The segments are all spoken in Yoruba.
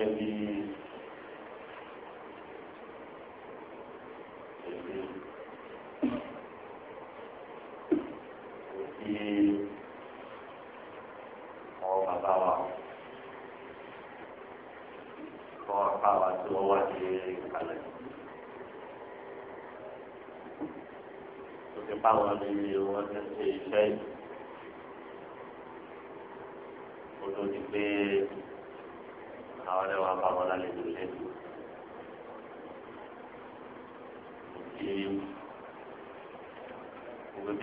gẹ́gẹ́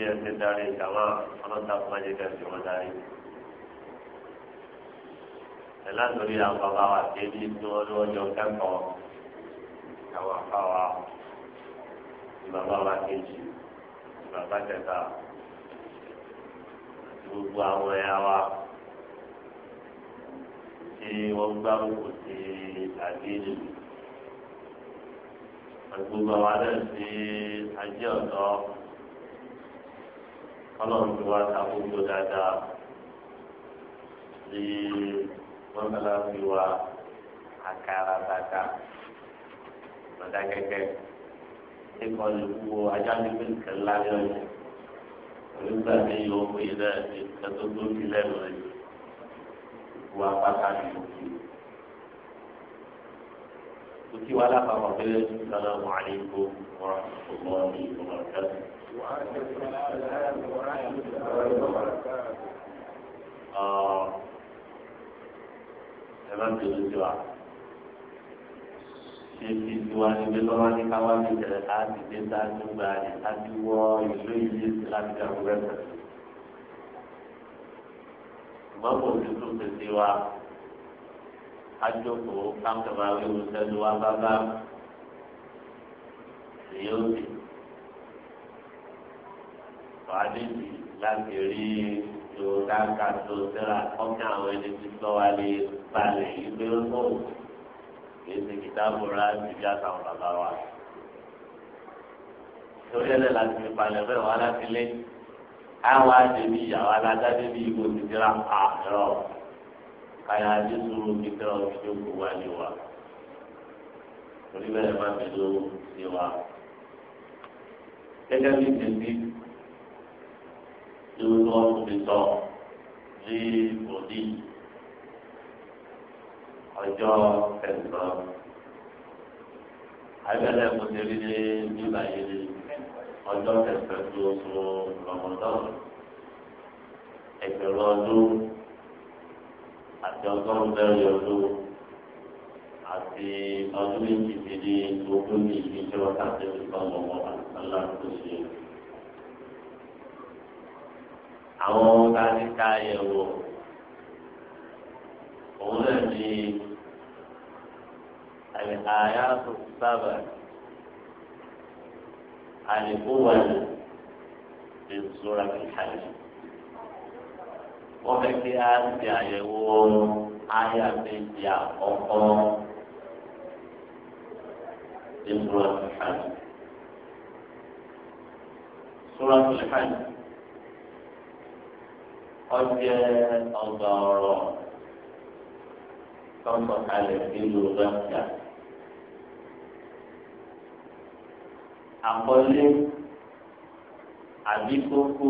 ẹsẹ̀ darí ìjàmá ọlọ́ta pàjẹ́ kẹsì wọn darí. ẹ̀ látòrí àwọn bàbá wa débi tí wọ́n ní wọ́n kẹ́kọ̀ọ́ àwọn afáwa bàbá wa kejì bàbá kẹta gbogbo àwọn ẹ̀yà wa tí wọ́n gbárùkù sí àdínì gbogbo àwọn adé sí ajé ọ̀dọ́ ọlọ́run ti wá sàkóso dáadáa bí wọ́n bá fi wá àkàrà bàtà bàtà kẹ̀kẹ́ ikọ̀ lùkú ajá ní pé nǹkan ńlá ní ọ̀yẹ́ onígbà tí yóò pè é náà ní nǹkan tó tó ti lẹ́nu rẹ̀ ìwà pàtàkì òkú. Òkú wa lápapọ̀ bẹ́ẹ̀ ní sàlámù aláìkùm wa rahmatullahi Ah, ẹ má bẹ̀rù sí wa ṣe fi tiwa níbi lọ́wọ́ ní káwá ní ìṣẹ̀lẹ̀ ká ti dé sáájú gba ní sáájú wọ ìlú ìlú ìsìlámù ìjàmbá rẹ̀ pẹ̀lú. ṣùgbọ́n kò sí tó ṣe sí wa ajoko kankama wewu sẹnu wa bàbá èyí ó sì fàdébì láti rí yorùbá kàtó síra ọkàn àwọn ẹni tí sọ wá lè balẹ̀ ìgbé ọ̀pọ̀ kìí ṣe kìtàbù rà síbi àtàwọn bàbá wa. torí ẹlẹ́ láti fi palẹ̀ bẹ́ẹ̀ wá láti lé àwọn àdébí ìyàwó alájá débí ìbò ti síra àárọ̀ káyà àdésúró kìtà òfìdí òkú wá ní wa. torí bẹ́ẹ̀ má mi ló ṣe wa. gẹ́gẹ́ bí tèmi irú tí wọ́n tún fi sọ ní òní ọjọ́ kẹsàn-án àgbẹ̀lẹ̀ mo ti rí ní bíbá yìí ọjọ́ kẹsàn-án tó oṣù rọmọdán ẹgbẹ̀rún ọdún àti ọgọ́rùn-ún mẹ́rin ọdún àti ọdún méjì ti di ogún ní ìdíjọba tàbí ìfọwọ́wọ́ àti aláàtúnṣe àwọn ohun tá a ti ka yẹ̀wò òun náà ní àyà tó sábà àlèkówà lè sọra kìkàlẹ wọn fẹ́ kí a ti àyẹ̀wò àyà méjì àkọ́kọ́ lè sọra kìkàlẹ sọra kìkàlẹ ọjẹ ọgbà ọ̀rọ̀ tọmọ kalẹ̀ nílùú rẹpútà àkọlé àbí kókó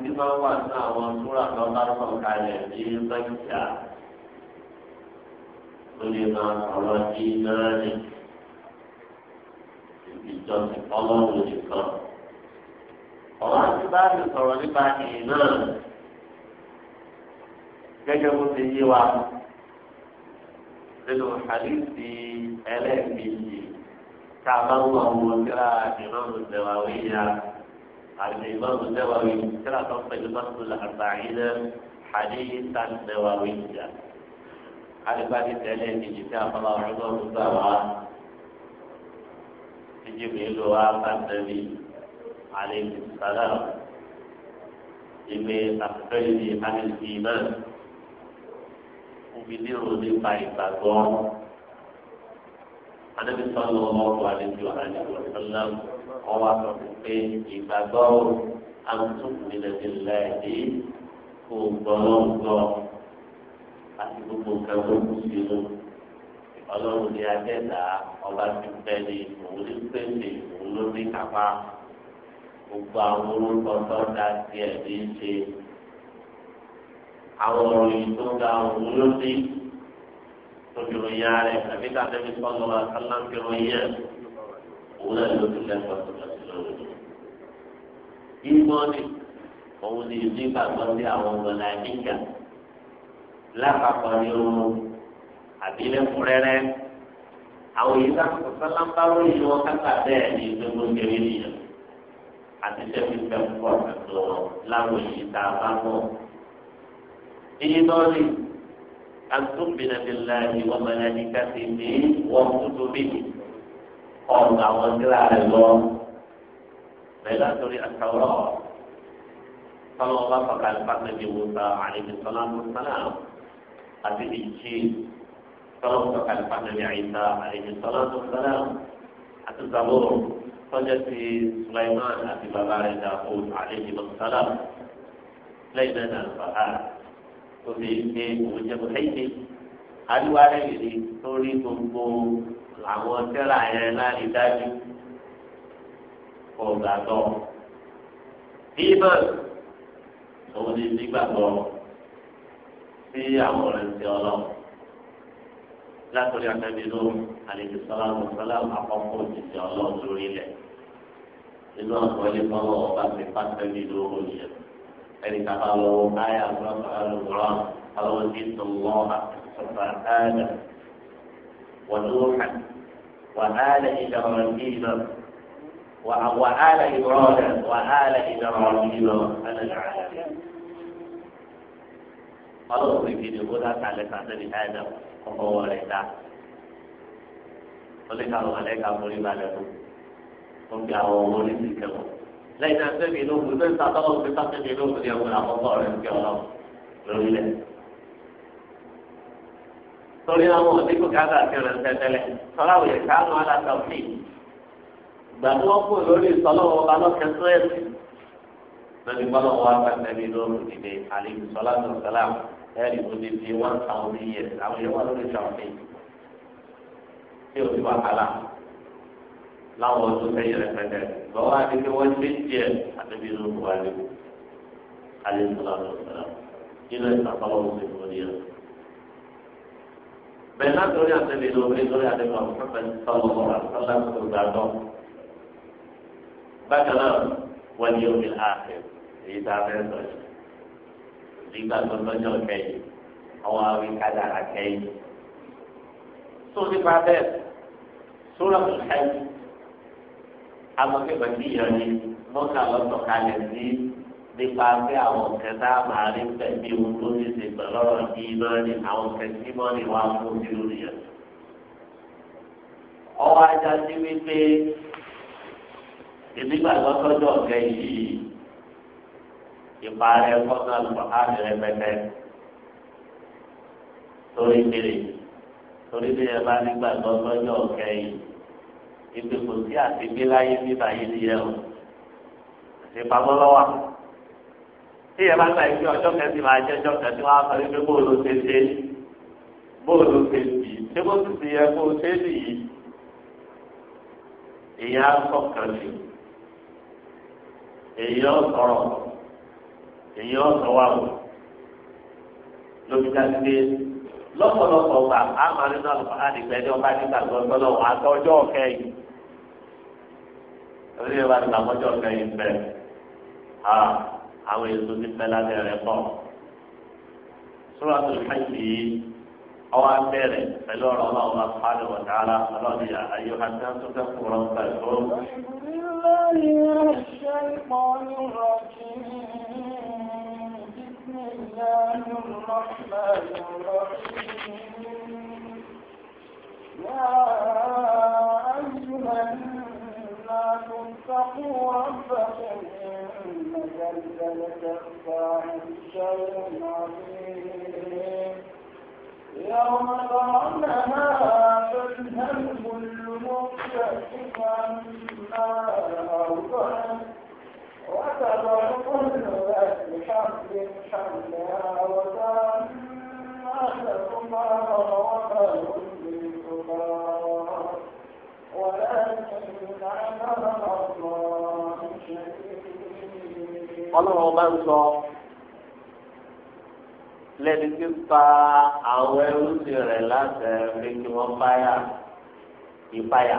tí wọn wà ní àwọn túrà tó bá tọ kalẹ̀ ní rẹpútà ó lè máa sọ̀rọ̀ sí náà ní ìjọsìn Ọlọ́run nìkan ọ̀rọ̀ àti báyìí sọ̀rọ̀ nípa ìnáà. يجب به واحد منه حديث ألفه كعب الله وكرا إمام النووي عن الإمام النووي كرا تنطق المصر الأربعين حديثا نوويا عن بعد الثلاثة كعب الله عمر الزهراء جبريل وآقا النبي عليه السلام إما تقتلني عن الإيمان fi lérò nípa ìgbàgbọ́. Adébí sọ́nù ọmọkùnrin àlejò àlejò ọ̀sánlá wọ́n wá sọ pé ìgbàgbọ́ àtúntìlẹ̀dẹ̀lẹ́dẹ́ kò gbọ́lọ́gbọ́ àti gbogbo nǹkan tó kù sí i ọlọ́run ní adẹ́ta ọba ti pẹ́ ní òun ní pèsè òun ló ní kápá gbogbo àwọn orúkọ tó dá sí ẹ̀ ṣe àwọn òròyìn tó ga òun ló sí tóbi ròyìn ààrẹ àbí káfíńtì sọ́nù àkàlàǹkì ròyìn ẹ̀ òun náà ló ti lẹ́kọ̀ọ́ tó lọ sí lórí. ìmọ̀ni òun ni ìdígbàgbọ́ sí àwọn ọmọ nàìjíríà lápapọ̀ ní oorun àbí lẹ́kùnrẹ́rẹ́ àwọn yìí ká kò sọ́lá ń bá ròyìn wọn kápá bẹ́ẹ̀ ní gbogbo kéré nìyẹn àti sẹ́fíńtì pẹ̀lú pọ̀ إيمان أن تؤمن بالله وملائكته وكتبه قال وانجلى على الله فلا تري التوراة صلى الله عليه وسلم موسى عليه الصلاة والسلام هذه الإنجيل صلى الله عليه وسلم عيسى عليه الصلاة والسلام حتى الزبور صلت سليمان أبي بابا داود عليه السلام ليلنا الفهد tóbi ṣe òjẹ̀bù lẹ́yìn àdúrà lẹ́yìn ni torí gbogbo àwọn tẹ́lá yẹn láti dájú kò gbàgbọ́. Bíbẹ̀ òun ni nígbàgbọ́ sí àwọn ọ̀rẹ́ ti ọlọ́run látọ̀rí àtẹ̀bí ló àlejò sọ́lá ló sọ́lá àkọ́kọ́ òjijì ọlọ́run lórí ilẹ̀. Inú àkọọ́lẹ̀ fọlọ́ ọba ti pàtẹ́bí ló ń حيث يعني آية قالوا آية أخرى سؤال القرآن قال وزدت الله صفا آدم ونوحا وآل إبراهيم وآل إبراهيم وآل إبراهيم على العالمين قالوا في كده هو ده تعالى تعالى بهذا وهو رداء قالوا عليك أبو ريبالة ثم قالوا أبو ريبالة lẹ́yìn náà fẹ́mi ló kù lóyún tàbí ọlọ́run fi sáfẹ́mi ló kù ní ọgbọ́n àkọ́kọ́ rẹ̀ ń kí ọlọ́run lórí lẹ̀. torí àwọn òdìkù káàkiri àti ọ̀rẹ́ tẹ́tẹ́lẹ̀ sọláwò yẹ káànù aláta òfin ìgbà tí wọ́n kù lórí ìsọlọ́wọ́ ọba lọ́kẹ́ sírẹ́ẹ̀sì lórí gbọ́dọ̀ wọ́n afẹ́fẹ́mi ló kù nílé àlejò sọlá tó sọlá ẹ̀rí tó ní bí wọ́n ta omi àwọn yẹ wọ́n lórí ìsọ̀fin tí ò láwọn ọdún mẹ́yìn rẹpẹtẹ lọ́wọ́ àdéhùn wọn ṣe ń jẹ àtẹbí inú buhari alẹsọlá nínú ẹsẹ àbáwọ ọsẹ ìwọlé rẹ bẹ́ẹ̀ náà torí àtẹbí inú omi torí àtẹbí ọmọ pẹpẹ sọlọ ọmọ àtọlá tó gbà lọ bákan náà wọn ní omi ààfẹ èyí tá a fẹ́ sọ yìí nígbà tó lọ́jọ́ kẹ́yìn àwọn àwọn ìkadà àkẹ́yìn tó nípa bẹ́ẹ̀ sórà tó kẹ́yìn. agbókè màdìyàn ni mọ́kà lọ́tọ̀ kalẹ̀ sí nípa pé àwọn kẹta máa rí pẹ̀lú ohun tó ti ṣe pẹ̀lú ọ̀rọ̀ bí iná ni àwọn kẹtí mọ́ ni wàá fún mi lórí ẹ̀. ọwọ́ ajá sí wípé ìdígbàgbọ́ tọ́jú ọ̀gá yìí ìparẹ́ fọ́nà lùbọ̀káàmì rẹpẹtẹ torí kiri torí bí ẹ bá nígbàgbọ́ tọ́jú ọ̀gá yìí ibi kò sí àtìgbé láyé bíbá yìí ni yẹ o ìpamọ́ lọ́wọ́ tí yẹn bá gba ìgbé ọjọ́ kẹsì máa jẹ́ ọjọ́ kẹsì wọn á sọ wípé bóòlù ṣe ṣe bóòlù ṣe bì í ṣé bó sì ti yẹ kó ṣe é nìyí èyàn á sọ sí èyàn sọ̀rọ̀ èyàn sọ lóbi dájú pé lọ́pọ̀lọpọ̀ gbà á máa nínú àlùfáà nígbà ẹni ọba nígbà gbọ́dọ̀ orí ìwà ni àmọ́jọ́ kẹyìn bẹ̀ àwọn èso ti fẹ́ lábẹ́ rẹ̀ pọ̀. Suratul Hajj yìí ọwọ́ abẹ́rẹ̀ pẹ̀lú ọ̀rọ̀ ọlọ́run apáàdé ọ̀dáàlá ọlọ́run yà ayé ọ̀hánjá tó fẹ́ kó rọ̀ pẹ̀lú. بسم الله واتقوا ربكم إن زلزلة الساعة شيء عظيم يوم ترونها تذهل كل مكتشف عما أوضعت وتضع كل ذات حمل حملها وترى الناس سكارى وما هم بسكارى ọlọ́run bá ń sọ lẹ́ni tí pa àwọn ẹrú sí rẹ̀ láti ẹ̀rí kí wọ́n báyà ìpáyà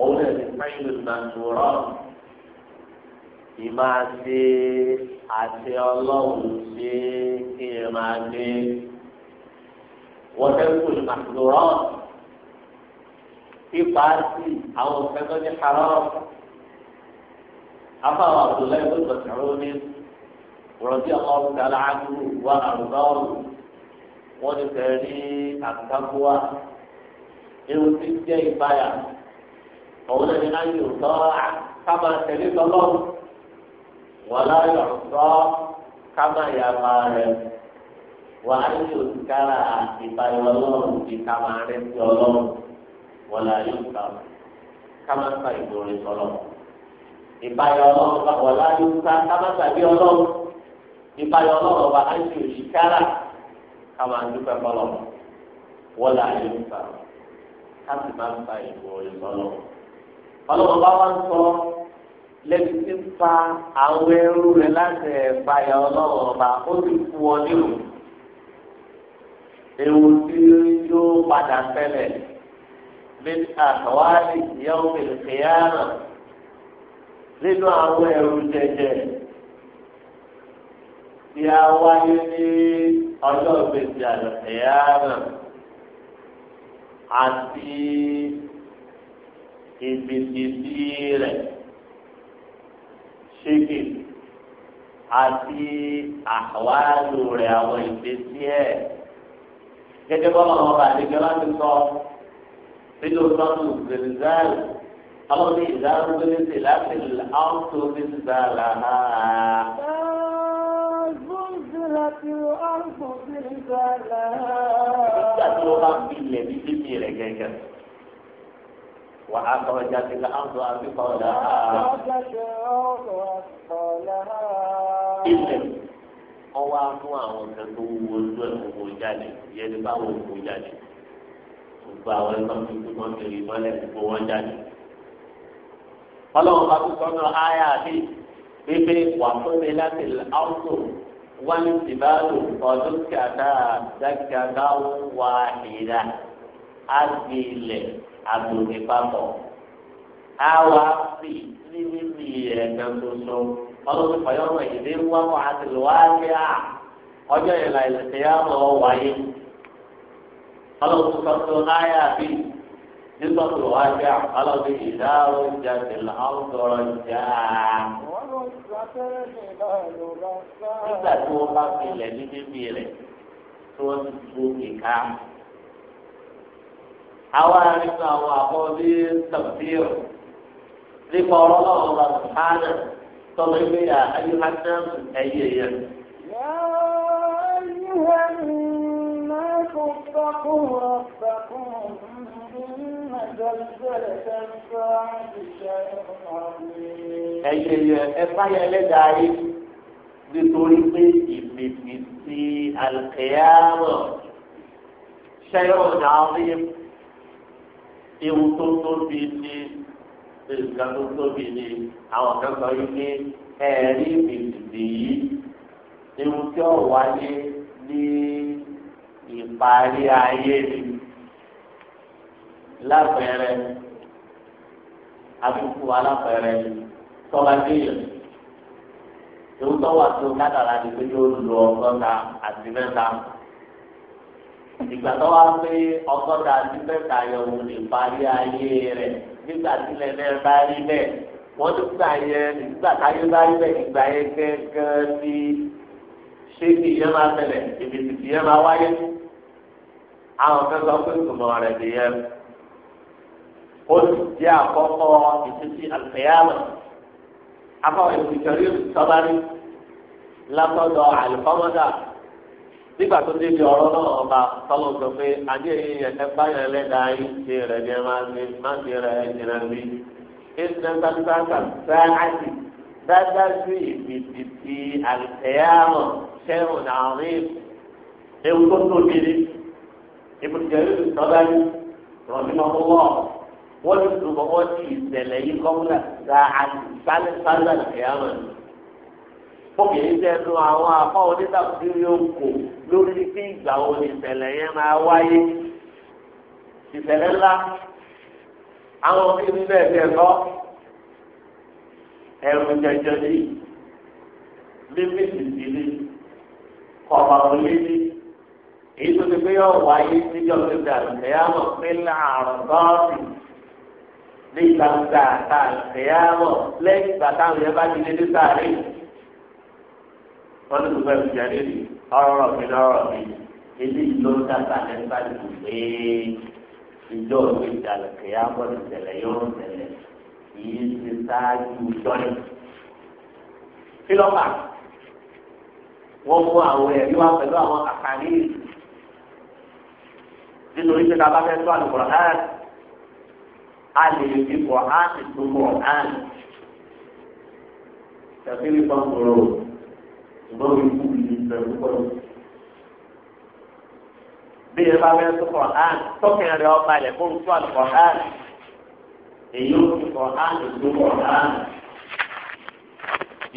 òun lè ní pẹ́yìlì nàìjíríà ìmọ̀ àti àti ọlọ́run sí kí ẹ máa gbé wọ́n fẹ́ nàìjíríà ipa sí àwọn òfin tó ní haram afáwọn abdullahi tó tọ̀ sí ọ̀rọ̀ ní rọ̀bí ọlọ́run tààlà àdúró wà àrùbáwọ̀ wọ́n ti fẹ́ rí àtàkùwà irun tí jẹ́ ìbáyà òun náà ní láyé òótọ́ kábà tẹ̀lé tọ́lọ́run wà láyé òótọ́ kábà yàgbà rẹ̀ wà á ní òtítàrà ìbáyọ̀ ọlọ́run ìkàmà rẹ̀ ti ọlọ́run wọlé ayé òkúta kámásá ìgboro ìtọlọ ìbáyọ Ọlọ́run bá wọlé ayé òkúta kámásá bí Ọlọ́run ìbáyọ Ọlọ́run ọba ayé òṣìkára kámá dúpẹ́ kọlọ wọlé ayé òkúta káàsì máa ń fa ìgboro ìtọlọ Ọlọ́run bá wá ń sọ lẹ́bi tí ń fa àwọn ẹrú rẹ̀ láti ẹ̀fàyà ọlọ́run ọba ó ti fún ọ nírò ewu tí yóò padà fẹ́lẹ̀ min àkàwáàdì yẹ́wò ìkìyàmà nínú àwọn ẹ̀rù jẹjẹ tí a wáyé ní ọjọ́ ìgbésí àlùkìyàmà àti ìgbìdìdì rẹ̀ ṣéèkì àti àwáàlù rẹ̀ àwọn ìgbésí ẹ̀ gẹ́gẹ́ bọ́lá wọn bá àdéjọ́ láti sọ nínú sọ́nù zèlzàl àwọn ní ìdáhùn gbèsè láti àwùjọ zèlzàl àná. Nígbà tí wọ́n bá fi ilẹ̀ ní bíbí rẹ̀ gẹ́gẹ́. Wà á sọ ọjà ti ká àwùjọ àbíkọ́ ọ̀dà. Ilẹ̀ ọwọ́ á fún àwọn kan tó wúwo ojú ẹ̀ kó jáde, ìyẹn ní báwo kó jáde gbogbo àwọn ẹgbẹ́ wọn tó wọn kiri mọ́lẹ̀ gbogbo wọn jáde. ọlọ́run bá tó sọ́nà ayé àbí pépé wà fún mi láti áwùtò wọn ti bá lò ọdún kàtà dákàtà wà ìdá á gbé ilẹ̀ àgbòdì papọ̀ á wá sí ní mímì ẹ̀ẹ̀kan tuntun ọlọ́run fọyọ́ ọ̀rọ̀ ìdí wá ti lọ́wọ́ á kí á ọjọ́ ìlà ìlẹ̀kẹ́ yá lọ wáyé ọlọ́run tó sọ ayé àbí nígbà tó wá jẹ́ ọlọ́run ìdá oúnjẹ ìlà ọ̀dọ́rọ̀ jà. nígbà tí wọ́n bá filẹ̀ ní bíbí rẹ̀ tí wọ́n ti tó kíkà. àwa nínú àwọn àbọ̀ اتقوا ربكم إن زلزلة الساعة شيء عظيم ẹyẹ ẹfáyà ẹlẹ́dàá yìí nítorí pé ìmìtì sí àlùkẹ́yàmọ̀ ṣẹ́yọ̀ dàrí ewu tó tóbi ní ìgbà tó tóbi ní àwọn kan sọ yìí ìparí ayé ni lápẹẹrẹ abíkú alápẹẹrẹ tọ́ba déyẹ̀ tòótọ́ wà tó kádàrá ni pé yóò lu ọgọ́ta àti mẹ́ta ìgbà tó wá pé ọgọ́ta àti mẹ́ta yẹ̀wò ìparí ayé rẹ̀ nígbà tí lẹ́lẹ́ bá rí bẹ́ẹ̀ wọ́n tún gbà yẹn nígbà táyé bá rí bẹ́ẹ̀ ìgbà yẹn gẹ́gẹ́ ní ṣé kì í yẹn máa tẹ̀lẹ̀ ìbìtìtì yẹn máa wáyé àwọn kan sọ pé ìtumọ̀ rẹ̀ lè yẹ ó sì jẹ́ àkọ́kọ́ ìtúsí àlùfẹ́yàmọ̀ afọwọ́ ìtìkẹ̀rí sọ́bárí látọ̀dọ̀ àlùfọ́mọ́dà nígbà tó débi ọ̀rọ̀ náà ọba tọ́lọ̀ sọ pé adé yẹn ẹ bá yẹn lẹ́dàá yìí ṣe rẹ̀ ní ẹ máa ṣe má ṣe rẹ̀ ẹ jìnnà bí ẹnìyàn sáńsáńsá dáadáa sí ìbìtì ti àlùfẹ́yàmọ̀ ṣẹ́hùn àárín ewu tó tóbi ni. Ibn Jarir al-Tabari rahimahullah wọ́n ti dùbọ̀ wọ́n ti ìṣẹ̀lẹ̀ yìí kọ́múlà gba àtìsálẹ̀ sálẹ̀ àyàmọ̀ ni. Fọ́kìnrin tẹ́ nu àwọn afọ́ onítàkùnrin yóò kò lórí pé ìgbà wo ni ìṣẹ̀lẹ̀ yẹn máa wáyé. Ìṣẹ̀lẹ̀ ńlá àwọn ibi bẹ́ẹ̀ bẹ́ẹ̀ lọ ẹ̀rù jẹjẹrẹ bíbí ìdílé kọ̀ọ̀bà òlé ní èyí tó ti pé yọ wáyé níjọ́ tó dà ìyàmọ̀ nílà àrùndọ́ọ̀sì ní gbangba ta ìyàmọ̀ lẹ́yìn ìgbà táwọn yẹn bá ti lé ní sáré wọ́n ti gbogbo ẹ̀sìn jáde rí ọ̀rọ̀ mi lọ́rọ̀ mi ilé ìlú ń dàgbà ní sáré kò pé ìjọ ìwé ìdàlẹ̀ ìyàmọ̀ tẹ̀lẹ̀ yóò tẹ̀lẹ̀ yìí ti sáájú sọ́yìn. kí ló wọ́n mú àwọn ẹ̀rí wá pẹ̀lú àwọn àkàrí nítorí pé bàbá fẹ́ tó àlùkò hàn á lè fi kọ̀ á sì tó kọ̀ hàn. Ṣàfihàn kan sọ̀rọ̀ ṣùgbọ́n mi kú ìlú ìbẹ̀rù pọ̀ lọ. Bí ẹ bá fẹ́ tó kọ̀ hàn, tọ́kìn rẹ̀ ọba ilẹ̀ fún tó àlùkò hàn. Èyí ó fi kọ̀ hàn tó kọ̀ hàn.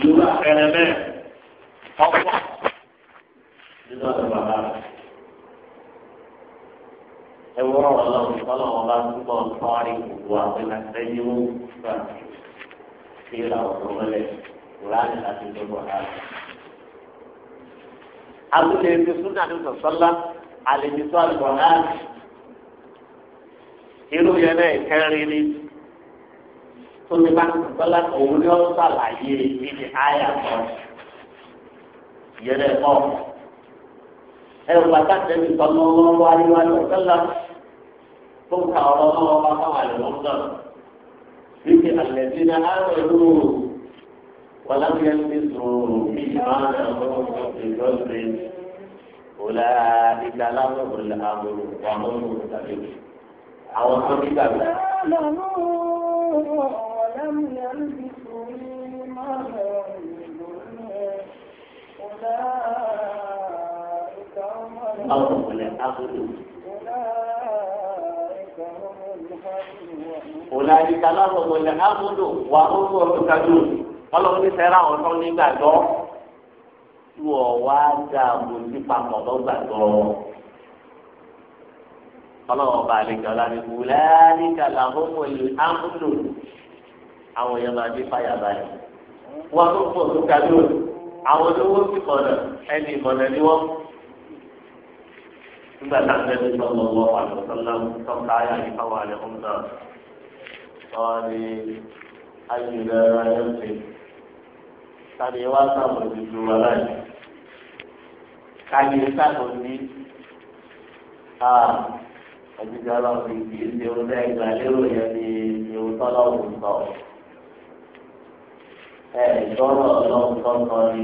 Ìlú àpẹẹrẹ bẹ́ẹ̀ ọ̀pọ̀ nínú àlùkò hàn ẹwọ́ ọlọ́run ìfọlọ́wọ́ bá túbọ̀ tọ́rí gbogbo àpẹẹrẹ sẹ́yìn ó gbà sí ìlà ọ̀dọ́ mọ́lẹ̀ kúránì àti gbogbo ààrẹ. abúlé ti súnà ní sọ̀sọ́lá àlejò tó àlùkò náà irú yẹn náà kẹrin ni tó ní bá sọ̀sọ́lá òun ni ó sàlàyé ìdí àyà kan yẹn náà kọ́ ẹ̀rù bàtà tẹ̀lé ìtọ́nà ọlọ́wọ́ aríwájú ọ̀sẹ́lá tó ń ka ọ̀rọ̀ ọlọ́wọ́ bá fáwọn àlùmọ́ ń dọ̀rọ̀. Bíbi àlẹ́bí náà á rẹ̀ lù ú wọ́n lábẹ́ ẹni bí sùúrù bí ìmáà náà lọ́wọ́ ìjọ́sìn òlà ìgbà láwọn òlà àbúrò wà lọ́wọ́ òlà الأرض والأرض أولئك لهم الحمد وهم مهتدون ọlọ́run ní sẹ́ra ọ̀tọ́ nígbàgbọ́ tí wọ́n wá dààmú sí papọ̀ lọ́gbàgbọ́ ọlọ́run ọba àlejò ọ̀làdìbò láàrínkà làwọn ọmọ ìlú ámúlò àwọn èèyàn máa ní fàyàbà yìí wọ́n tó pọ̀ tó kàdó àwọn olówó ti nígbà tá a lẹ́nu sọ́mọ wọ àlùsọ́lá sọ́mọ ayé àyíkáwá rẹ̀ ń nà wọ́n ní ayélujára ayé ń pè tani wá sáwọn ìdúró wa láyé káyé sáwọn ní a àdìgbà ọlọ́run kì í ṣe ohun náà lérò yẹn ní ìhun tọ́lọ́run sọ ẹ ìgbọ́rọ̀ ọlọ́run tọ́ sọ ni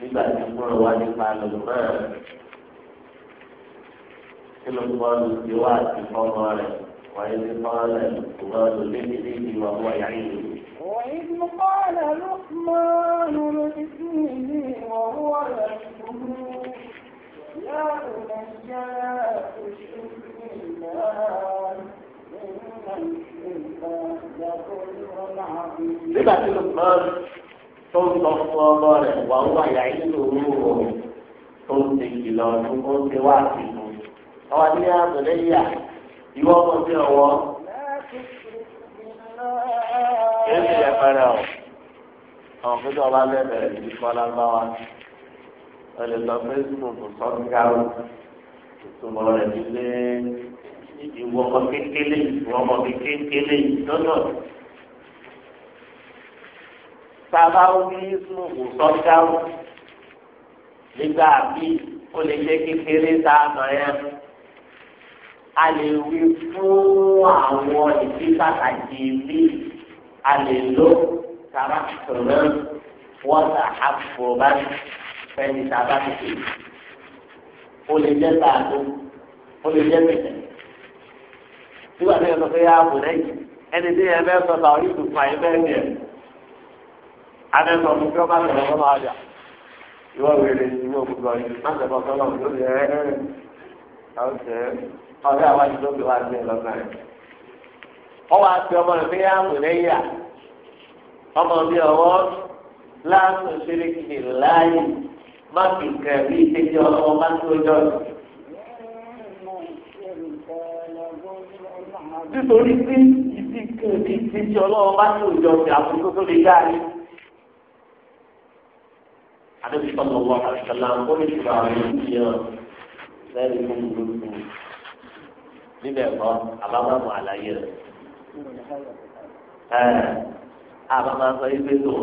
nígbà tí kúrò wá nípa lòmíràn kí ló ń bọ́ lu ti wá àti fọ́mọ rẹ̀ wáyé ti fọ́mọ rẹ̀ ṣùgbọ́n lu lébi lébi wà wọ́n yà yìí. وإذ قال لقمان لابنه وهو يحبه يا بني لا تشرك بالله nígbà tí ló máa ń tó ń lọ fún ọmọ rẹ̀ wà wá ìyá ìlú òwúrò tó ń ti kìlọ̀ ọdún ó ń ti wá sí i ọwọ́ ní àtọ̀lẹ́ yíyà ìwọ ọmọ sí ọwọ́. Kéèmì yẹn fẹ́rẹ̀ o. Àwọn fúnjọ́ ọba bẹ̀rẹ̀ ìdí kọ́lá bá wa. Ẹ lè lọ Facebook sọ́dúnkárò. Ìtumọ̀ rẹ̀ ti lé ìwọ ọmọ kékeré ìwọ ọmọ kékeré lọ́dọ̀. Sábà ó ní sùnmù sọ́dúnkárò. Nígbà bíi ó lè jẹ́ kékeré tá nọ yẹn a lè wí fún àwọn ìdí pàtàkì mi a lè lo tàbá sọ̀rọ̀ wọ́n ta àfọ̀bá fẹ́ni tàbá tètè o lè jẹ́ tààtò o lè jẹ́ tètè nígbà tí yẹn sọ pé yà á bò lẹ́yìn ẹni tí yẹn bẹ́ẹ̀ sọ tàwọn yìí tó fà bẹ́ẹ̀ ni ẹ̀ abẹ́sọ̀ fún kí wọ́n bá tẹ̀lé fún wa ìwọ wèrè ìwọ òkú lọ má tẹ̀lé fún ọlọ́run lórí ẹ̀ẹ́dẹ́rẹ́ àwọn tẹ̀lé ọ̀rẹ́ àwọn ìdókè wa gbé lọ́gbà rẹ̀. wọ́n wá pe ọmọ rẹ̀ pé yáàmù lẹ́yà ọmọ mi ọwọ́ láàmú ṣeréṣe láàyè má fi kẹ̀ bí ìṣèjọ ọmọ má tó jọ. nítorí pé ìdí kan ní ìṣèjọ ọlọ́wọ́ má tó jọ sí àbúrò tó lè dáre. Adébísọ̀ lọ́wọ́ àṣàlà ó ní ìṣòro àwọn ènìyàn lẹ́yìn tó ń níbẹ̀ kọ́ àbámọ́mù àlàyé rẹ̀. àbámọ́ sọ ibi tó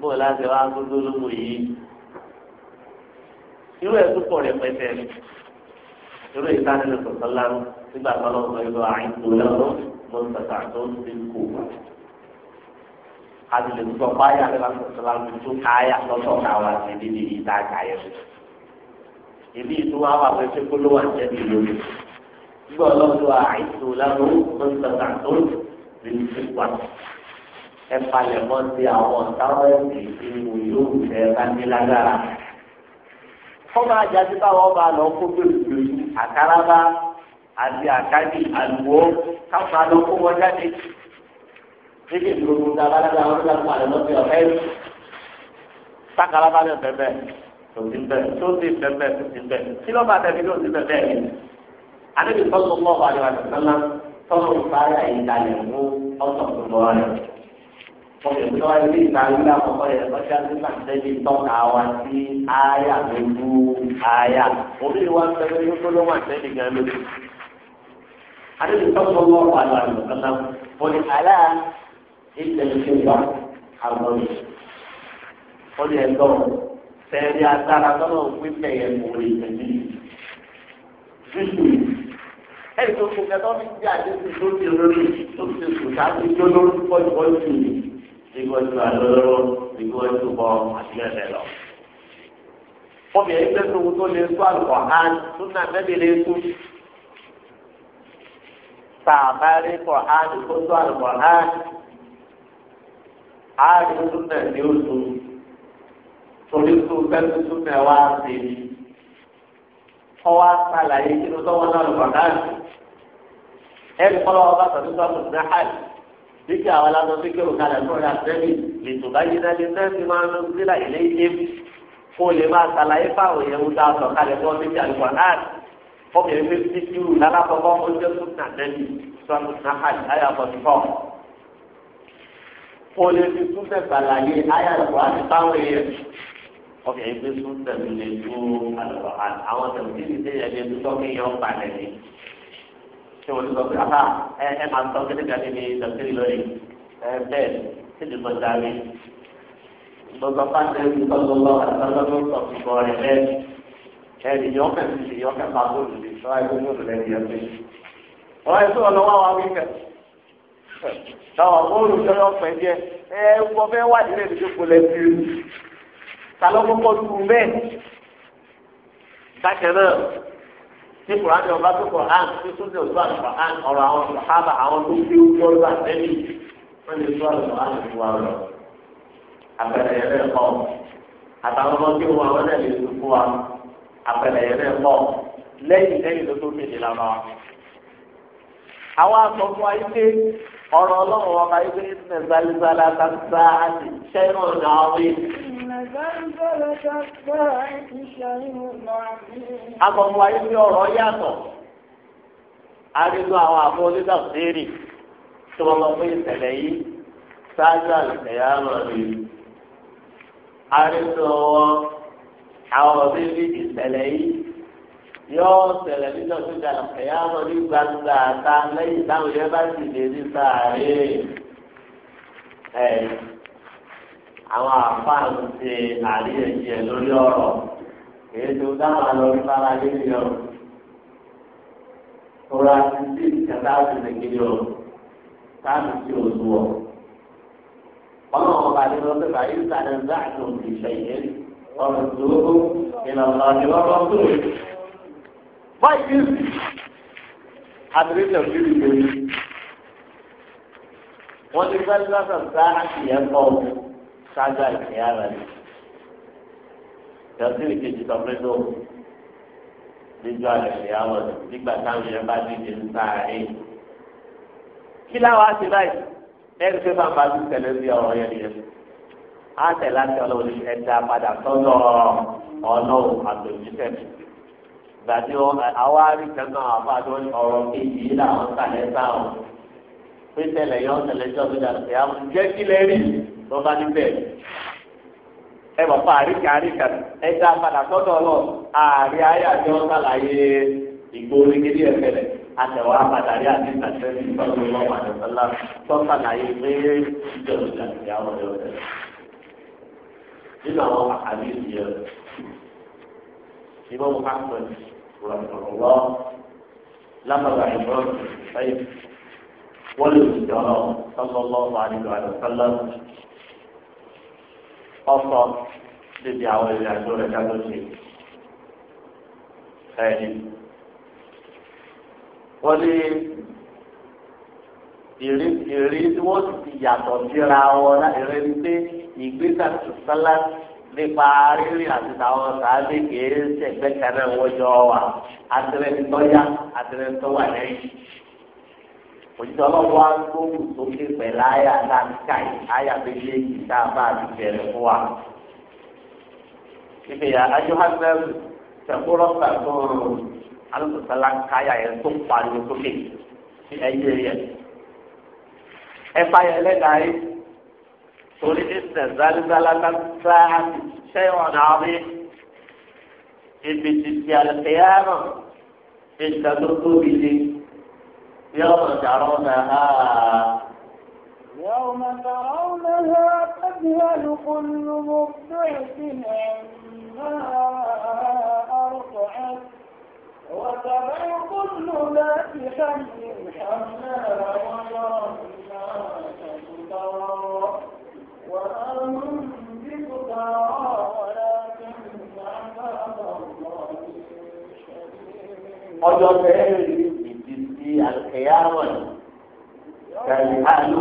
bó láti wá gbogbo lóko yìí irú ẹ̀ púpọ̀ rẹ̀ pẹ̀tẹ́ irú ìsánilẹ̀ sọ̀tọ̀ lánàá nígbà tó lọ́wọ́ ẹ̀rọ àìkú lọ́wọ́ mo ń tàtà tó ń fi kú. a ti lè sọ báyà lọ́wọ́ sọ̀tọ̀ lánàá tó káyà lọ́sọ̀ọ́ káwá sí níbi ìta àgbáyé rẹ̀ èmi ìlú wa wà pé ṣé kóló wà jẹ́ mi lórí. Gbígbọ́ ọlọ́run wa àìsàn lánàá ló ń tọ́ta tó lè ní sí pa. Ẹ palẹ̀ mọ́ sí àwọn ọ̀táwọ́ ẹ̀sìn ìlú yóò fẹ́ bá ní lágbára. Fọ́nmà àjàdí báwọn bá lọ kó gbèrúgbèrú àkàràbá àti àkàdì àlùwọ́ káfà lọ kó wọn jáde. Níbi ìlú gbogbo dábàdàbà wọn ló lọ sí ọ̀fẹ́. Sákàràbá lọ bẹ̀rẹ̀ tòsí ń bẹ tó ti bẹbẹ tòsí ń bẹ kí ló bá tẹbi tó ti bẹbẹ yìí adébí sọsọ mọ àyọ àtẹsánná tọrọ ìparí àyíkalẹ mú ọsọ tó lọ rẹ ọsẹ tó wáyé ní ìparí àkọ́kọ́ yẹ ọjà tó máa tẹbi tọ́ka wa sí àyà lójú àyà òbí wa tẹbi tó ló máa tẹbi gan lójú adébí sọsọ mọ àyọ àtẹsánná òní àlá ìtẹlifíwà àgbọ̀n òní tẹ̀lé agbára tọ́lọ̀ wípé yẹn mò ń rìn ní ṣíṣù ẹ̀rí tó fún kẹtọ́ fi jẹ́ àdéhùn tó ti lórí tó ti sùn sáájú tó lórí pọ́jùpọ́jù ìgbọ́jú àlọ́lọ́rọ́ ìgbọ́jú bọ́ àti ẹ̀rẹ̀ lọ. Fọ́ọ̀mù yẹn gbẹ́sẹ̀ ohun tó lè sọ àlùkò án tó nà mẹ́bi lè kú. Tààmà rí kọ̀ án tó sọ àlùkò án. Àárín tó nà ní oṣù tó fẹ́ tuntun náà wá sí i ọwọ́ àtàlàyé kí ló tọ́wọ́ náà lọ́kọ̀ náà ẹ̀rí kọ́lọ́ ọba sọ̀túnṣọ́ tó ní hàn bíkí àwọn aláṣọ tí kéwòn kalẹ̀ tó yà sẹ́mi lè tó bá yí náà lè náà ti máa ń gbé láyé lé ilé kó lè máa sàlàyé fáwọn èèyàn wúdà sọ̀ kalẹ̀ fún ọdún ìjà lùkọ̀ náà fọ́bìnrin fi ti kí wù lálàkọ́kọ́ ó jẹ́ tó nà lẹ́nu sọ́nù náà hàn láyà fọ́tífọ́ kó lè fi túnfẹ̀ sàlàyé áyà lùkọ̀ àti táwọn èèyàn ọkẹ yìí pé súnta mi lè tó àlọ àwọn tẹ̀sí ti tẹ̀yẹ lè tó tọ́kì yẹn ń balẹ̀ ni. ṣé wọ́n sọ pé aha ẹ ẹ máa tọ́ kí nígbà níbi tẹ̀sí lórí ẹ bẹ́ẹ̀ ṣé ti tọ́jà mi. lọ́sọ̀ pàṣẹ ìtọ́jú lọ́wọ́ àtàlọ́dún sọ fún ọ rẹ̀ bẹ́ẹ̀ ẹni yọ ọkẹ ti ṣe yọ ọkẹ pa bóòlù lè sọ àìkú bóòlù lẹ́ni yẹn pé. ọ̀rọ̀ ẹ̀ sọ̀rọ̀ lọ́wọ́ àwọn akẹ́kẹ́ táwọn bóòlù sọ talọ́ kọ́kọ́ tu bẹ́ẹ̀ bákan náà ní kùránì ọba tó kọ̀ án tó tó ní ọ̀tún àlùfọ̀ án ọ̀rọ̀ àwọn sàhábà àwọn tó fi wúwọ́ lọ àtẹ́lẹ̀ wọ́n lè tó àlùfọ̀ án fi wá lọ. àpẹẹrẹ yẹn náà kọ́ àtàwọn ọmọ tí wọn àwọn náà lè tó fún wa àpẹẹrẹ yẹn náà lẹ́yìn lẹ́yìn tó tó kéde lára wa. àwọn asọ̀fún ayé ọ̀rọ̀ ọlọ́run ọba yìí pé ní zalizala ta sa àti sẹ́yìn ọ̀nà ọ̀rí. akọ̀wé wa yìí pé ọ̀rọ̀ yàtọ̀ arínú àwọn àbọ̀ onídàbọ̀sẹ́rì tí wọ́n lọ pé ìṣẹ̀lẹ̀ yìí ṣáájú àlùkẹ́yà rọ̀rì. arínú àwọn ọ̀rọ̀ bíbí ìṣẹ̀lẹ̀ yìí. yóò ṣẹlẹ̀ nínú ọdún ìdàlọ́ ẹ̀yà wọn ní gbangba ta lẹ́yìn táwọn yẹn bá sì lè ní sáré ẹ̀ àwọn àfáà ń ṣe àríyànjiyàn lórí ọ̀rọ̀ ètò dáhùn bára tí o ọ. ọba báyìí ń tó tó. Why is Adresa really doing? Wọ́n ti fẹ́ lọ́sọ̀ sá ìyẹn kọ́ ṣáájú àìsàn yára ni. Ìjọsìn ìkejì sọ pé tó níjọ́ àìsàn yára ni nígbà táwọn yẹn bá díje ń sáré. Kí láwọn á ti báyìí? Ẹ̀rí pé bàbá ti tẹ̀lé sí ọ̀rọ̀ yẹn nìyẹn. Á tẹ̀lé àti ọlọ́run ẹ̀dá padà sọ́dọ̀ ọ̀nà àgbèjì tẹ̀lé gbàdé àwa rí kankan àbájọ ọ̀rọ̀ kejì yìí làwọn sàlẹ̀ sáwọn pé tẹlẹ yọ tẹlẹ jọ bí dàgbé àwọn jẹ kí lè rí tó bá ní bẹ́ẹ̀ ẹ bọ fún àríkà àríkà ẹ dá padà sọ́dọ̀ lọ ààrẹ ayé àti wọn sàlàyé ìgboro gidi ẹfẹlẹ àtẹwà padà rí àti ìtàkùn ẹni ìtọ́jú wọn wà lọ́sọ̀lá tó sàlàyé pé ìjọba ìdàgbé àwọn ọ̀dọ́ rẹ̀ nínú àwọn àkàlí ìdíyẹ الإمام أحمد رحمه الله لما عمران الحيث والإجراء صلى الله عليه وسلم أصاب بدعوة العزورة كذلك خير ولي ìrí ìrí tí wọ́n ti yàtọ̀ síra wọn ìrí pé ìgbésà tó sálá nípa rírì àti táwọn sàádé kìí ṣẹgbẹ́ kanáà wọ́jọ́ wa àtẹnudọ́yà àtẹnudọ́wà lẹ́yìn. òjijì ọlọ́wọ́ wa ń gbóhùn sókè pẹ̀lú àyà láǹkà yìí àyà méjèèjì tá a bá ti bẹ̀rẹ̀ fún wa. ibi ya ajohanem sẹkúrọ sàtọrọ alùpùpàlà káyà yẹn tó pariwo sókè sí ẹyẹ yẹn. ẹ fà yẹn lẹ́nu ayé. قل إن زلزلة الساعة شيء عظيم إن بتلك القيامة إن تدركوا به يوم ترونها يوم ترونها تذهل كل مبدع عما أرضعت وترى كل ذات حمل حملها ويرى الناس تضرب ọjọ́ bẹ́ẹ̀ rí ìdí sí àkẹyàwọ̀ ni kàlí àlù.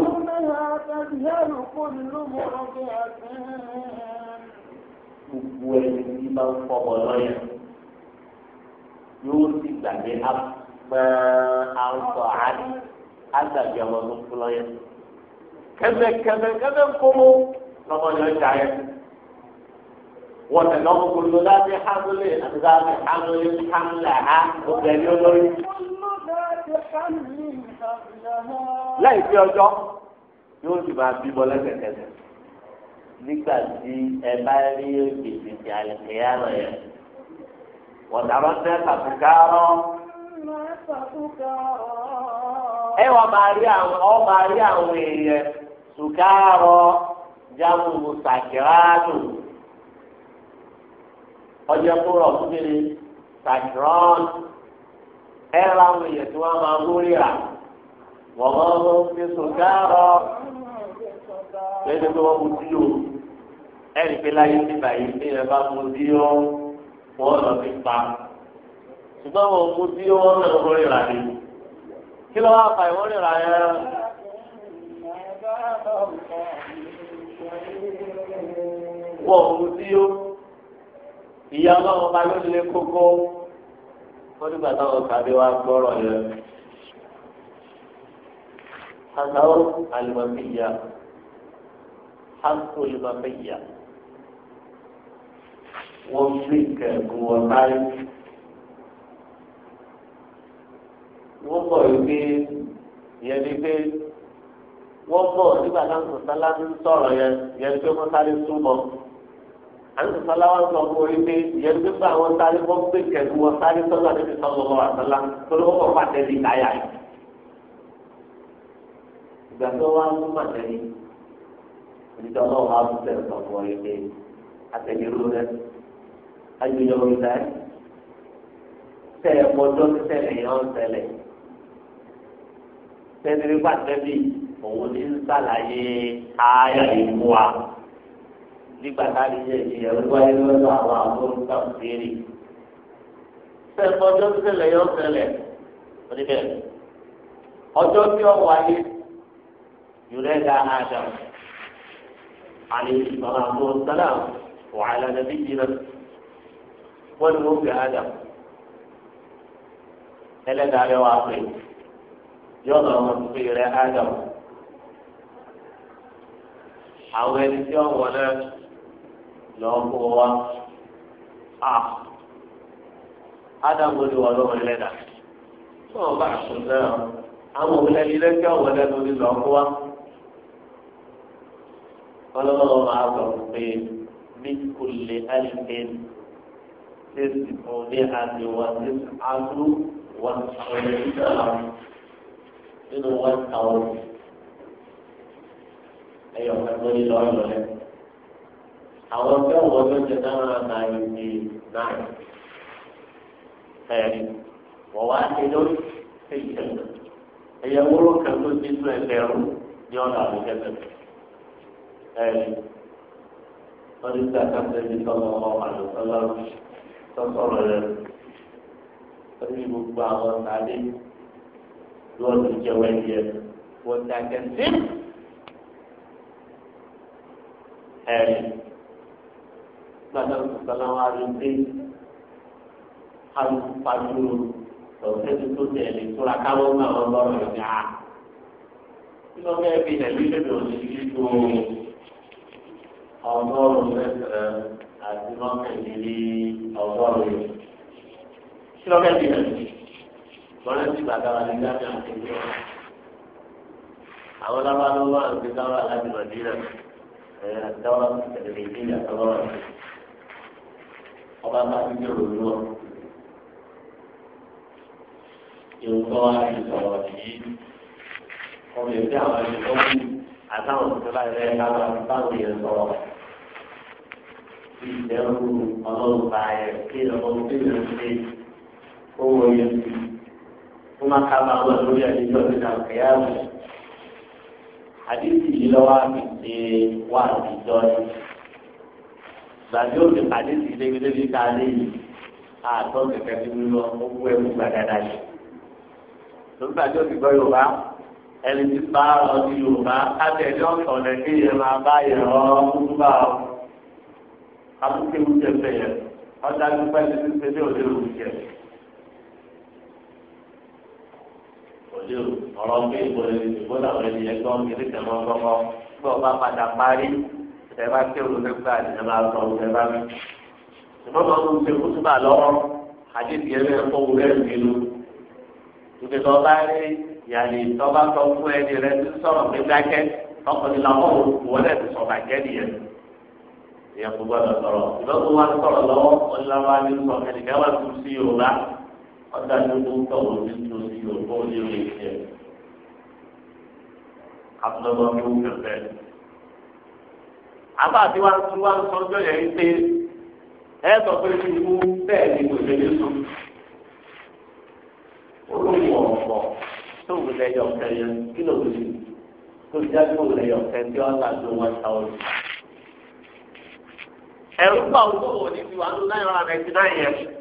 Gbogbo ẹni tí bá ń fọmọ lọ́yà yóò sì gbàgbé apẹ́ àwọn sọ̀ àdì àgbàgbé ọmọ tó kú lọ́yà kẹ́mẹ́kẹ́mẹ́kẹ́mẹ́ kómó lọ́mọ ni ọjà yẹn. wọ́n tẹ̀ lọ́mọ gbogbo láti hámúlé àti láti hámúlé hámúlà á obìnrin olórí. lẹ́yìn tí ọjọ́ yóò sì máa bímọ lẹ́sẹ̀kẹsẹ̀ nígbà tí ẹ bá rí gbèsè tí a kéya rẹ̀ yẹn. wọ́n tàbọ̀ sẹ́ka fúkárọ́ ẹ wà máa rí àwọn ọ máa rí àwọn èèyàn sukaarọ jamu musakiraanu ọjọ́ kúrò fúnbiri sakiran ẹrọ àwọn èèyàn tí wọn máa ń wúrira wọn máa ń fi sukaarọ lẹ́yìn tí wọn mú sí o ẹnì pé láyé nígbà yìí ní ẹ mú sí o wọn lọ fi pa ṣùgbọ́n wọn mú sí o wọn lọ wúrira ni kí ló wá fa ìwúrira yẹn wọ́n mú sí ó ìyá ọlọ́run bá ló lé kókó wọ́n nígbà táwọn kàdé wa gbọ́rọ̀ yẹn. Àtàwọn àlùmọ̀míyà, àtàwọn àlùmọ̀míyà, wọ́n fi kẹ̀kọ́ wọn báyìí. Wọ́n bọ̀ wípé ìyẹn ni pé wọ́n bọ̀ nígbà náà sọ̀sálá ń sọ̀rọ̀ yẹn yẹn tó kọ́ sáré súnmọ́ àwọn sọ̀sálá wọn sọ fún orí pé yẹn tó gbà wọn sáré wọ́n gbé kẹ̀kẹ́ wọn sáré sọ́dọ̀ àti sọ́dọ̀ lọ́wọ́ àtàlá torí wọ́n kọ́ pàtẹ́lì káyà yìí ìgbà tó wá ń mú àtẹ̀lé ìdíjọ́ náà wá bú tẹ̀ ọ̀pọ̀ ilé àtẹ̀lé ló rẹ̀ ayọ̀yọ̀ ìlà ẹ̀ tẹ̀ ẹ̀mọ́jọ́ tẹ̀lé yẹn ń tẹ̀lé tẹ̀lé òun ní ń sàlàyé ayà ìlú wa nígbà táyé jẹ ìyẹ̀wò wáyé lọ́dọ̀ àwọn àbúrò káfíìrì. sẹ́kọ̀ ọjọ́ ṣẹlẹ̀ yọ ṣẹlẹ̀ oníbẹ̀ ọjọ́ tí ó wáyé yùrẹ́dà Adam alayhi salatu wa salam wa ala nabiyyina wọ́n ní wọ́n Adam ẹlẹ́dàá rẹ̀ wá pè yọ̀ọ̀nà ọmọ tuntun rẹ̀ Adam àwọn ẹni tí ọwọ́ náà lọ kó wa a adamu ni wọn lọ́wọ́ ẹlẹ́dà fún ọba àtúntà àwọn òwúlẹ́ni lẹ́sẹ̀ ọwọ́ lẹ́nu ni lọ kó wa ọlọ́wọ́ máa sọ pé ní kulè alìkẹ́n tẹ̀sí fún ní àti wà ní àdúró wà ní àwọn ẹni nínú wọn àwọn ẹyọ kan tó ní lọ́ọ́ lọ́lẹ́. àwọn tí wọ́n ló ti náírà náírà náírà ẹ̀rí wọ́n wá ṣe lórí ẹ̀yẹ ẹ̀yẹ wúrọ̀ kan ti tún ẹgbẹ̀rún ní ọ̀nà àbújá tẹ̀lé ẹ̀rí wọ́n ti gbà káfíńtì ní sọ́nà ọmọ àlùfọ́lá sọ́sọ́rọ̀ rẹ̀ lórí gbogbo àwọn tàbí lọ́ọ̀dù jẹ́wọ́ ẹ̀yẹ wọ́n ti àkẹ́sí. ẹ̀rí gbàdá òṣìṣẹ́ wọn rí dé alùpàdé lọ́sẹ̀tì tó tẹ̀lé tóra káwọ́ mọ́ àwọn ọlọ́run rẹ̀ ní a. kí ló fẹ́ fi tẹ̀lé lọ́dọ̀ ní ìlú ọgọ́rùn-ún mẹ́sẹ̀rẹ̀ àti mọ́kànlélí ọgọ́rùn-ún. kí ló fẹ́ fi tẹ̀lé lọ́dọ̀ tí bàtà wà ní gbàgbé àti ìlú àwọn lábàlọ́wọ́ àti káwọ́ aládìmọ̀dé rẹ̀. الدورة التدريبية الدورة ọba bá ti dèrò lọ ìwúgbọ́ wa ti sọ̀rọ̀ yìí ọmọ ìgbé àwọn ìgbọ́ wù àtàwọn ìjọba ìrẹ́ káwọn báwọn yẹn sọ̀rọ̀ ìdẹ́rù ọlọ́run bá yẹ kí ọmọ òbí yẹn ṣe owó yẹn fi kó má ká bá wọn lórí ẹni tó ti nà kéyàwó àdéhùn yìí lọ́wọ́ àmì ṣe wà àtijọ́ ni gbàdé òde pàdé sí ilé ilé bí ká lé yìí àtọ́ kẹ̀kẹ́ bí wọ́n lọ owó ẹ̀kú gbàdàdà yìí. lórí gbàdé òde gbọ́ yorùbá ẹni tí bá ọ ní yorùbá kájẹ ní ọ̀sán rẹ̀ kí yẹn máa bá yẹn ọ kúkú bá ọ. abúké wújẹ fẹ yẹn ọjà gbígbẹ́ ti ti ṣe ní òde òde yẹn. sí o ọ̀rọ̀ pé ìbòlè ìbòlè àwọn ènìyàn gbọ́ kiri tẹ̀ mọ́ kọ́kọ́ bí ọba padà parí ẹ bá ké olùdókòwò àdìyẹ bá sọ ọ̀rọ̀ ẹ bá mi. ìbọn máa ń ṣe kútùbà lọ́wọ́ àdìyẹ bẹ́ẹ̀ kó wúlẹ̀ nínú. ìgbésọ̀ bá rí yàrá ìtọ́ba sọ fún ẹni rẹ tí sọ̀rọ̀ pé dákẹ́ ọkùnrin làwọn òwòlẹ̀ ọ̀dà tó ń tọ̀wọ̀ ní lórí òpó onírú ìṣe. Àtúntò ní wù kẹfẹ́. Àbá tí wàá tún wá ń sọ ọjọ́ yẹn pé ẹ sọ pé kí ikú bẹ́ẹ̀ ni kò lè nínú. Olówó ọ̀pọ̀ tó wù lẹ́yọ̀ kẹyẹ kí ló wù tó jáde wù lẹ́yọ̀ kẹ tí wọ́n là ló wọ́n ta Ẹ̀rú pa owó òní ti wà ní náírà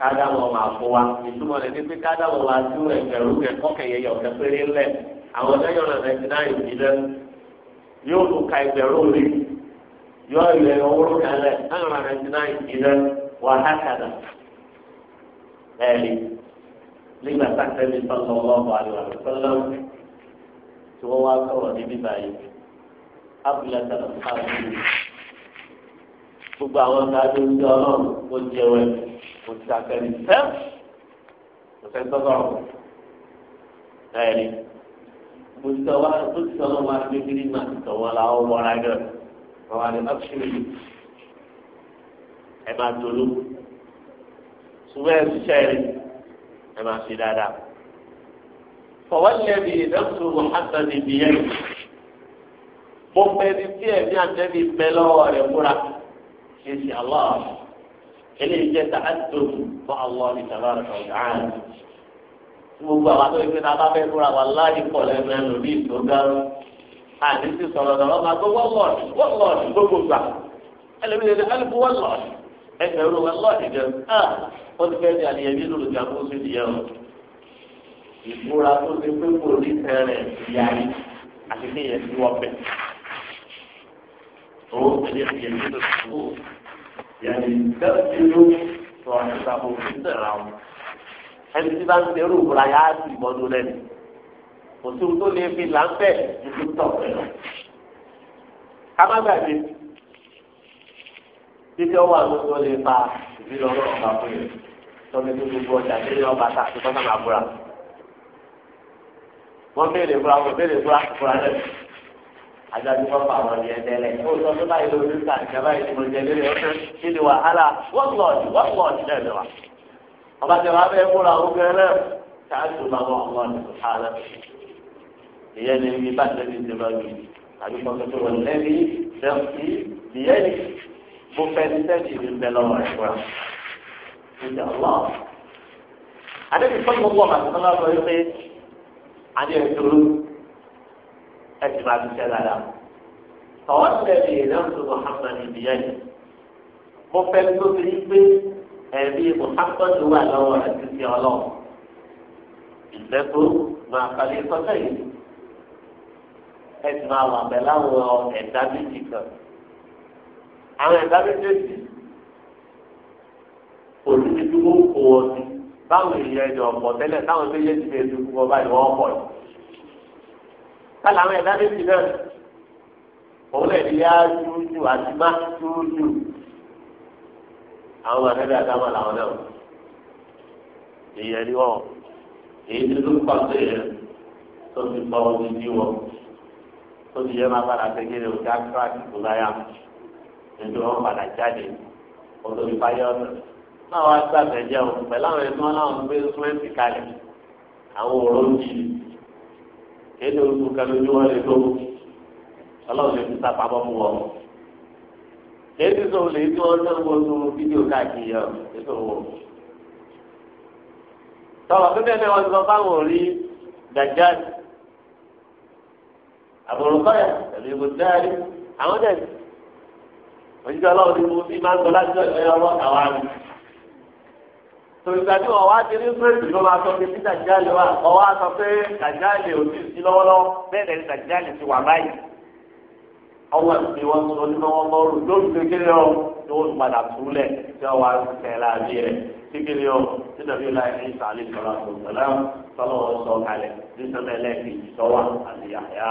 kádàmọ̀ máa fún wa ìtumọ̀ rẹ̀ ní pé kádàmọ̀ máa tú ẹgbẹ̀rún rẹ̀ kọ́kẹ̀yẹyẹ ọ̀kẹ́ péré ńlẹ̀ àwọn ọ̀dẹ́yọ̀ rẹ̀ ninety nine yìí lẹ́ yóò tún ka ẹgbẹ̀rún rẹ̀ yóò yẹ ọwọ́rọ̀ kalẹ̀ ẹ̀rọ rẹ̀ ninety nine yìí lẹ́ wà á kàdà ẹ̀rí nígbà sáfẹ́mi sọ́kọ̀ ọlọ́ọ̀bù àlùfẹ́lẹ́ tí wọ́n wá sọ̀rọ̀ níbí báyìí ábùlẹ̀ tẹ̀lé gbogbo kò sí àtẹni fẹ́ kò sẹ́ tọ́sọ̀rọ̀ ẹ̀rí mo ti sọ wá tó ti sọ lọ́wọ́ àti kékeré mà ti sọ wọn làwọn wọra gẹ̀ wọn wà ní ọ́fíìsì ẹ máa tolú ṣùgbọ́n ẹ ṣiṣẹ́ rí ẹ máa ṣe dáadáa. فوالذي نفس محمد بيده mo fẹ́ ní ẹ̀mí àtẹ́bí bẹ́ rẹ̀ múra ṣe ṣe aláàbò eléyìí jẹ́ tààtòm fún àwọn ìjàmbá rẹ̀ ọ̀gáàn. gbogbo àwọn àtọ́ ìpínlẹ̀ abáfẹ́ fúnra wà láàyè pọ̀ lẹ́nu ẹnu bí ìtògáró. àti ti sọ̀rọ̀ sọ̀rọ̀ máa gbọ́ wọ́lọ́ọ̀dì wọ́lọ́ọ̀dì gbogbo gbà. ẹlẹ́mìíràn ní alifu wọ́lọ́ọ̀dì ẹgbẹ̀rún wọ́lọ́ọ̀dì jẹ́ ah ó ti fẹ́ di àlìyé bí lóru ti àkóso ìdíyẹn o. ìfúra tó ti pé kò ní tẹ̀rẹ̀ yáyí yẹni gẹ́gẹ́ bí ló sọ nípa òfin tẹ̀ra wọn. ẹni tí bá ń tẹrù ìbúra yá sí ìbọnú lẹ́nu. kò sí ohun tó lè fi láńpẹ́ ìlú tọ̀ pẹ̀lú. ká má gbàgbé títí ọwọ́ àwọn tó lè fa ìbí lọ́wọ́ ọba fún yẹn tọ́lẹ̀ tó gbogbo ọjà tí yọ bàtà tó tọ́ sábà búra. wọ́n béèrè búra wọ́n béèrè búra búra lẹ́nu adájọ́ bá fà wọ́n yẹn tẹ́lẹ̀ ó sọ pé báyìí ló ní sàǹkà báyìí ni mo jẹ lórí ọ̀sẹ̀ kí ni wàhálà wọ́pọ̀lọ́ọ̀dì wọ́pọ̀lọ́ọ̀dì náà lè wà. ọba tẹ̀wá bẹ́ẹ̀ múra ogun ẹlẹ́ káàtó máa wọ ọmọ ẹsẹ̀ máa fi ṣẹ́ dáadáa. Tọ́wọ́ tẹ̀lé ìdáhùn Mùhàmmad ìbíyẹn. Mo fẹ́ tó fi gbé ẹ̀mí Mùhàmmad wà lọ́wọ́ rẹ̀ títí ọlọ́run. Ìfẹ́kú máa kàlí sọ́tẹ̀ yìí. Ẹsẹ̀ máa wà pẹ̀lú àwọn ẹ̀dá méjì kan. Àwọn ẹ̀dá méjèèjì kò dúró kó wọn sí. Báwo ìyẹn ẹ̀jọ̀ ọ̀pọ̀ tẹ́lẹ̀ táwọn méjèèjì fi ètò ìfúnpọ̀ báyìí wọ́n pọ̀ yìí kálá àwọn ẹ̀dá méjì náà òun lè di ájújú àti májújú àwọn màdẹ́rẹ́ àtàwọn làwọn náà èèyàn ni wọn èyí tó ló kọ́ sí ẹ̀ tó ti kọ́ omi ní wọn tó ti yẹ máa padà tẹ́gẹ́rẹ́ òjá kíláàsì tó láyà nítorí wọn padà jáde olórí fáyọ́ náà wá gbàgbẹ́ jẹun pẹ̀lú àwọn ẹ̀gbọ́n náà ń gbé súnmẹ́ǹtì kalẹ̀ àwọn òròǹjì kéde olùkọ́ kẹlẹ́ ojú wọn lè tó ọlọ́run lè fi sápá bọ́ fún wọn. kéde sọ̀rọ̀ lè tó ọjọ́ gbogbo fídíò káàkiri ọ̀ ètò wọn. sọ̀rọ̀ pé bẹ́ẹ̀ ni wọ́n ti sọ fáwọn òrí dàjáde àbòròkọ́yà tẹ̀lé ibùdárí àwọn tẹ̀lé òjijì ọlọ́run ni mo fi máa ń gbọ́ láti ọ̀yọ́ ọlọ́kàwá mi tòlùgbà tí wọn wá ti rí fèrèsì ló máa sọ pé bí dàjáde wa ọwọ́ á sọ pé dàjáde ò ti sí lọ́wọ́lọ́wọ́ bẹ́ẹ̀ lẹ́ni dàjáde ti wà báyìí. ọwọ́ ìpè wọn sọ ní wọn mọ ọrùn lórí kékeré ọ tí wọn padà túlẹ̀ tí wọn wá tẹ̀ láàbí rẹ̀ kékeré ọ tí dàbí láì ní ìsàlẹ̀ ìsọ̀rọ̀ àtòkòlá sọlọ sọ kalẹ̀ ní sọlẹ̀ lẹ́ẹ̀kì ìsọwà àti yàyà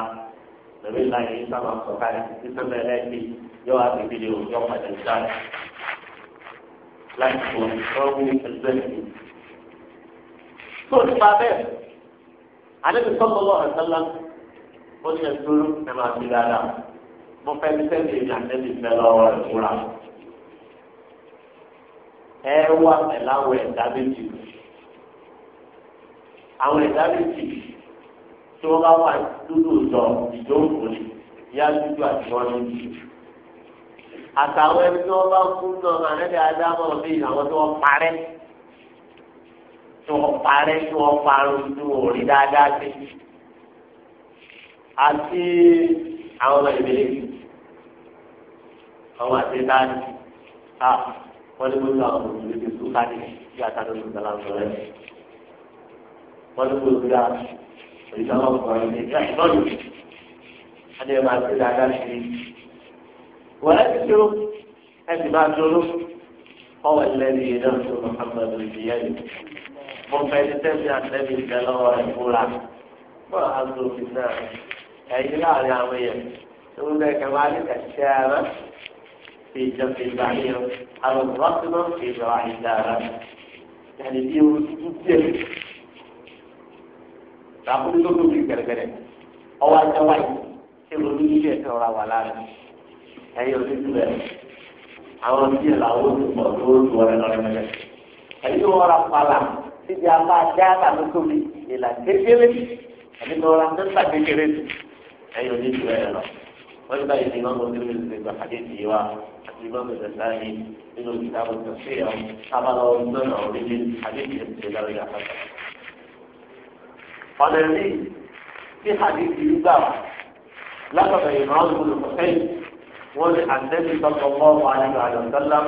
dàbí láì ní ìsàlẹ̀ sọ kalẹ̀ ní sọlẹ̀ lẹ́ẹ̀kì yọ láti wọ ọrùn ẹgbẹ́ mi. tó nípa bẹ́ẹ̀ àlejò sọ́kọ́ lọ́wọ́ ẹ̀sánlá ó ní ẹ̀sùn ẹ máa fi dáadáa mo fẹ́ sẹ́ni èmi àtẹ́bí fẹ́ lọ́wọ́ ẹ̀ fúra. ẹ wà pẹ̀láwọ̀ ẹ̀dá méjì àwọn ẹ̀dá méjì tí wọ́n bá wà dúdú sọ ìjókòó ni ìyá dúdú àti wọ́n ní jù àtàwọn ẹni tí wọ́n bá kú náà máa nẹ́bí adámọ̀ bí àwọn tí wọ́n parẹ́ tí wọ́n parẹ́ tí wọ́n parun tí wọ́n rí dáadáa sí àti àwọn ọmọ ìbílẹ̀ àwọn àti dáadáa a wọ́n ní gbogbo àwọn òṣèlú ti sùn káàdì bí àtàkùn ní ìgbàlá ọ̀rẹ́ wọ́n ní gbogbo ìgbà òṣèlú ọ̀rẹ́ ní ìgbà ìgbọ́dọ̀ adé máa ti dáadáa sí i. وأكثروا أتباع جنوب هو الذي نفس محمد بيده ممكن تبع النبي قال الله يقول ما أنظر في الناس أي لا نعمية ثم كذلك الشام في جنب البعير أو الرقم في ذراع الدار يعني دي وجود تقول لكم في الكلام أو أنت وين تقول لي شيء ترى ẹ̀yin òtútù rẹ̀ àwọn tí ìlà owó ti pọ̀ tó o tó ọ̀rẹ́ lọ́rẹ́ mẹ́lẹ̀. ẹ̀yin tó wọ́n ra pala síbi apá ajá àtàlù tóbi ìlà kékeré ẹ̀yin tó ra nípa kékeré ẹ̀yin òtútù rẹ̀ lọ. wọ́n ti báyìí ní ìmọ̀ mọ́tò ní ìgbà àdé ti wa àti ìmọ̀ mọ́tò sáyé nínú ìta mọ́tò sí ẹ̀ sábàlọ́ ọ̀dọ́nà orílẹ̀ àdé ti ti lọ yà pátá. ọ̀nà ìrìn tí àdé ti gbà látọ̀dọ̀ ìmọ̀ wọ́n ní àtẹ́sí tọ́kọ mọ́ àyùn àlọ́sọ́lá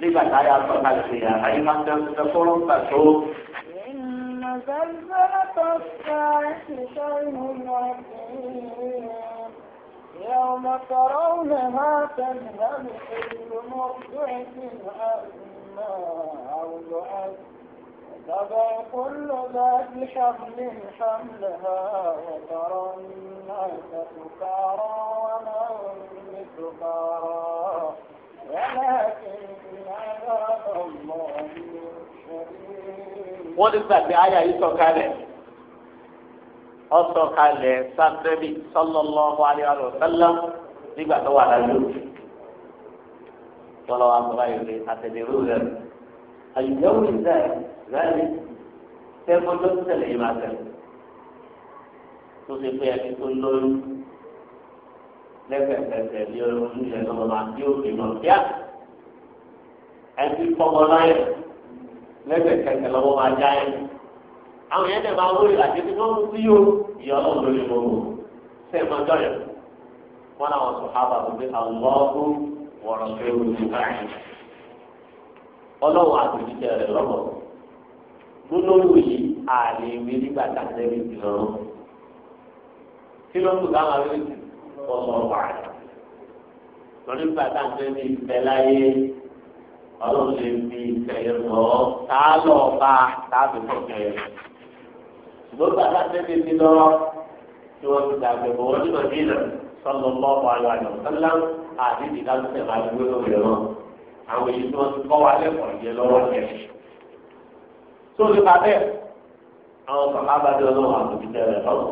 nígbà tá a yà sọ ká lè yà ayé máa ń tẹ́ ẹ kọ́rọ́ ń pàtó. يوم ترونها تذهب كل مرضعة عما أرضعت تضع كل ذات حمل حملها وترى الناس سكارى وما هم بسكارى ولكن عذاب الله شديد ولذا في آية سكارى ọsọkalẹ sanrẹbi sọlọlọhu aliyahu sẹlẹm nígbà tó wà lájú tọlọ àgbà yìí àtẹnirú rẹ àyùdáwò ìdáyìí lẹ́yìn tẹ́gbọ́n tó tẹ̀lé yìí máa tẹ̀lé tó ṣe pé ẹni tó lóyún lẹ́sẹ̀kẹsẹ̀ ní ọdún yẹn lọ́wọ́ máa bí òkè lọ bíà ẹni kọ́kọ́ láyẹ̀ lẹ́sẹ̀kẹsẹ̀ lọ́wọ́ máa já ẹ̀ àwọn yẹn tẹ̀ máa wọlé àti tí wọ́n ti yó ìyá ọlọ́run lórí gbogbo sẹ́ẹ̀ máa jọ yẹn wọn sọ ha bàbá àwọn ọgbọ́n wọ̀rọ̀ pé olùkọ́ ọlọ́run àti ìdíjẹ rẹ̀ lọ́wọ́ gbólóhùn yìí àlè mi nígbà tá a tẹ́lẹ̀ ti lọ́rùn. kí ló ń kú káwọn abẹ́rẹ́ kọ́ sọ̀rọ̀ wà á lórí nígbà tá a tẹ́lẹ̀ ti fẹ́ láyé ọlọ́run lè fi ìfẹ̀yẹ lọ tá a lọ bá tá a fi fọ̀kẹ́ ṣùgbọ́n nígbà tá a tẹ́lẹ̀ tí wọ́n ti dàgbẹ̀ bọ̀ wọ́n ti lọ nílẹ̀ sọ́nà lọ́wọ́ àwọn èyí tí wọ́n ti kọ́ wa lẹ́kọ̀ọ́ yẹ lọ́wọ́ yẹn tó lè bá bẹ́ẹ̀ àwọn bàbá bá dé ọlọ́run àtòbí tẹ̀lẹ̀ lọ́wọ́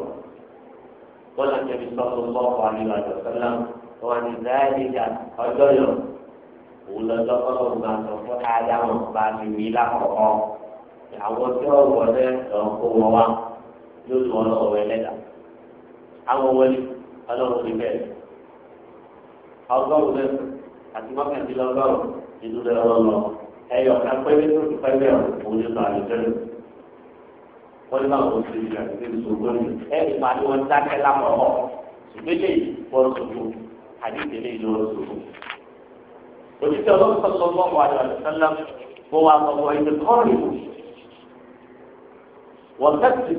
wọn lọ jẹbi sọ́kò lọ́wọ́ àlejò àjọṣẹ́lá wọn ni dáadéjà ọjọ́ yọ òun lọ́jọ́ ọlọ́run máa sọ fún ádámù bá mi wí lákọ̀ọ́kọ́ àwọn tí wọ́n wọ̀ lẹ́ lọ́n kó wọn wá yóò lù wọn lọ́wọ́ ẹlẹ́dà àwọn wọlé ọlọ́run ní bẹ́ẹ̀ ọgọ́rùn-ún àti mọ́kàndínlọ́gọ́rùn-ún ìdúró ọlọ́run ẹyọ kápẹ́ nínú ìpẹ́ bẹ́ẹ̀ òun ló máa lè tẹ́lẹ̀. wọ́n ní báwo ṣe ìrìn àti ìrìn sọ̀rọ̀ ní ẹ̀ẹ́dì máa ní wọ́n dákẹ́ lápapọ̀ ṣùgbẹ́lẹ̀ wọ́n sọ̀rọ̀ àti ìdílé ìlú wọn sọ̀rọ̀. òṣìṣẹ́ ọlọ́sọ̀ sọ fún ọmọ àjọ àtìsánlá mo wà sọ fún ẹni kọ́ọ̀rì wọ́n tẹ́sí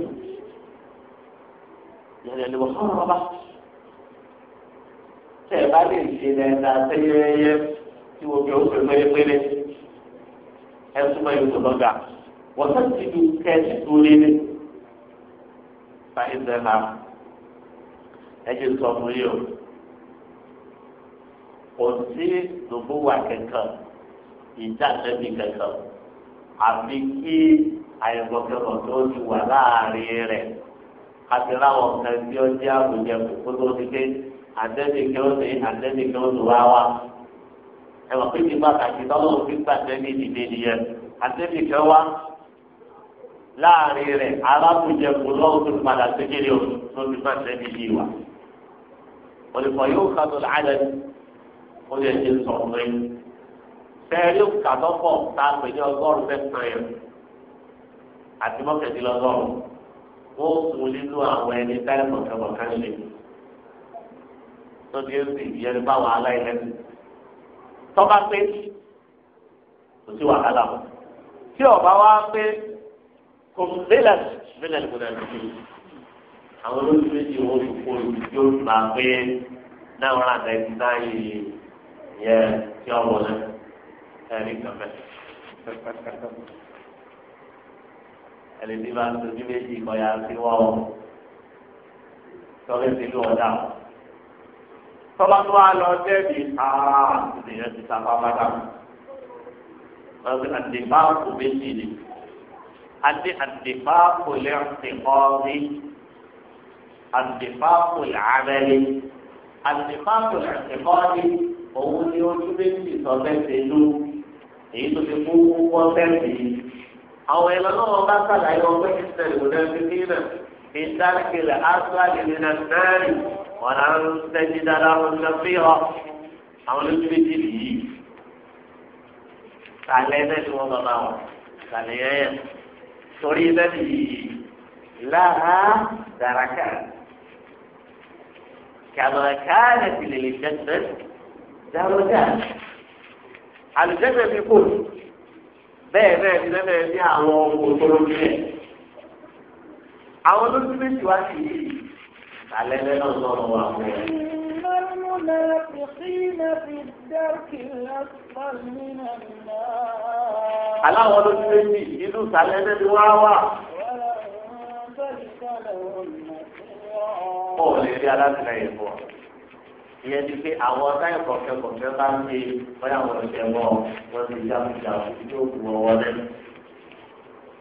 yẹn lè wọ́n sọ̀rọ̀ bá tẹ̀ bá lè ṣe lẹ́ẹ̀dá sẹ́yẹ́yẹ́ tí wọ́n fi ó ẹ̀sùn mọ́ ìlú lọ́gà wọ́n tó ti du kẹ́ẹ̀sì tó lé ní. fàyín sẹ́nà ẹ̀jẹ̀ sọ fún yìí o kò sí lòbó wa kẹ̀kẹ́ ìjà sẹ́bi kẹ̀kẹ́ àfi kí àyẹ̀bọ̀kẹ̀kọ̀ tó ti wà láàrin rẹ̀ àti láwọn kan tí ó jẹ́ àbújá kó tó ti dé àtẹ́nìkẹ́ ó ní àtẹ́nìkẹ́ ó ní wá wá ẹ̀wọ̀n pé ní pàtàkì tọ́lọ́wọ́ fi pàṣẹ ní ìdílé nìyẹn àtẹ́bí kan wá láàrin rẹ̀ arákùnjẹ̀kù lọ́wọ́ tó padà sékèrè o tó fi pàṣẹ ní ìdí wa. olùkọ́ yóò ká tó láàrẹ̀ ó lè ṣe sọ̀rọ̀ rẹ̀ sẹ́ẹ̀rí kàtọ́pọ̀ tá a pè ní ọgọ́rùn-ún mẹ́sàn yẹn àti mọ́kẹ́dínlọ́gọ́rùn-ún wọ́n nínú àwọn ẹni táyà mọ̀kẹ́mọ̀kẹ́ ṣe. tó ti ń ìyẹn báwọn aláìlẹ́sìn tọ́ba pé kò sí wàhálà o tí ọba wa pé kò sílẹ̀ sílẹ̀ kò dàbí ju àwọn olóyún méjì wọn ò kó yóò gbà pé náà wọn àgbà ẹni náà yìí yẹ tí ọwọ́ náà ẹni kan bẹ ẹni tí bá ń sojú méjì kọ ya sí wọn o tọ́lẹ̀ sílùú ọ̀dà tọ́lá tó wà lọ débi ààrà ìdíyẹn ti ta bàbàdà lọ́sẹ̀ àdìbá kò méjì ni àti àdìbá kò lè ti kọ́ rí àdìbá kò lè àrẹ́lẹ̀ àdìbá kò lè ti kọ́ òun ni ojú méjì sọ bẹ́ẹ̀ ṣe lú èyí tó ti mú wọ́n tẹ̀sí àwọn ìlànà wọn bá sàlàyé ọgbẹ́ ìṣẹ̀lẹ̀ òdẹ́sí nílẹ̀ ìdárẹ́kẹ̀lẹ̀ áṣọ àdìmínà náírà wọn là ń tẹ́jú dáadáa wọn lọ sí ọ àwọn olóṣèlú yìí kàlẹ́ náà ni wọ́n bá bá wọn kàlẹ́ yẹn yẹn torí náà yìí láha dàrákà kàlọ́ọ̀ká rẹ̀ ti lè lè jẹ́sẹ̀ dáwọ́dà àlùjẹ́sẹ̀ alẹ́ lẹ́nu sọ̀rọ̀ wà fún ẹ. Aláwọn olójú méjì ìlú sàlẹ̀ lẹ́nu wá wà. Ó lè rí alátìlẹyìn fún Ìyẹn ti pé àwọn ọ̀tá ìkọ̀kẹ́ kọ̀kẹ́ bá ń gbé báyà wọ̀n ṣẹ̀ wọ̀ wọ́n ti jáwéjáwé tí ó wọ̀ wọlé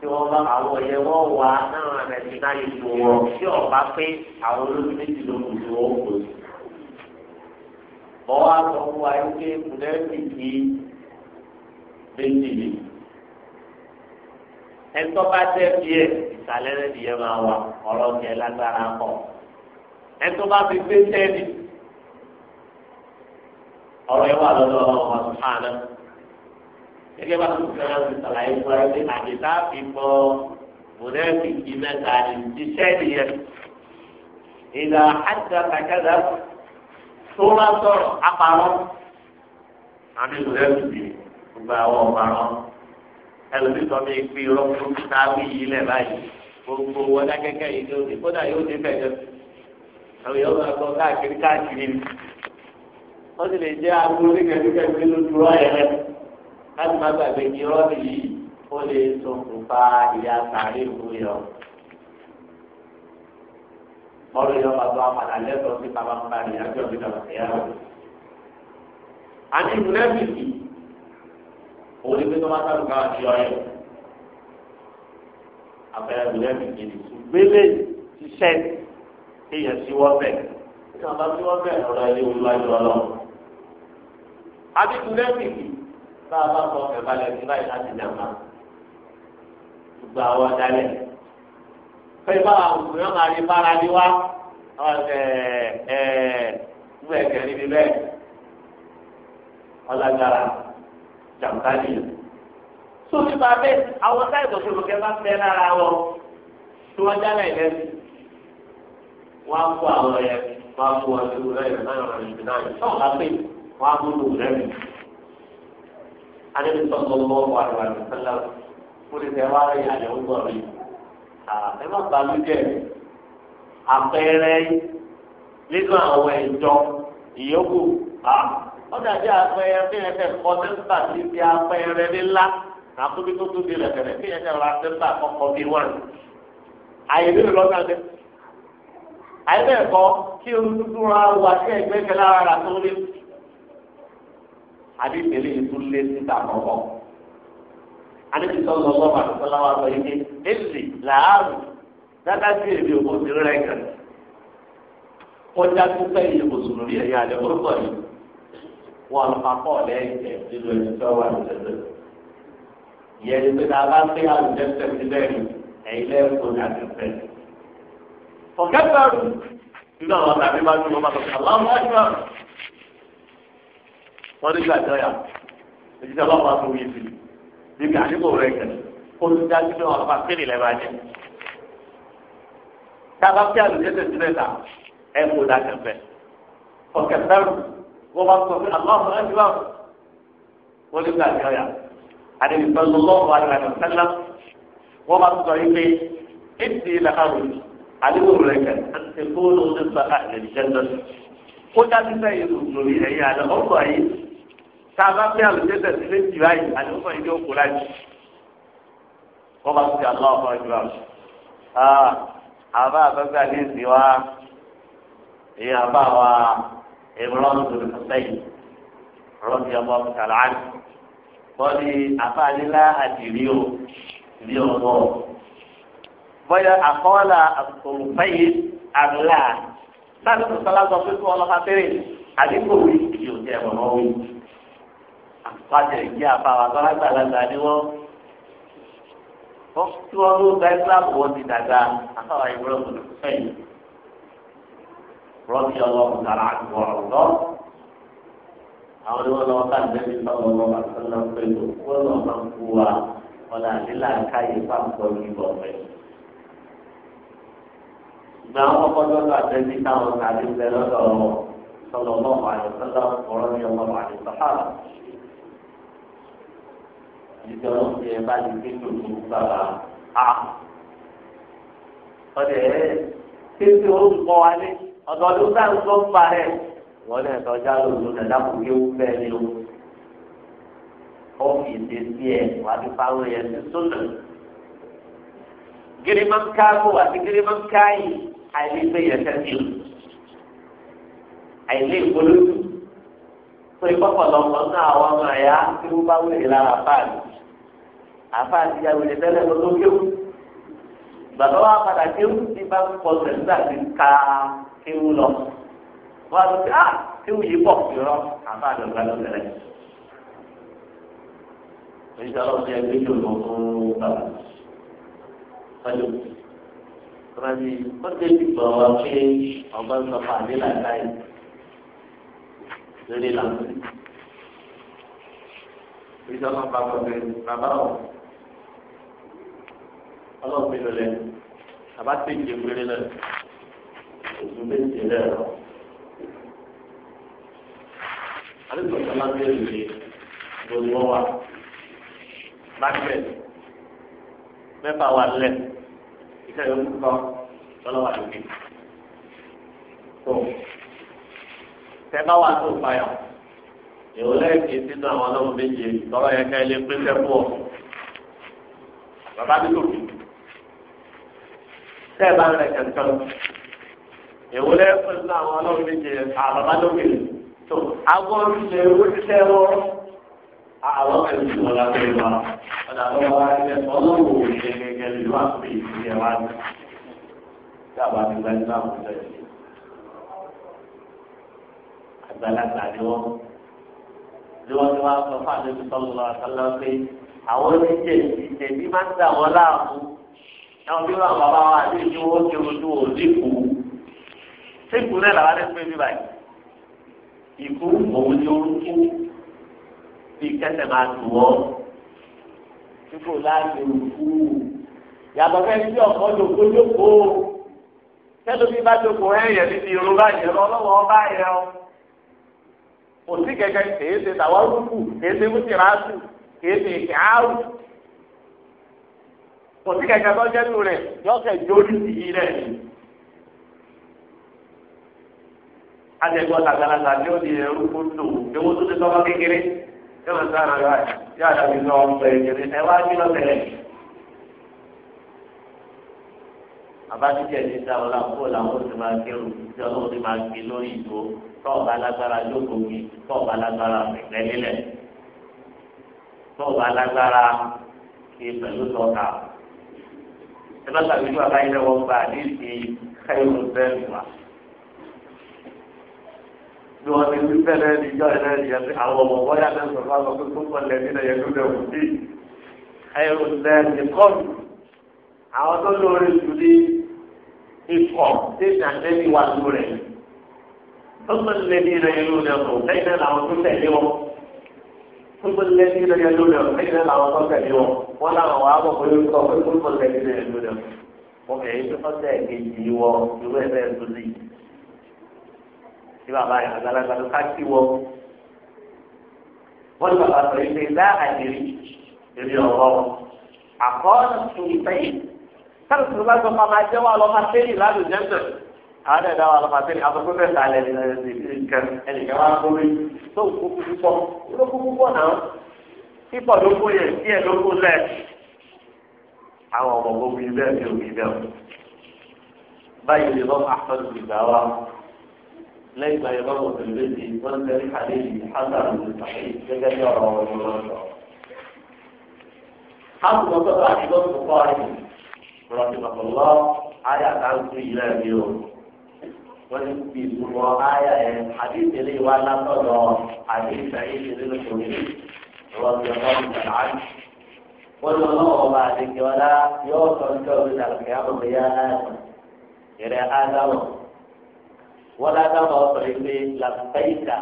tí wọ́n bá àwọn ọ̀yẹ́ wọ́n wà náà àgbẹ̀sí náà yìí tó wọ́n tí ọ̀bá pé àwọn olóyún méjì ló kù sí wọ́n kù sí. ọwọ́ àtọ̀ fún wa yìí pé kùnẹ́ẹ̀tì kì í méjì ni. ẹ̀tọ́ bá tẹ́ bí ẹ̀ ìsàlẹ̀ rẹ̀ nìyẹn máa wà ọ̀rọ̀ lágbára kọ̀. ẹ̀tọ́ bá fi gbé tẹ́ẹ̀nì ọ̀rọ̀ yẹn wà lọ́dọ̀ ọ̀rọ̀ gẹ́gẹ́ bá tó fi hàn sàlàyé fún ẹ pé àdìsá fi bọ mùnẹ́ẹ̀kì kì mẹ́ta ní iṣẹ́ nìyẹn. ìlà àjà kàkẹ́dà tó bá sọ̀rọ̀ apàrọ̀ àmì mùnẹ́ẹ̀kì bì gbogbo àwọn ọ̀parọ̀ ẹlòmíì sọ mi fi rọ́pò kíta wí yìí lẹ̀ báyìí gbogbo wọn akẹ́kẹ́ yìí ló ní kódà yóò ní bẹ̀ jẹ́ àwọn yóò máa gbọ́ káàkiri káàkiri wọ́n sì lè jẹ́ agbóríkẹ́ríkẹ́ lójú ọ̀yẹ́rẹ́ láti má gbàgbé ní rọ́ọ̀lì yìí ó lè ṣokùnfà ìyá sàárè ìlú yọ. yọ bàbá àpàdà lẹ́tọ̀ọ́ sí bàbá ńlá ní àjọ ìlú náà ṣẹ̀yà rẹ̀. àti ìmúlẹ́bìsì òun ni pé tó sálùkà àti ọyọ. àpẹẹrẹ ìmúlẹ́bìsì ni gbélé ṣiṣẹ́ èèyàn sí wọ́n bẹ̀. ìjọba sí wọ́n bẹ̀ ọ̀rọ̀ ilé olúwa ìjọ lọ. àti ìmúlẹ́bìsì tá a bá kọ ọkẹ balẹ̀ ní báyìí láti dàgbà gbogbo àwọn ọ̀dàlẹ̀ pé báwa òkùnrin ọ̀gá rí bára ní wá ọ̀sẹ̀ ẹ̀ gbogbo ẹ̀kẹ́ níbi bẹ́ẹ̀ ọ̀làgbára jàǹkà nìyẹn. tó nípa bẹ́ẹ̀ àwọn táìpọ̀ tó lókè bá fẹ́ lára wọn tí wọ́n jálẹ̀ lẹ́sìn wọ́n á kó àwọn yẹn wọ́n á kó ọdún lẹ́yìn náà yọ̀rọ̀ ìgbìnà yìí tó adébí sọ̀tọ̀ lọ́wọ́ wà lọ́wọ́ àdìsọ́lá fún ìfẹ́ wá rí àyẹ̀wò bọ̀ rí. ẹ má bàálù jẹ́ àpẹẹrẹ nínú àwọn ẹ̀jọ́ ìyókù ọ̀dà jẹ́ àpẹẹrẹ bí ẹ̀fẹ̀ kọ́ sẹ́ńtà sí ti àpẹẹrẹ nílá àtúbí tó tóbi rẹ̀ tẹ̀lẹ̀ bí ẹ̀fẹ̀ ra sẹ́ńtà kọ́kọ́ bí wọ́n. àyè nínú lọ́gbà dẹ́ àyè bẹ́ẹ̀ kọ́ kí olùdúró wa sí ẹgbẹ́ kẹlẹ́ ara rà tó àbí ìpele ìtúlé síta kọ̀ọ̀kọ̀. Adébí sọ lọ lọ́wọ́ àtúntọ́lá wa sọ yìí pé èsì làárù dáadáa sí èmi ò ti rẹ̀ kàn. Kọjá pípẹ́ yìí mùsùlùmí ẹ̀yà rẹ̀ ó sọ yìí. Wọ́n lọ máa kọ́ ọ̀lẹ́ ẹ̀jẹ̀ nínú ẹni tó wà ní ẹ̀jẹ̀. Ìyẹn ni pé náà bá ń pé àlùjẹ́ sẹ́mi lẹ́rù ẹ̀yìn lẹ́kọ̀ọ́ ní àtẹ̀fẹ́. Ọ̀gá wọ́n nígbà tó yà èjìdá bá wà tó yé sí i níbi àdínkù rẹ̀ kẹ̀ kó tó dájú pé wọn máa kéde lẹ́ẹ̀ bá jẹ. dábàá pé àlùjẹ́ tẹ̀sí rẹ̀ ta ẹ̀ kó dájú pẹ̀. ọ̀kẹ́ fẹ́rù wọ́n máa sọ pé àlọ́ọ̀fọ̀ ẹ̀ ti wà wọ́n nígbà tó yà àdébí pẹ̀lú lọ́wọ́ àdébí sẹ́lá wọ́n máa sọ yìí pé ètì làkàrò àdínkù rẹ̀ kẹ̀ ẹ̀ kó tá a bá fẹ́ àlùjẹ́sẹ̀ sí létí láyé àdúgbò yìí ló kó láyé kọ́ bá ti àlọ́ ọ̀fọ̀ ju àwọn. àbá àbẹ́gbẹ́ àdé ìsìn wa èyí àbá wa ìmọ̀ràn tó sẹ́yìn rọ́bì ọmọ kàlán bọ́ọ̀lì àbá nílá àdìrí o ìrí ọmọ bọ́yá àkọọ́lá àkọlùfẹ́yì àdúrà sáà ní sọ́sọ́lá sọ pé kí wọ́n lọ́ fà àdínkù wí kì í ọ̀rọ̀ wí àpàtẹ ìdí àfàwà gbàlagbàlagbà ni wọn tí wọn ló gba ìsìlámù wọn ti dàgbà àfàwà ìwúrọ̀ kò fẹ́yìn rọ́bì ọlọ́run tààrà àgbọ̀ ọ̀dọ́ àwọn ìwọ lọ ká ìdẹ́bí lọ́wọ́ lọ́wọ́ àtúntò pẹ̀lú wọn lọ máa ń kú wa wọn là nílà káyé pàpọ̀ ìbọ̀ rẹ̀. ìgbà wọn kọ́ lọ́dọ̀ àtẹ́bí táwọn tàbí ń bẹ lọ́dọ̀ sọlọ́mọ́ àyọ̀sọ́lọ́ ọ̀rọ̀ ní ọmọ àyọ̀sọ́ ìjọ ló fi ẹ bá di kéjò ní bàbá a. ọ̀dẹ̀ ẹ kéjò ó ń kọ́ wa ní ọ̀dọ̀dún náà ń tó ń pa rẹ̀ wọ́n lè tọ́já lòdùn náà lákòókè ó fẹ́ ni o. ọ́fíìsì sí ẹ̀ wà ní fáwọn yẹn ti sọ́nà. girman kago àti girman káyì àìlègbè yẹn tẹ́tí o. àìlègbè lójú. pé kọ́kọ́ lọ́kọ́ náà àwọn ọmọ ẹ̀yà tí wọ́n bá wéyìn lára àfa àti ìyàwó lè tẹ́lẹ̀ tó tó kéwù bàbá wa padà kéwù tí bá ń kọ sẹ̀ńtà ti kéwù lọ wọ́n á lọ sí ah kéwù yìí pọ̀ yọrọ àfa àti ọ̀gá ló tẹ̀lẹ̀ oníṣẹ́ ọlọ́run yẹn gbé yóò lọ fún bàbá pẹ̀lú rani ó dé ti gbọ̀ wá pé ọba ń sọ fàdé làkàyè lórí làkàyè oníṣẹ́ ọlọ́run bá kọ́ bàbá ọ̀ ọlọ́run mi lọlẹ́ àbá tẹ̀jẹ̀ péré náà òṣù méje náà lọ. àdúgbò sọlá ń bẹ̀rù rè lórí wọn wá bákẹ́ mẹ́fà wà lẹ̀ iṣẹ́ yóò kọ́ lọ́lọ́wà lókè. tó tẹ́ bá wà tó fàyà èwo lẹ́ẹ̀kì sínú àwọn ọlọ́run méje tọ́lọ́ yẹn ká ilé pínlẹ̀ fún ọ. bàbá mi lòkè tẹ́ ẹ bá ń rẹ kankan ìwúlẹ̀ pẹ̀lú àwọn ọlọ́run méje àbàbá lókè tó agbọ́n ṣe wíṣẹ́ wọ́n àwọn ẹ̀sìn wọn lábẹ́ wa ọ̀dà tó wá ilé ọlọ́run ò ṣe gẹ́gẹ́ lè wá pé ìṣẹ́ wa ní tí àbá ti gba nígbà wọn lọ sí àgbàlagbà ni wọn ni wọn ti wá sọ fún àdébí sọlọ àtàlà pé àwọn oníjẹ ìṣẹ̀bí máa ń dà wọn láàmú àwọn bí wọn bàbá wa àti ìdí owó ti ojú òdì kú síkù náà làwọn adé pé bíbá yìí ìkú òun ni orúkú bí kẹsẹ̀ máa tù ọ́ kíkó láti orúkú yàtọ̀ fẹ́ bí ọ̀pọ̀ jòkó jòkó tẹ́lómi bá jòkó ẹ̀yẹ̀ níbi yorùbá yẹn lọ́wọ́ ọba yẹn o kò sí kẹ̀kẹ́ kèé ṣe tàwọn orúkú kèé ṣe mú tìrásù kò sí kẹ̀kẹ́ tó jẹ́ nù rẹ̀ yọ̀ọ̀kẹ́ jórí sí i rẹ̀. Adẹ̀gbọ́ tàgbàlagbà ni ó di ẹrú fótó owó tó ti tọ́kọ kékeré yóò sára rẹ̀ yóò àdàbí lọ ọ̀pẹ̀ ìkéré ẹ wá sí lọ́tẹ̀lẹ̀. Àbájíjẹ́ ní sáwọn làkúrò làwọn ó ti máa kérò tí ọlọ́run ti máa gbé lórí ìdúró tọ́ọ̀bù alágbára lókòó yìí tọ́ọ̀bù alágbára pẹ̀lẹ́lẹ̀ tọ́ọ̀bù alágbára kí pẹ̀lú tọ́ka ẹ̀fọ́ tàbí tó àbáyé lọ́wọ́ gba àdéhìí káyọ̀ bẹ́ẹ̀lì wa. bí wọ́n ti wípé lẹ́nu ìjọ ẹ̀rọ ìyẹn pé àwọn ọmọ bọ́yá náà sọ̀rọ̀ àwọn pé púpọ̀ lẹ́nu ìyẹn ló lẹ̀ wò sí. káyọ̀ bẹ́ẹ̀lì kọ́ àwọn tó lóore jù ní ikọ̀ tí nàìjíríà wà lóore. tó ń lé ní ìrẹ̀lú náà kò gbogbo lẹ́sìn ilẹ̀ yẹn lónìí ọ̀hún ẹ̀yìn náà làwọn kọ́sẹ̀ wọn wọn làwọn wà á bọ̀ pẹ̀lú sọ pé gbogbo lẹ́sìn ilẹ̀ yẹn lónìí ọ̀hún wọn kẹ̀ yín tó kọ́sẹ̀ kejì wọ irú ẹ̀ bẹ́ẹ̀ tó lì tí bàbá yẹn àgbàlagbà ló ká sí wọ. wọ́n ní bàbá sọ yìí pé dá àdìrí èmi ọ̀rọ̀ àkọ́ àádọ́ ìdáwọ́ alọ́pàtẹ́lẹ̀ àtọ́kùnrin ìsàlẹ̀ nìkan ẹnìkan wá gbórí tó kúkú púpọ̀ ló kú púpọ̀ náà pípọ̀ ló kú yẹ díẹ̀ ló kú lẹ̀ àwọn ọmọ gbogbo ibẹ̀ mi ò rí bẹ́ẹ̀ báyìí lè lọ́wọ́ àtọ́jú ìgbà wa lẹ́yìn ìgbà yẹn lọ́wọ́ òṣèlú méjì wọ́n ń tẹ́lẹ̀ kàdé yìí hásà gẹ́gẹ́ bí ọ̀rọ̀ ọ̀rọ̀ lọ́sọ̀ hásùn lọ́sọ̀ àti lọ́sùn kọ́ àyè rọ̀tìmọ̀tò lọ́ àyà kan tún ilé mi o wọ́n ti fi ìtumọ̀ ayà ẹ̀ àdéhùn ilé wa látọ̀dọ̀ àdéhùn ìṣàyẹ̀sẹ̀ nínú ìṣòwò ìwọ́n ti ọ̀pọ̀ ìgbàlá àjù. wọ́n lọ lọ́wọ́ bá àdéhùn ọ̀la yóò sọ níjọ́ ìgbà kẹ́yà ọ̀gbẹ́ yá áyàtọ̀ yẹrẹ ádámọ̀. wọ́n ládámọ̀ sọ pé làbẹ́yìká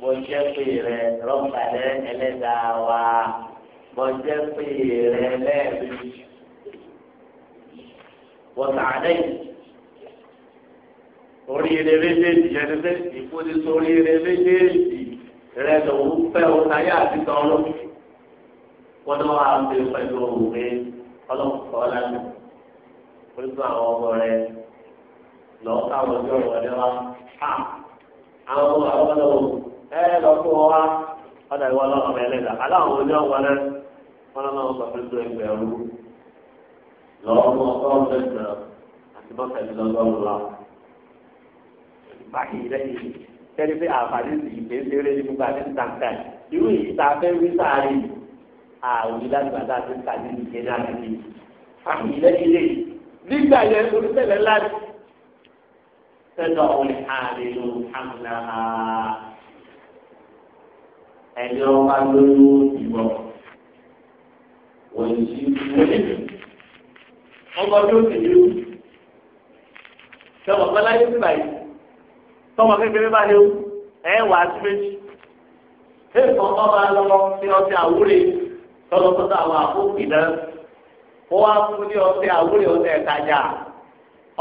mo jẹ́ pé rẹ̀ rọ́pàlẹ́ ẹlẹ́dàá wa mo jẹ́ pé rẹ̀ lẹ́ẹ̀mí. wọ́n sàádẹ́yìí oríire méjèèjì yẹn ní pé ìfúnni sóríire méjèèjì rẹ lòun fẹ́ o táyà àti tọ́lọ́ wọn náà wà ń bẹ pẹ̀lú òwe ọlọ́pàá ọ̀lànà pẹ̀lú àwọn ọmọ rẹ lọ́ọ́ káwọn ọjọ́ ìwọlé wa ha àwọn ọmọ àwọn ọmọ ẹ lọ fún ọ wa ọ̀dà ìwọ ọlọ́run rẹ lẹ́dà aláwọn ọjọ́ ìwọlé wọn náà wọ́n tó ẹgbẹ̀rún lọ́ọ́ mọ ọgọ́rùn-ún mẹ́sàn àti bọ́sẹ̀ ìdílọ́gọ́rùn báyìí lẹ́yìn tẹ́lẹ̀ pé àǹfààní sì ìgbésẹ̀rẹ́ ní gbogbo àti tàǹkà irú èyí tá a fẹ́ wí sáré àwòrán ìlànà tá a ti kà ní ìgbé náà nìyí báyìí lẹ́yìn lè nígbà yẹn olùsẹ̀lẹ̀ láti sẹ́dọ̀ ọ̀hún àlejò àmìlà ẹni ọba lóyún ìbọn wọ́n ti wọlé ọmọ tó ti sọ wọn bá láyé báyìí. tọmọ kékeré bá léwu ẹ wà sí méjì ẹ kàn bá a lọ sí ọtí àwúrè tọlọ tó tà wà fún ìdá wọn wá fún ní ọtí àwúrè ọtí ẹtajà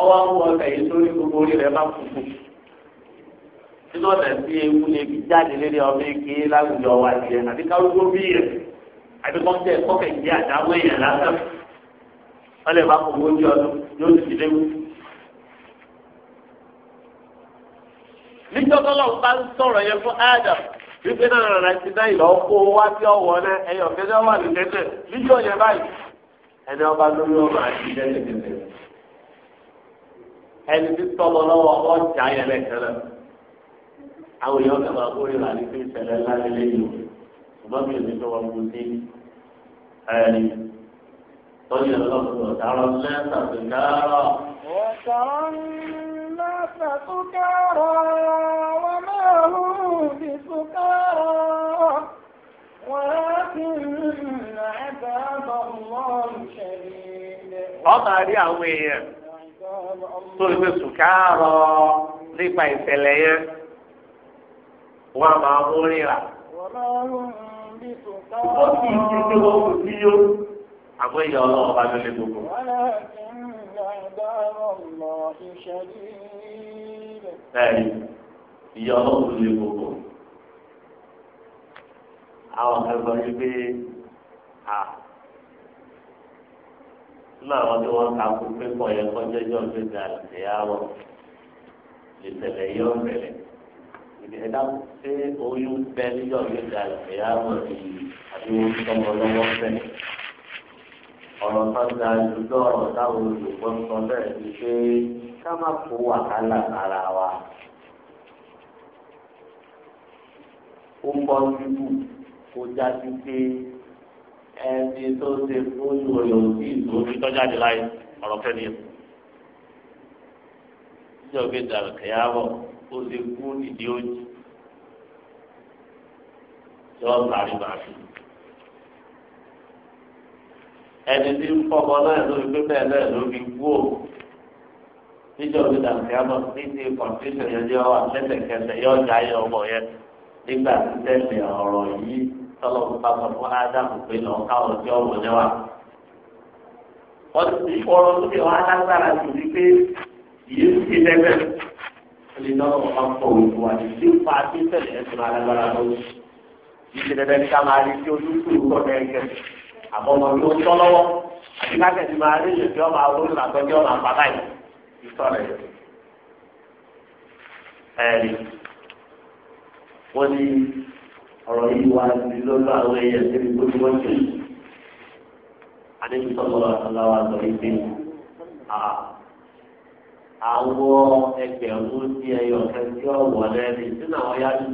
ọwọ́ àwọn ọtí yìí sórí gbogbo orí rẹ bá kúkú nínú ọ̀nà tí ewu lè fi jáde àbí bí àbí kọ́kẹ́ lásán bá ọdún níjọba lọ́wọ́ bá ń sọ̀rọ̀ yẹn fún Adam wípé náà rẹ̀ ti náà ìlọ kó wá sí ọ̀wọ́ náà ẹ̀yọ̀ kẹ́kẹ́ wà ní kẹ́kẹ́ níjọ́ yẹn báyìí ẹni ọba lórí ọmọ àti kẹ́kẹ́ kẹ́kẹ́ ẹni tí tọ́lọ lọ́wọ́ ọjà yẹn lẹ́kẹ́rẹ́ àwọn èèyàn kẹ́ máa kórè rà ní pé ìṣẹ̀lẹ̀ ńlá lélẹ́ yìí ṣùgbọ́n mi ò ní fẹ́ wọn kú sí ẹni tọ́jú ẹ̀rọ lọ́kùnrin ọ̀tá الناس سكارى وما هم بسكارى ولكن عذاب الله شديد ọba rí àwọn èèyàn tó lè fi sùkárọ nípa ìṣẹ̀lẹ̀ yẹn wọn máa mú ríra ṣùgbọ́n kí n ti tó wọn sí yó àmọ́ ìyá ọlọ́run bá lọ gbogbo ẹ̀rí ìyá ọlọ́run lè gbogbo àwọn ẹ̀rọ yìí pé à nínú àwọn tí wọ́n takò pépọ̀ yẹn kọjá ẹjọ́ pé ga ìyáwó lè tẹ̀lé yọ̀ bẹ̀rẹ̀ ìdẹ́dá pé oyún bẹ́ẹ̀ níjọ́ pé ga ìyáwó ni àbí wọ́n tọmọ lọ́wọ́ bẹ́ẹ̀ ọ̀rọ̀ tó ń da ìdúgbò ọ̀rọ̀ táwọn olùkọ́ ń sọ bẹ́ẹ̀ ni pé ká má kó wàhálà ara wa. ó bọ́ nínú kó jáde pé ẹni tó ṣe fún ìròyìn òbí ìlú omi tó jáde láyé ọ̀rọ̀ fẹ́ ni ẹ̀. ìjọba ìdàrú kẹyàwó ó lè kú nídìí òjì. yọ ọ́ parí bàbá ẹni tí ń fọmọ náà lórí pé bẹ́ẹ̀ náà ló fi kú ò níjọba ìdàgbé àmọ́ ní ti kọ̀ǹtíṣọ̀ yẹn jẹ́ wà lẹ́sẹ̀kẹsẹ̀ yóò já yẹ ọmọ yẹn nígbà tí tẹ̀lé ọ̀rọ̀ yìí tọ́lọ́ bá sọ fún ádámù pé lọ káwọn tí ọmọ yẹn wà. wọ́n ti fọ́rọ́ lókè wọn alágbára jù ní pé yìí ń fi lẹ́gbẹ́ ẹni náà wọ́n máa ń fọ òògùn wa ní tí fa tí tẹ̀lé ẹ̀ tó alágbára lọ́wọ́ yìí ti dẹ́dẹ́ ní ká máa rí tí ojú kúrú kọ́ àbọ̀ ndụ tó ń tọ́ lọ́wọ́ àti kákẹ́tì máa rí èyí tí wọ́n máa wọlé làtọ́ tí máa pa báyìí ìtọ́ rẹ̀ ẹ̀rí wọ́n ní ọ̀rọ̀ yìí wá lọ́lọ́ àwọn èèyàn aláwa àwọn ẹgbẹ̀rún ní ẹyọ kẹsí ọ̀wọ́ lẹ́ni àwọn yájú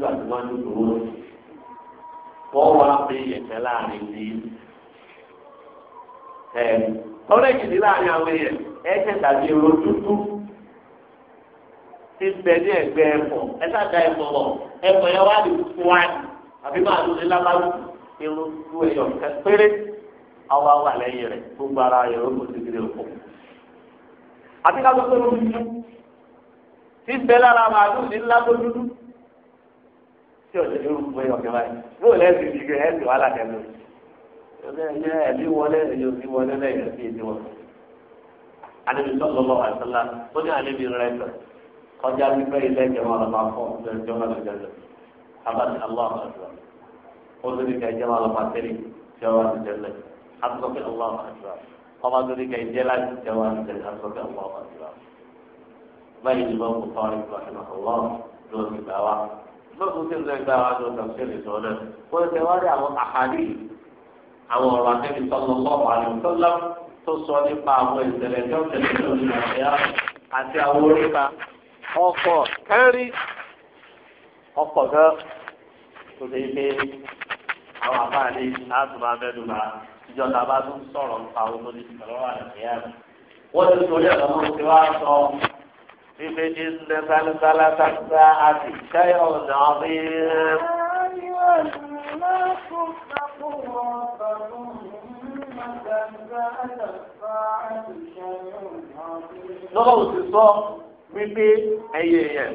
wọ́n wá pé ìyẹ̀kẹ́ láàrin ní ọ̀rẹ́ ìdílé láàrin àwọn èèyàn ẹ̀jẹ̀ tàbí èrò dúdú ti bẹ ní ẹgbẹ́ ẹ̀fọ́ ẹ̀ta da ẹ̀fọ́ bọ̀ ẹ̀fọ́ yẹn wá ní fún wa àbí máa lò ní lábàlú èrò na ẹ̀yọ̀ péré àwọn àwọn àlẹ́yìn rẹ̀ kò àti ká tó tóbi dúdú ti lára ní dúdú tí yóò fún ẹ̀yọ̀ ẹ̀yẹ ẹ̀lí wọlé ẹ̀yẹ òsì wọlé lẹ́yìn ẹ̀sì èdè wọn. Ànábì sọ̀rọ̀ lọ́wọ́ àṣàlá ó ní ànábì rẹ̀ sọ̀ kọjá pípẹ́ ilé ìjọba lọ́ba fún ọjọ́ lọ́jọ́ abáṣe aláwọ̀ àṣàlá ó tún ní ká ìjọba lọ́ba tẹ́lẹ̀ ìjọba àṣàlẹ̀ àtúntò aláwọ̀ àṣàlá ọba tó ní ká ìjọba ìjọba àṣàlẹ̀ àtúntò aláwọ̀ àṣàlá. báyìí ni gbà wá lọ́sùn tí ń lọ gbà wá lọ́sùn tẹ̀síọ̀lì sọ̀rọ̀ àwọn ọ̀rọ̀ àtẹ́bí sọ́nà lọ́wọ́ àlùfọ́lá tó sọ nípa àwọn ìṣẹ̀lẹ̀ tó ń tẹ̀lé lórí ìrìnàjò àti àwọn oríta ọkọ̀ kẹ́rí ọkọ̀ gan tó lè gbé àwọn àbáàlé àtúmọ̀ abẹ́dùnmá ìjọba bá tún sọ̀rọ̀ nípa àwọn olóṣèlú lọ́wọ́ àlùfọ́lá wọ́n ti sọ yẹn lọ́wọ́ tí wọ́n á sọ bíbí ìṣẹ̀lẹ̀ sálísálá sáà àti ìṣẹ́ ọ̀nà ọ̀rẹ́ lọ́wọ́ ò sì sọ wípé ẹyẹ yẹn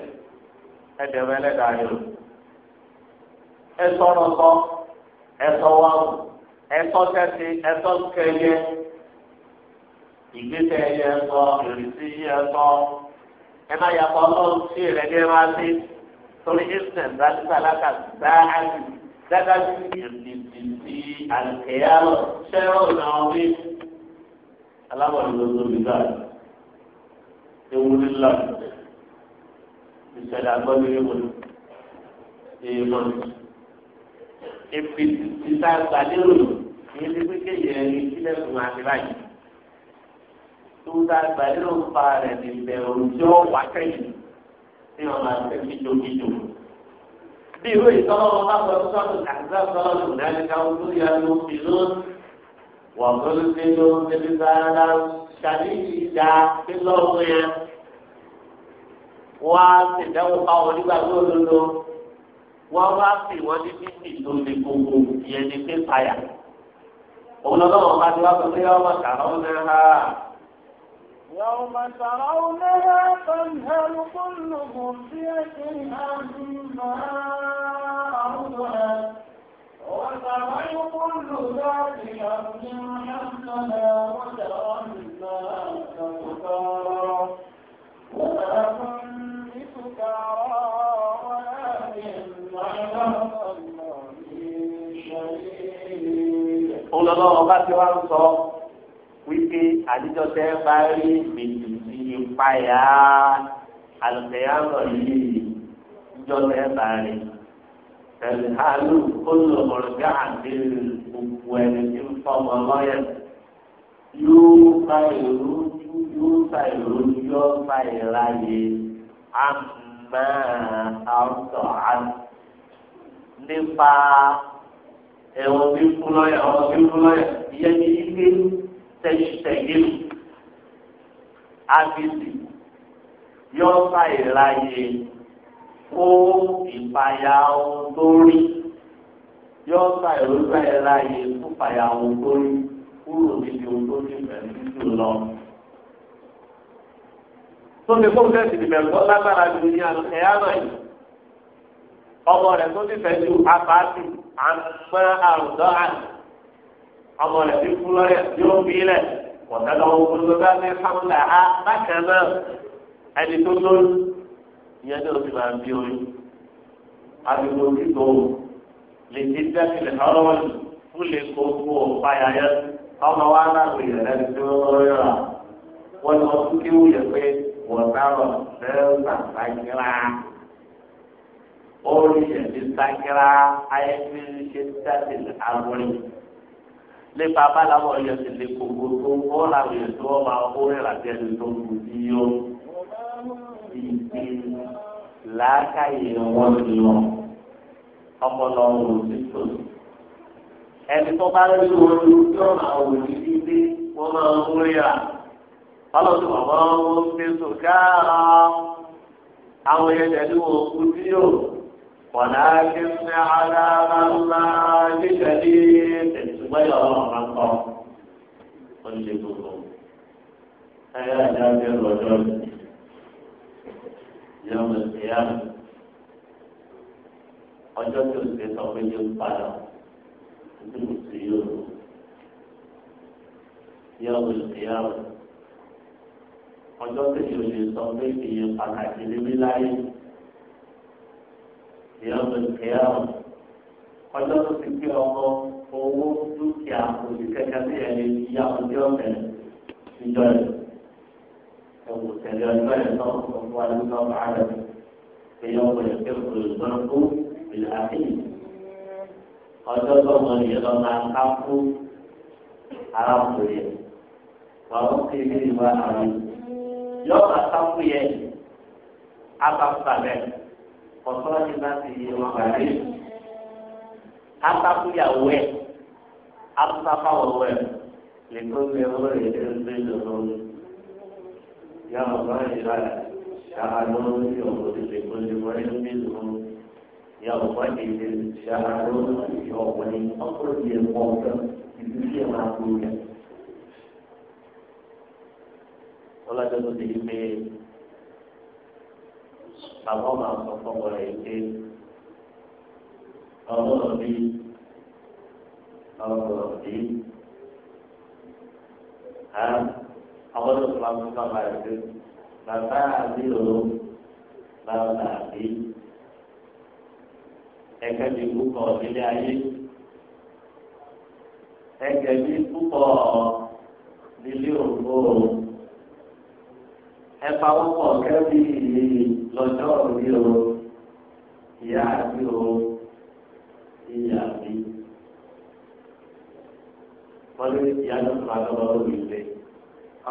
ẹdẹ̀rẹ̀ ẹlẹ́dàá yẹn ẹsọ lọ́sọ ẹsọ wàhùn ẹsọ tẹ́sí ẹsọ kẹyẹ ìgbésẹ̀ ẹyẹ ẹsọ ìrísí yẹ ẹsọ ẹ má yàtọ̀ ọlọ́run sí ìrẹ́lẹ́ wá sí torí ìsìn ìdánilá lákàtúntà áyù dájú ìdìbìtì àkẹyàlọ ṣẹlọ náà wí alábọ̀dúnlọ́dún nígbà ewu nílá ìṣẹ̀lẹ̀ àgbọ̀nìyẹ wọn èyí mọ̀ ìpìtì títà gbàdérò ìyẹn ti pé kéèyàn ẹni sílẹ̀ fún àti báyìí tó dá gbàdérò ń pa rẹ̀ níbẹ̀ òun tí ó wà kẹ́yìn tí wọn máa fẹ́ bí irú ìtọ́lọ́wọ́ bá sọ fún sọ́kùn àgbà sọ́ọ̀lù náà káwọn tó yà ló fi ló wọ́n tó ló fi ló débi sára ṣàlì ìjà tí lọ́wọ́ yẹn wọ́n á sì dẹ́wọ́ báwọn nígbà tó lólo wọ́n wá pè wọ́n ní bíbí tó lè gbogbo ìyẹn ní pépà yà òun lọ́wọ́ bá ti wá pé yọ́ọ́ mọ̀ kàrọ́ náà يوم ترونها تذهل كل مرضية عما أرضها وترى كل ذات حمل حملها وترى الناس سكارى وما هم بسكارى ولكن عذاب الله شديد. قل الله ما سوى wípé àdìjọ tẹ bá rí gbèsè sí ìpayà àlùkẹ́yàmọ̀ yìí ìjọ tẹ bá rí tẹ̀lé àlù kóló ọ̀rọ̀gá àti gbogbo ẹni tí ń fọmọ lọ́yẹ̀ yóò fa ìrújú yóò fa ìrújú yóò fa ìráyè àmà àwùjọ àti nípa ẹ̀wọ̀n fífún lọ́yẹ̀ ọ̀rọ̀ fífún lọ́yẹ̀ ìyẹn ní ilé tẹ̀sítẹ̀yìlù ábísì yọ ṣàìláyè kó ìpayà ohun tó rí yọ ṣàìláyè kó ìpayà ohun tó rí kúrò níbi ohun tó ní pẹ̀lú jù lọ. tó ti kó fẹ́ẹ́ tìbí bẹ̀rù tó lágbára ju ní ẹ̀yà náà yìí ọmọ rẹ̀ tó ti fẹ́ ju apáàtì àmọ́ àrùndọ́ àná ọmọ rẹ̀ ti kú lọ́yẹ̀ yóò fi lẹ̀ wọ̀tẹ́lọ́wọ́ gbogbo bá ní sábúlà á bákan náà ẹni tó lóyún ìyẹn tó ti máa ń bí oyún àdúgbò títò lè ti dẹ́kìlẹ̀ ọlọ́wọ́ fún lè kó kó báyà yẹn ọmọ wa lágbo ìrẹ̀lẹ̀ ti tó lọ́yọ̀ rà wọ́n lọ fún kí wúyẹ̀ pé wọ̀tẹ́lọ̀ lẹ́yìn tàǹtà kíra ó rí ìyẹn ti tàǹkìra ayé ti ṣe dẹ́kìlẹ̀ àgbọ̀nrín nípa abáláwọ̀ yẹn ti lè kókó tó ó ra òye tó wọ́n máa kó rẹ̀ láti ẹni tó kù sí yó. Ìdí làákàyè wọn ni wọn ọpọlọ wò sí tòsí. Ẹni tó bá rí wọn yóò máa wò ní bíbí wọ́n máa ń rí rà. Ọlọ́dún bàbá wọn ń gbé sògáàrà. Àwọn yẹn tẹ̀lé wọn kú sí yó. Wọ̀nà á gbé sí aláàbá ńlá nígbà tí tẹ̀lé ìwádìí ọlọ́run máa ń kọ́ ó lè gbogbo ayé àti abẹ́ lọ́jọ́ yóò mọ̀ sí yá ọjọ́ tó ṣe sọ pé yóò padà tó kù sí yóò lò yóò sí yá ọjọ́ tó yóò lè sọ pé èèyàn pàtàkì lé mi láyé yóò mọ̀ sí yá ọjọ́ ti pé ọmọ owó dúkìá òṣìkẹ́kẹ́ sí ẹni ìyá ọjọ́ bẹ̀rẹ̀ níjọ́ rẹ̀. ẹ̀wù tẹ̀lé ọjọ́ yẹn náà kò fún wa ní ọmọ ààrẹ èyí ọkọ̀ yẹn pé kò lè gbọ́n kú ìlà àfihàn. ọjọ́ tó mọ nìyẹn lọ máa ká fún arákùnrin yẹn. wàá wọ́n ti ní ìwà àwọn yọ̀ọ́ àtàkùn yẹn abakuta bẹ́ẹ̀ kọ̀tọ́lá ti bá ti yé wọn bàrẹ́ atakuyàwó ẹ̀ atakawọ̀wọ̀ ẹ̀ lè tó ṣe owó rẹ̀ lè ṣe lòlò yà ọ̀gá ìlà ṣàánú sí ọ̀gá ìlè kó lè wọ́n lè ṣe lòlò yà ọ̀gá ìlè ṣàánú sí ọ̀gá ìlè ọkùnrin yẹn pọ̀ ọ̀gá ìlú yẹn máa kú yẹn. ọlọ́jọ́ tó ti di pé bàbá ọmọ àwọn ọ̀pọ̀ ọ̀rẹ́ yìí ọwọ́ mi ọwọ́ mi ha àwọn tó fún àwọn tó máa ṣe bàbá àbí o bàbá àbí ẹ̀ka bí púpọ̀ nílé ayé ẹ̀ka bí púpọ̀ nílé òkú ẹ̀fà púpọ̀ kẹ́bí lọ́jọ́ òbí ìyá àbí o ìyá mi wọ́n lé ìyá ló fún agbọ́dọ̀ lórí ilé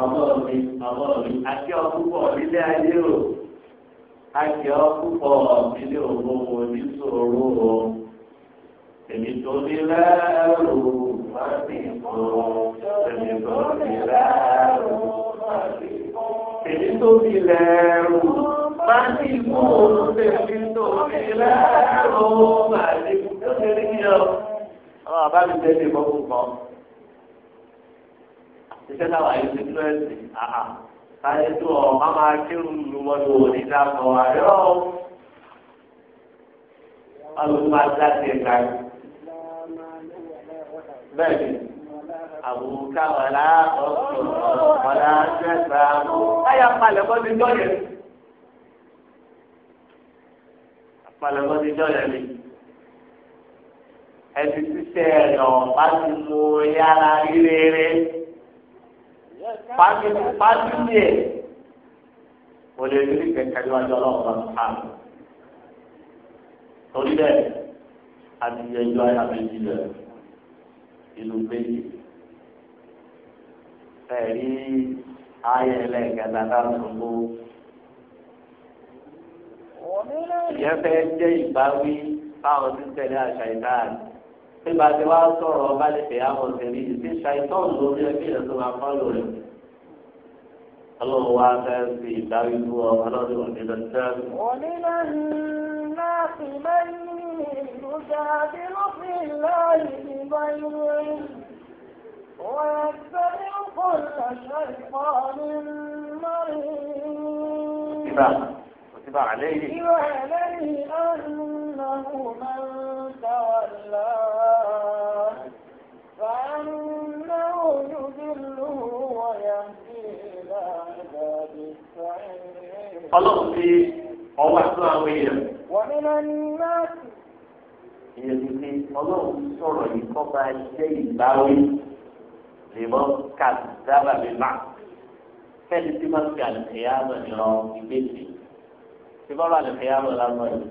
ọmọ mi ọmọ mi àti ọkùnkọ̀ nílé ayé o àti ọkùnkọ̀ nílé òwò oníṣòro o èmi tó ní lẹ́rù wọ́n sì kọ́ èmi tó ní lẹ́rù wọ́n sì kọ́ èmi tó ní lẹ́rù. Màdìmú òun lè fi tòun ní lẹ́rù màdìmú ṣe rí ní ọ àwọn àbá mi tẹ̀lé ìbọ̀kú kan iṣẹ́ táwọn àyè ti tó ẹ̀sìn àhà káyé tó ọ má máa kírun lu wọn lò ní dáàbò àyọ̀ alùpùpù adáṣe ẹ̀ka bẹ́ẹ̀ ni àbùkà wàlá ọ̀sùn wàlá ṣẹ̀ṣà káyà palẹ̀ mọ́ ti jọ́ yẹn palẹ̀ mọ́ ti jọ́ yẹn ni ẹni títẹ̀ ẹ̀nà bá ti mú yára rí rere pàtìlì ẹ̀ kò lè rí kẹ̀kẹ́ níwájú ọlọ́run bá ti hàn. torí bẹ́ẹ̀ àti ẹjọ́ ayá méjì rẹ̀ ìlú méjì ẹ̀rí ayé ẹlẹ́gẹ̀dá dáńtòkó. ìyẹn fẹ́ jẹ́ ìbáwí báwọn ti tẹ̀lé àṣà ìdáàdì pé bá ti wá sọ̀rọ̀ ọba lè fẹ́ àwọn tẹ̀lé ìdí ṣàìtàn lórí ẹbí rẹ̀ tó máa fọ́ lórí. ọlọ́run wá fẹ́ fi ìdarí lu ọmọ lọ́dún òní lọ sí. òní náà ń ná sí lẹ́yìn ìlú jáde lófin láàyè ìgbà ìròyìn. ويتبع كل شيطان مريض. كتب عليه. كتب عليه أنه من وتولى فأنه يذله ويهدي إلى عذاب السعير خلاص في ọwọ́ àti àwọn èèyàn. wọ́n ní lọ ní láti. èyí ni ọlọ́run sọ̀rọ̀ yìí kọ́ bá jẹ́ ìbáwí lèmọ́ kàdábà mi má. fẹ́ẹ̀ni tí máa ń fi àlùkìyàmọ̀ ìran ìgbésí. tí bọ́lá àlùkìyàmọ̀ lánàá yìí.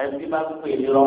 ẹni tí máa ń pè é lọ.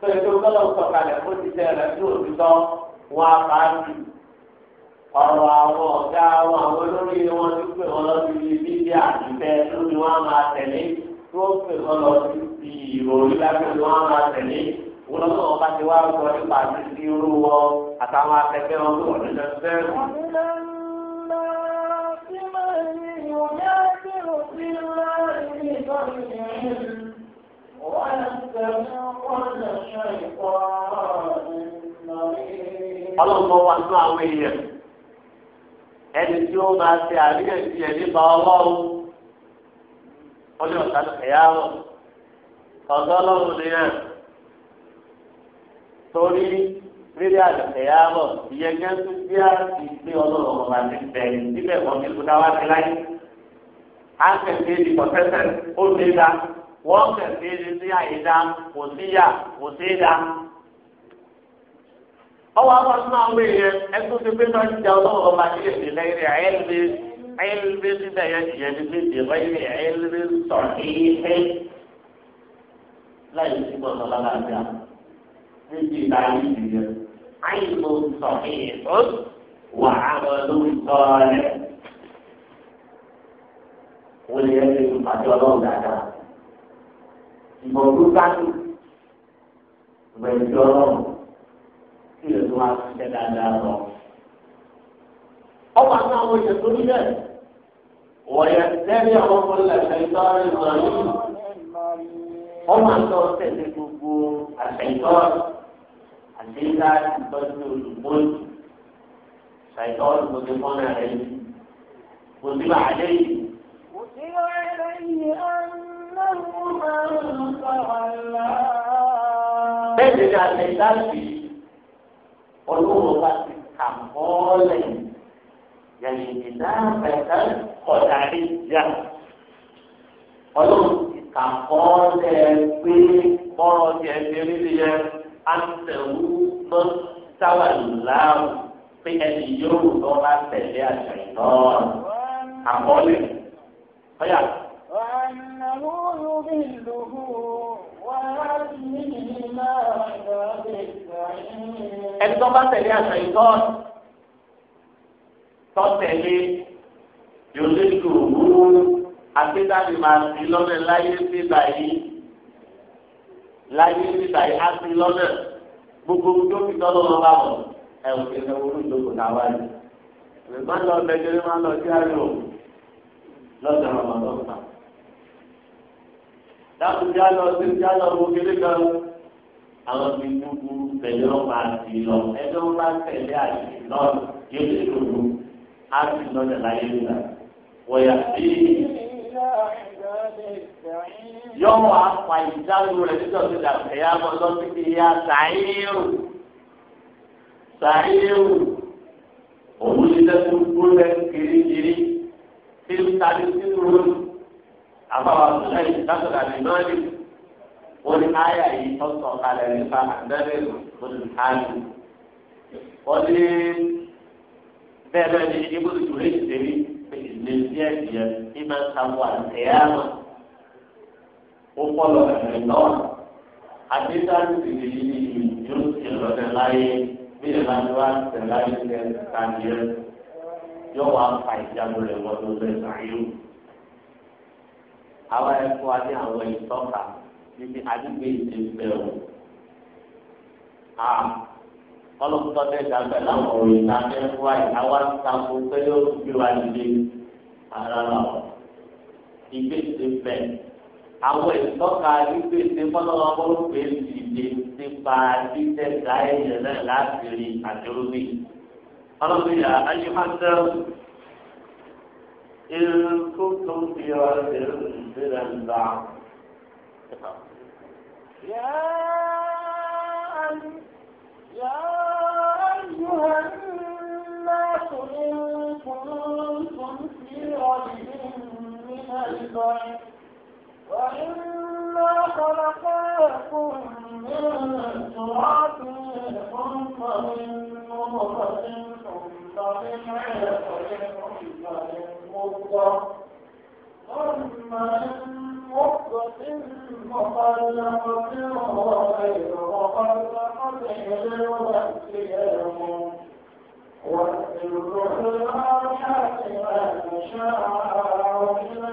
tọ́jú tó gbọ́dọ̀ sọ̀kalẹ̀ fún títẹ̀ rẹ̀ tó ti tọ́ wọn apáàdì ọ̀rọ̀ àwọn ọ̀gá àwọn àwọn olórí wọn ti pè wọn lọ sí ibi bí àtìfẹ́ tó ni máa tẹ̀lé tó pè wọn lọ sí ti ìròyìn lábẹ́ ni wọ́n máa tẹ̀lé wọn lọ́wọ́ wọn bá ti wá sọ nípa àti irú wọn àtàwọn akẹgbẹ́ wọn tó wọ̀ nínú ẹgbẹ́. ويأثر في ọlọ́run wá ẹni tí ó máa ṣe àríyànjiyàn nípa ọlọ́run ọdún ọ̀sán ẹ̀yáwó ọ̀dọ́ ọlọ́run nìyẹn torí rírí àjọ̀kẹ̀yáwó ìyẹn gẹ́gẹ́ bí a ti gbé ọlọ́run ọba ti bẹ̀rẹ̀ síbẹ̀ wọ́n ti kú dáwà sí láyé. a ń tẹ̀lé ìdìbò tẹ́tẹ̀ ó lé dáa. wọ́n kẹ̀kẹ́ ṣe sí àyídá kò síyà kò síyà. ọwọ́ àwọn náà wé yẹn ẹkún ti pé náà jíjà ọlọ́wọ́ ọba nílé ní lẹ́yìn ẹ̀ẹ́lẹ́bí ẹ̀ẹ́lẹ́bí síbẹ̀ yẹn ìyẹn ti fi dè lẹ́yìn ẹ̀ẹ́lẹ́bí sọ̀rọ̀ láyé tí kò sọ̀rọ̀ lálàáfíà níbi ìdáyé ìdíyẹ àyìnbó sọ̀rọ̀ ìyẹ̀fọ́ wà á lọ lórí sọ̀rọ̀ rẹ̀ wọ́n yẹ kí n ìbọn tó dájú ìbọn ìjọ ọlọ́run tí ìlú wa ṣiṣẹ́ dáadáa lọ. ọba náà wọ́n ṣe tó nílẹ̀ wọ́n yẹ lẹ́rìí àwọn ọmọ ilẹ̀ ṣẹ̀tọ́rì ìgbàlú. wọ́n máa ń tẹ̀lé gbogbo àṣẹ̀tọ́rì àṣẹ̀dá ìtọ́jú olùgbòyìn ṣàìtọ́rì gbogbo mọ́nà rẹ̀ yìí. kò sí bàálẹ̀ yìí. kò sí bàálẹ̀ yìí bẹ́ẹ̀ ni àtẹ̀dáàbì ọlọ́run bá ti kà mọ́lẹ̀ yẹ̀yìn náà bẹ̀rẹ̀ kọ̀dárí jà ọlọ́run ti kà mọ́lẹ̀ pé bọ́rọ̀ tiẹ̀ ti rí ni yẹn á ń tẹ̀wú lọ sáwà láàrú pé ẹni yóò lọ bá tẹ̀lé àṣà ìtọ́ àkọọ́lẹ̀ ọ̀yà. كانوا يضله ẹni tó bá tẹ̀lé àṣà ìtọ́n tó tẹ̀lé yóò lè lò wú akédáni máa ti lọ́nà láyé síta yìí láyé síta yìí á ti lọ́nà gbogbo dókítà lọ́nà bá wọ̀ ẹ̀ ò kí ẹ wọ́n ló kò náà wáyé ẹ̀ má lọ bẹ́ẹ̀ kí ẹ má lọ sí àyò lọ́sẹ̀ ọ̀nà lọ́sàn dákun já lọ sí já lọ wo kéré kan àwọn ti dúdú tẹ̀lé ọ̀pá àti lọ ẹgbẹ́ wọn bá tẹ̀lé àti lọ yóò lè dúdú á sì lọ́jà láyé nígbà wọ́n yà sí yọ̀wọ̀ apá ìdáhùn rẹ̀ nígbà tó dà ẹ̀yà bọ̀ lọ́sí kí ya sàáyéwò sàáyéwò òun ti dẹ́kun gbólẹ̀ kirikiri tí ń tali sínú rẹ̀ àbáwá lẹ́yìn látọ̀dà ní mọ́lì wọ́n ní àyà yìí tọ́sọ̀ kalẹ̀ nípa àdẹ́rẹ́ olùkàlù wọ́n ní bẹ́ẹ̀ bẹ́ẹ̀ ni ibùdó ìjùlẹ̀ ìṣèlú ìṣèlú díẹ̀ díẹ̀ ní máa ń sàmú àtẹ̀yàmà ó pọ̀ lọ ẹ̀rẹ̀ lọ́wọ́ àdéhùn ìṣèlú yìí yóò ṣe lọ́dẹ̀ láyé bí ìlànà wa tẹ̀láyé tẹ̀ tàbí yóò wá fa ìjábọ̀ rẹ̀ wọ́n tó lẹ́sàn-án àwa ẹ̀fọ́ adé àwọn ìtọ́ka níbi àdúgbò ìdèbè o. ọlọ́pàá tẹ̀ dàgbẹ́ láwọn òòyìn náà fẹ́ wá ìdáwà tako pé yóò gbé wa nílé ara rà ọ́. ìgbésẹ̀ bẹ̀ àwọn ìtọ́ka ìgbésẹ̀ fọlọ́wọ́ bó pé ìdè nípa títẹ̀ dá ẹ̀yẹ̀ náà láti rí àdúró mi. ọlọ́pàá yà á yí máa ń dẹ́rù. إن كنتم في ريب من البعث يا يا أيها الناس إن كنتم في ريب من البعث وإنا خلقناكم من تراب ثم من نطفة ثم من علقة ثم من مضغة ثم من مضغة مخلقة وغير مخلقة لنبئهم واتلوا الأرحام ما شاء إلى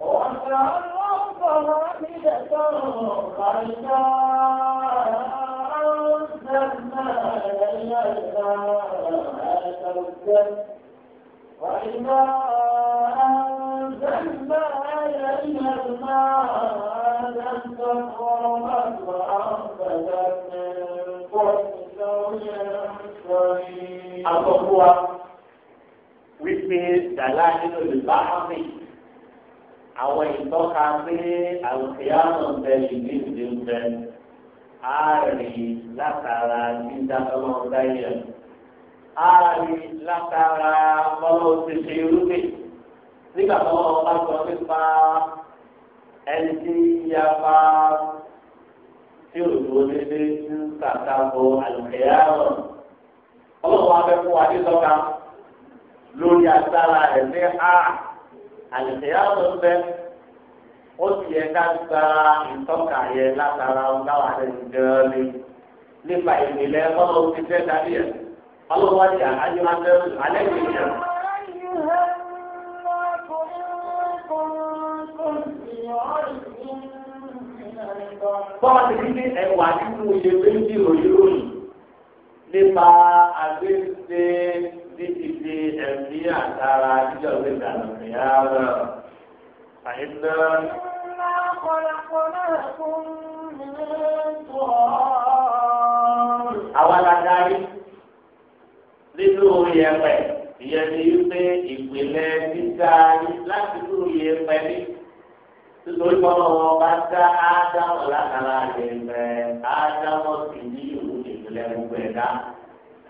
وجعل الأرض هامدة فإذا أنزلنا إليها زوجا وإذا أنزلنا إليها الماء دمت ورمت وأنبتت من كل زوج طيب. أخوة wípé dàlá nínú ìbámu àwọn ìtọ́ka pé àlùkìyàmọ̀ ń bẹ ìlú ìlú ń bẹ á rí látara dídá ọlọ́run dáyẹ̀ á rí látara ọlọ́run ti ṣe irúgbìn nígbà tó wọn bá sọ nípa ẹni tí ya bá tí òjò dédé ń kàkàbọ àlùkìyàmọ̀ ọlọ́run wa fẹ́ fún wa ní ìtọ́ka lórí agbára ẹ̀mí á àlùfẹ́yàwó ń bẹ ó sì yẹ ká gba ìtọ́ka yẹ látara ọ̀gáwà rẹ̀ gẹ́rẹ́ nípa ìpìlẹ̀ ọlọ́run ti fẹ́ dábìí ẹ̀ ọlọ́run wájà ayé máa ń bẹ́rù alẹ́ ìgbìyànjú. bọ́lá ti ní ẹwà nínú iye méjì ròyìn ròyìn nípa àgbéṣe títí di ẹ̀mí àtàrà níjọ́ pé dànù ìyá rẹ̀ àyínná. Àwa la darí nínú yẹpẹ̀ ìyẹn ni wípé ìpìlẹ̀ dídá láti nínú yẹpẹ̀ ní nítorí bọ́lá wọn bá dá ádámọ̀ látara yẹpẹ̀ ádámọ̀ sì ní ìlú ìpìlẹ̀ gbogbo ẹ̀dá.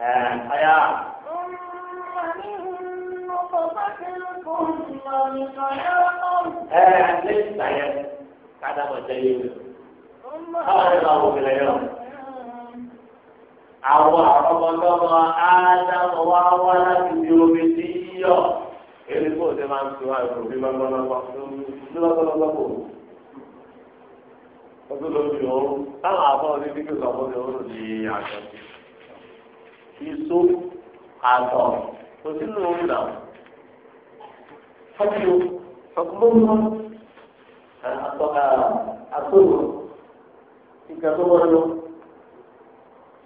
Ẹ̀ẹ́dá ẹ àwọn àrọ́mọdọ́mọ ádámọ̀ wá wá láti di omi tí yíyọ èyí kò tẹ́ máa ń fi wá ìrò bí lọ́gbọ́lọ́gbọ́ lọ́gbọ́lọ́gbọ́ kò ọdún lójú oorun táwọn àbọ̀ ní bíbí ìgbà fún mi oorun ní àjọ ìṣó àtọ̀ kò sínú omi náà fọ́kìlù fọ́kìlù àtọ́nù ìgbà tó wọ́n lọ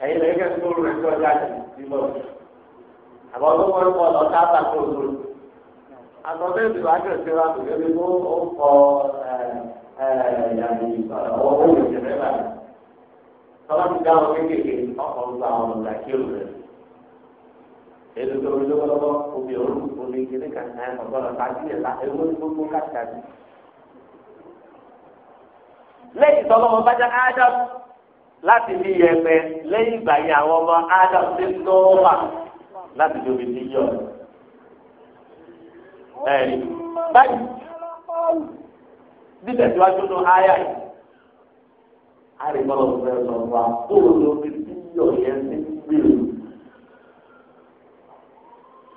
ẹ̀yin lẹ́yìn kẹ́kẹ́ tó rẹ̀ tó ọjà jù bímọ àbọ̀ tó wọ́n kọ́ lọ ká bá tó lọ àtọ́tẹ́ ìlú àjọṣe wa kò yẹ kó ó kọ ìyàgbé ọwọ́ òwò ìjẹ̀bẹ̀ báyìí tọ́lá ti dá wọn kékeré ọkọ̀ ń gba ọ̀nà ìdàkí òun rẹ̀ èdè tó ń lọ́wọ́lọ́wọ́ omi òru omi kìnnì kan náà ẹ̀ mọ̀gbọ́n tàbí ẹ̀ ta ewu gbogbo káàkiri. lẹ́yìn tọ́lọ́ wọn bá jẹ́ ádámù láti fi yẹpẹ lẹ́yìn ìgbà yẹn àwọn ọmọ ádámù ti ń lọ́wọ́ láti fi omi ti yọ. ẹ̀rí báyìí nítẹ̀síwájú nù áyà yìí àrègbọ́n lọ́wọ́ fẹ́ sọ̀rọ̀ wa kó o yẹn ti gbèrú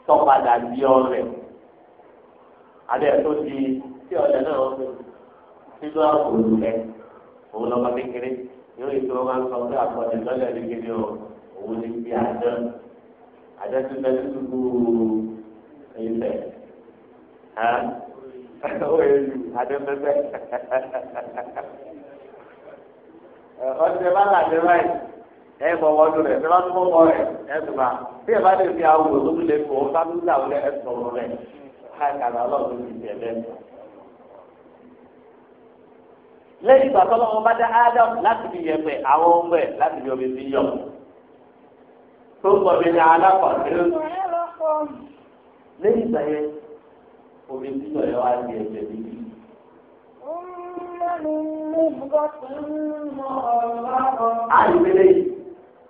tọ́padà bí ọ̀rẹ́ alẹ́ tó di tí ọ̀rẹ́ náà wọ́n fi nínú àpò rẹ̀ òun lọ́mọ kékeré yóò yí kí wọ́n máa ń sọ pé àpọ̀jù lọ́lẹ̀ ní kékeré o òun ní bí àjọ àjọ tó lọ sí gbogbo ilẹ̀ ọ̀sẹ̀ bá làdé báyìí ẹ bọ wọdún rẹ bí wọn bọ rẹ ẹ tún bí ẹ bá lè fi àwọn òwò lóbi lè fò ó bá lóbi àwọn ẹ sọ̀rọ̀ rẹ káàkiri Ọlọ́run ti tẹ bẹ́ẹ̀. lẹ́yìn ìgbà tọ́lọ́ wọn bá dá Adam láti fi yẹpẹ àwọn ọmọ ẹ láti fi omi sí yọ tó ń bọ̀bí ní alákọ̀ọ́sí. lẹ́yìn ìgbà yẹn omi sí yọ yẹn wá di ẹ̀jẹ̀ níbí. àìsí lẹ́yìn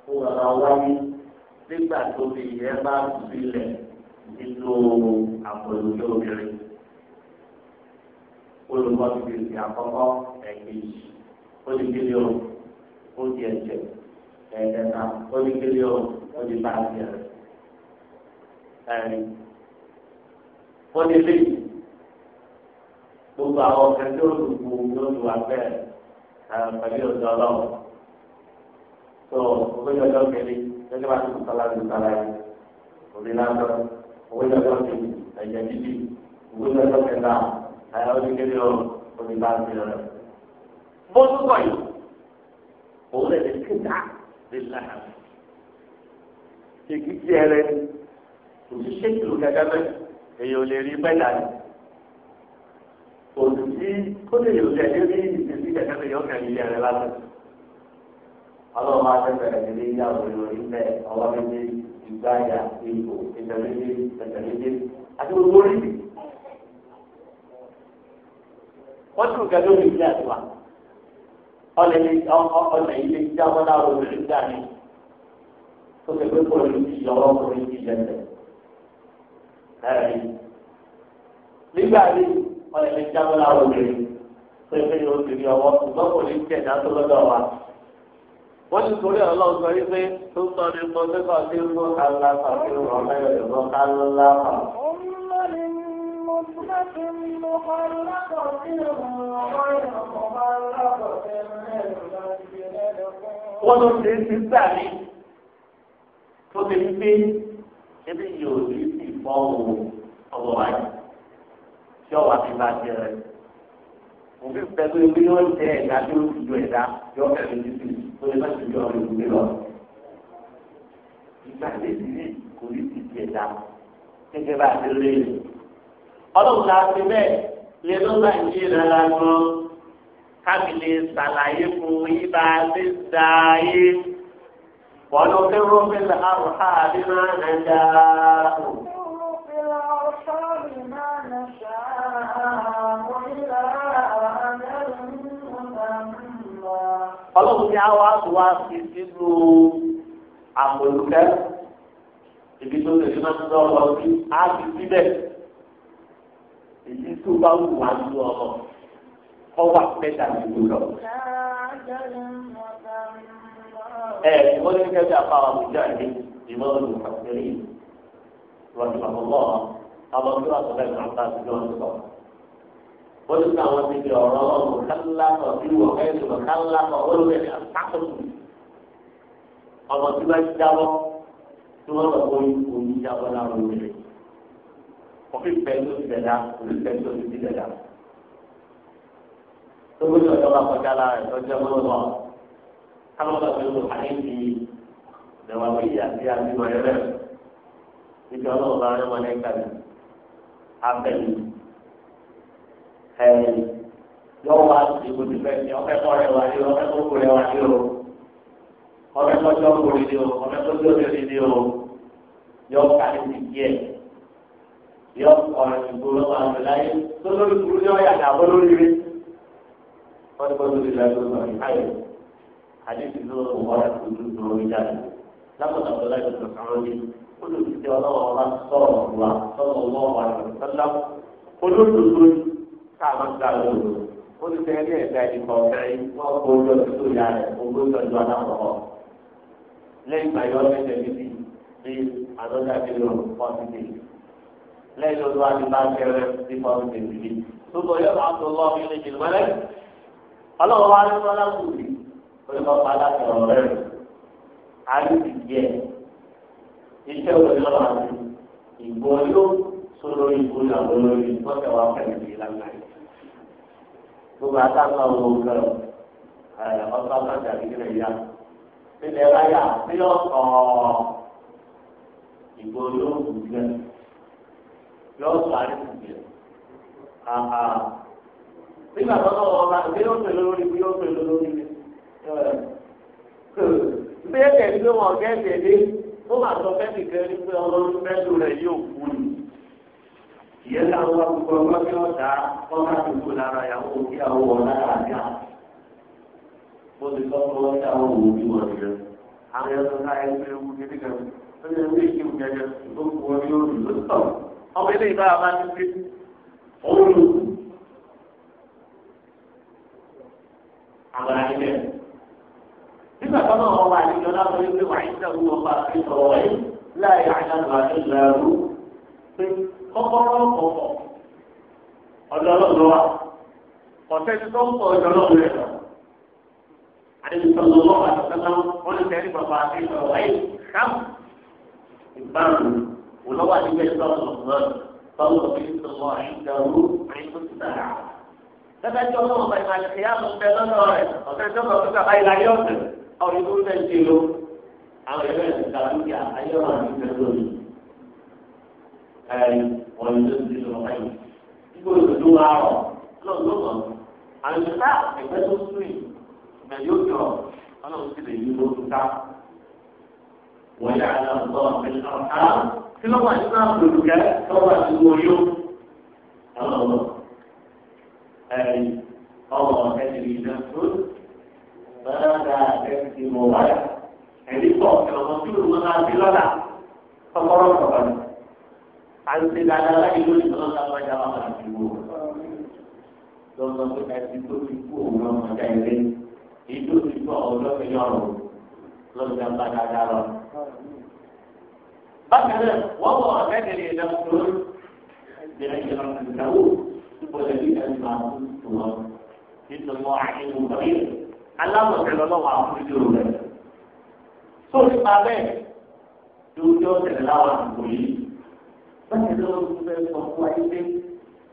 kó rárá wáyé nígbà tó fi yẹ bá sílẹ̀ nínú àpòlùjọ obìnrin olùkọ́ ti fi ti àkọ́kọ́ ẹ̀kejì ó ti kéde o ó ti ẹ̀jẹ̀ ẹ̀ẹ́dẹ́ta ó ti kéde o ó ti bá a ti ẹ̀rẹ̀ ẹ̀rí ó ti lé gbogbo àwọn ọ̀kẹ́ tó lù kú ló ọ̀dọ́ ọlọ́run tó owó ìjọjọ́ kẹrin gẹ́gẹ́ bá ti kú sọ́lá ní sara yìí òní lásán owó ìjọjọ́ kẹrin ẹ̀jẹ̀ bíbí owó ìjọjọ́ kẹta àyà ó ní kéde ọ òní bá ti rẹ̀. bó tó yìí òun lè kéda lè lára èkìtì ẹrẹ òṣìṣẹ́ ìlú gẹ́gẹ́ bẹ́ẹ̀ èèyàn ò lè rí bẹ́ẹ̀ dàní òṣìṣẹ́ kó lè yòó lè rí ìṣèṣì gẹ́gẹ́ bẹ́ẹ̀ yọ̀ọ́ kẹ́rin ilé ẹrẹ lásán ọlọ́run máa fẹ́ bẹ̀rẹ̀ nílé ìyàwó lórí bẹ́ẹ̀ ọwọ́ méjì ìgbáyà ipò ìtẹ̀lẹ́dẹ́ ìtẹ̀lẹ́dẹ́ àti gbogbo orí mi. wọ́n tún kẹ́ lórí ilé àtiwá ọlẹ̀ ilé jábọ́ náà lórí ìgbà mi tó ṣe pé kò ní ìyọ̀wọ́ kò ní ìjẹ̀lẹ̀ ẹ̀rí. nígbà tí ọlẹ̀ ilé jábọ́ náà lórí pé pé yóò ti rí ọwọ́ ṣùgbọ́n kò ní tẹ̀ dá tó wọ́n ti torí ọlọ́run sọ wípé tó sọ ní mo nípa tí ń mú aláfà tí ń rọ̀ mẹ́rin lọ́wọ́ aláfà. wọ́n ló ṣe é ti sáré tó ti fi pé ebi yóò ní ìfọ́ òun ọ̀bọ̀ wáyé tí ọ̀wá ti bá jẹ òfin pẹ̀lú ibi yóò tẹ ẹ̀dá tó ti ju ẹ̀dá yọ ẹ̀mí títì tó lè má ti ju ọ̀rẹ́ òwe lọ. ìgbà lè ní kò ní ti di ẹ̀dá gẹ́gẹ́ bá a ti lé e. ọlọ́run la fi bẹ́ẹ̀ lè ló bá rárá gan kábi lè ṣàlàyé fún ibà lè dá yé. wọ́n lọ fẹ́ rọ́ọ̀fẹ́ àbí máa ń dáa. في العصار ما نشاء وإلى ọlọ́run ní àwa tó wá sí sínú àpòlùkẹ́ ibi tó lè má tó lọ sí á ti síbẹ̀ èyí tó bá wù wá ju ọ̀rọ̀ kọ́ wà pẹ́ta nínú lọ. ẹ ìwọ ní kẹfì àpáwọn àbújá yìí ìwọ ní kàfíìrì rọ̀jùmọ̀ lọ́wọ́ àwọn tó wà sọ́dọ̀ ìgbà wọn bá ti lọ́wọ́ sọ̀rọ̀ wọ́n tún àwọn ti di ọ̀rọ̀ mọ̀kánlákọ̀ bí wọ́n fẹ́ sọ mọ̀kánlákọ̀ wọ́n lè ní àtàkùn. ọmọ tí wọ́n jábọ́ tí wọ́n lọ bọ́ omi jábọ́ lára omi wọ́n fi fẹ́ tó ti dẹ̀dá òní fẹ́ tó ti di dẹ̀dá. tó gbọ́dọ̀ ọjọ́ bá kọjá lára ẹ̀ tọ́jú ọmọ lọ́wọ́ kálọ́dọ̀ tó lò ayé ti lẹ́wà bí ìyá sí àbí wọ́n yẹ ẹ̀yìn wá ìbò fẹ́ ní ọ̀fẹ́ kọ́ rẹ̀ wá ní ọ̀fẹ́ kó kó rẹ̀ wá ní o ọ̀fẹ́ kó jọ́ kó rẹ̀ ní o ọ̀fẹ́ kó jọ́ rẹ̀ ní o yóò ká ní ti díẹ̀ yóò kọ́ ìbò lọ́wọ́ àgbẹ̀ láyé tó lórí burú yóò yà dàbọ̀ lórí rẹ̀ wọ́n ti kọ́ lórí rẹ̀ tó sọ̀rọ̀ káyọ̀ àdéhùn ló wọ́n rẹ̀ tó lórí jáde lápòtà tó láyé káàmọ́ gbà lóru ó ti tẹ́lẹ̀ ẹ̀ka ìdìbò ọ̀gáyìn wọ́n kó ojú ọdún tó yá rẹ̀ ogún ìtọ́jú aláwọ̀ lẹ́yìn ìgbà yọ mẹ́tẹ̀ bíbí bí àdọ́jà ti lò fọ́ọ̀tì lẹ́yìn lọ́dún wa ti bá kẹrẹ sí fọ́ọ̀tì bíbí. gbogbo yọ àtúntò ọlọ́wọ́ wa ní wọn lákùúrì olùkọ́ padà sọ̀rọ̀ rẹ̀ àdúgbò díẹ̀ iṣẹ́ olùlọ́wọ́ àti ìgbò yóò sọ̀rọ̀ ìgbò làwọn gbogbo àtàkùn àwọn òkè ọba bàtà ìdílé ya sílẹ̀ ráyà sí ọ̀sọ̀ ìbò yóò wù jẹ yóò sọ àríkù jẹ àhà nígbà tó náà wọn bá ṣe yóò pèlú lórí bí yóò pèlú lórí bí bí ẹ̀kẹ́ ní wọn kẹ́sẹ̀ dé ó máa sọ fẹ́ẹ́ nìkan ní pé ọlọ́run fẹ́ẹ́ lù rẹ̀ yóò kú ni ìyẹn láwọn wá gbogbo ọgbọ́n tí wọ́n dá wọ́n bá ti kú lára ìyàwó kí àwọn wọ̀ lára àjà. mo ti sọ fún wọn kí àwọn wò bí wọn yẹn. àwọn yẹn sọ náà ẹgbẹ́ ewu gidi kan ó ní ẹgbẹ́ ìkíwù gẹ́gẹ́ tó kú wọn ní òòlù ló sọ. ọmọ ilé ìbára máa ti fi òòlù. àgbàrá ilẹ̀. nígbà tó náà wọ́n wà ní ìjọba tó ń gbé wàhálà sọ̀rọ̀ yìí láì àjálù àjálù kọ́kọ́rọ́ kọ̀ọ̀kọ̀ ọ̀dọ̀ ọlọ́run wa ọ̀sẹ̀ tí àti ìṣòro ayé káàmù ìbáramu olówó àdébí sọ̀rọ̀ lọ́wọ́ sọ̀rọ̀ bí sọ̀rọ̀ àìdàrú àìsọ̀tà. Gẹ́gẹ́ tí ọlọ́run bá ìmọ̀ àti ìyá mi ẹ̀rí wọ́n ló ti lọ ẹ̀yìn. Ibo ìlú wa rọ̀ lọ́nà lọ́nà. Àyùbá ká ẹgbẹ́ tó sùn yìí, ìgbà yóò jọ ọlọ́run ti lè yí lóṣù ká. Wọ́n yà á lọ sọ ọ̀fẹ́ ọ̀ká. Kí ló wà nínú àwọn olùkẹ́ tó wà nínú oyó? Ọlọ́run ẹ̀rí ọmọ ẹ̀dìrì náà tó bẹ́ẹ̀ ẹ̀dì mọ̀ wáyà. Ẹ̀dí pọ̀ kí àti tidak ada lórí ìtọ́nà lágbájá wà láti wò ó. itu pé ẹni tó ti kú òun náà mọ̀já ilé èyí tó ti kú ọ̀hún lọ́sẹ̀ yọ̀rọ̀ lọ́sẹ̀ yàgbá dáadáa lọ. bákan náà wọ́n wọ ọ̀gẹ́dẹ̀lẹ̀ ìdánwò ìdílé ìdánwò ìdánwò ìbọ̀lẹ̀ ìdánwò ìdánwò ìdánwò ìdánwò alámọ̀tẹ́ lọ́wọ́ àfúrúdì rẹ̀. Sóòtú máa bẹ́ẹ̀ lójú ọ̀sẹ̀ láwọn àgbò báyìí ló ń fẹ́ sọ fún wa yìí pé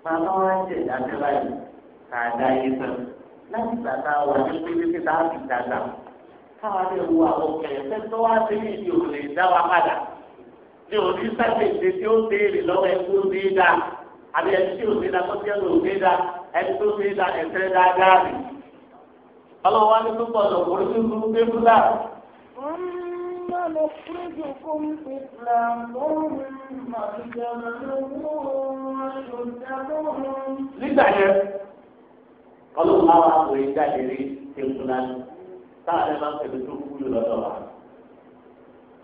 màmá wa ń ṣe ìdájọ́ báyìí kà á dá yé sàn láti gbàgbà wà ní pépé tá a fi dàgbà káwa lè wo àwọn kẹ̀kẹ́ tó wá sí ní ìdí òun lè dá wa padà ní òní sàkèjì tí ó béèrè lọ́wọ́ ẹni tó ní í dá àbí ẹni tí ò ní dá tó jẹ́ òní dá ẹni tó ní dá ẹ̀fẹ́ dáadáa rè ọlọ́wọ́ wa ní púpọ̀ lọ́wọ́ orí tó ń gbé fúlà. ثم نخرجكم طفلا ثم تجمعون أشدكم nígbà yẹn ọlọ́run máa wá pè é jáde rí tẹ̀kùnà táàrin máa ń pẹ̀lú tó kúrò lọ́dọ̀ wa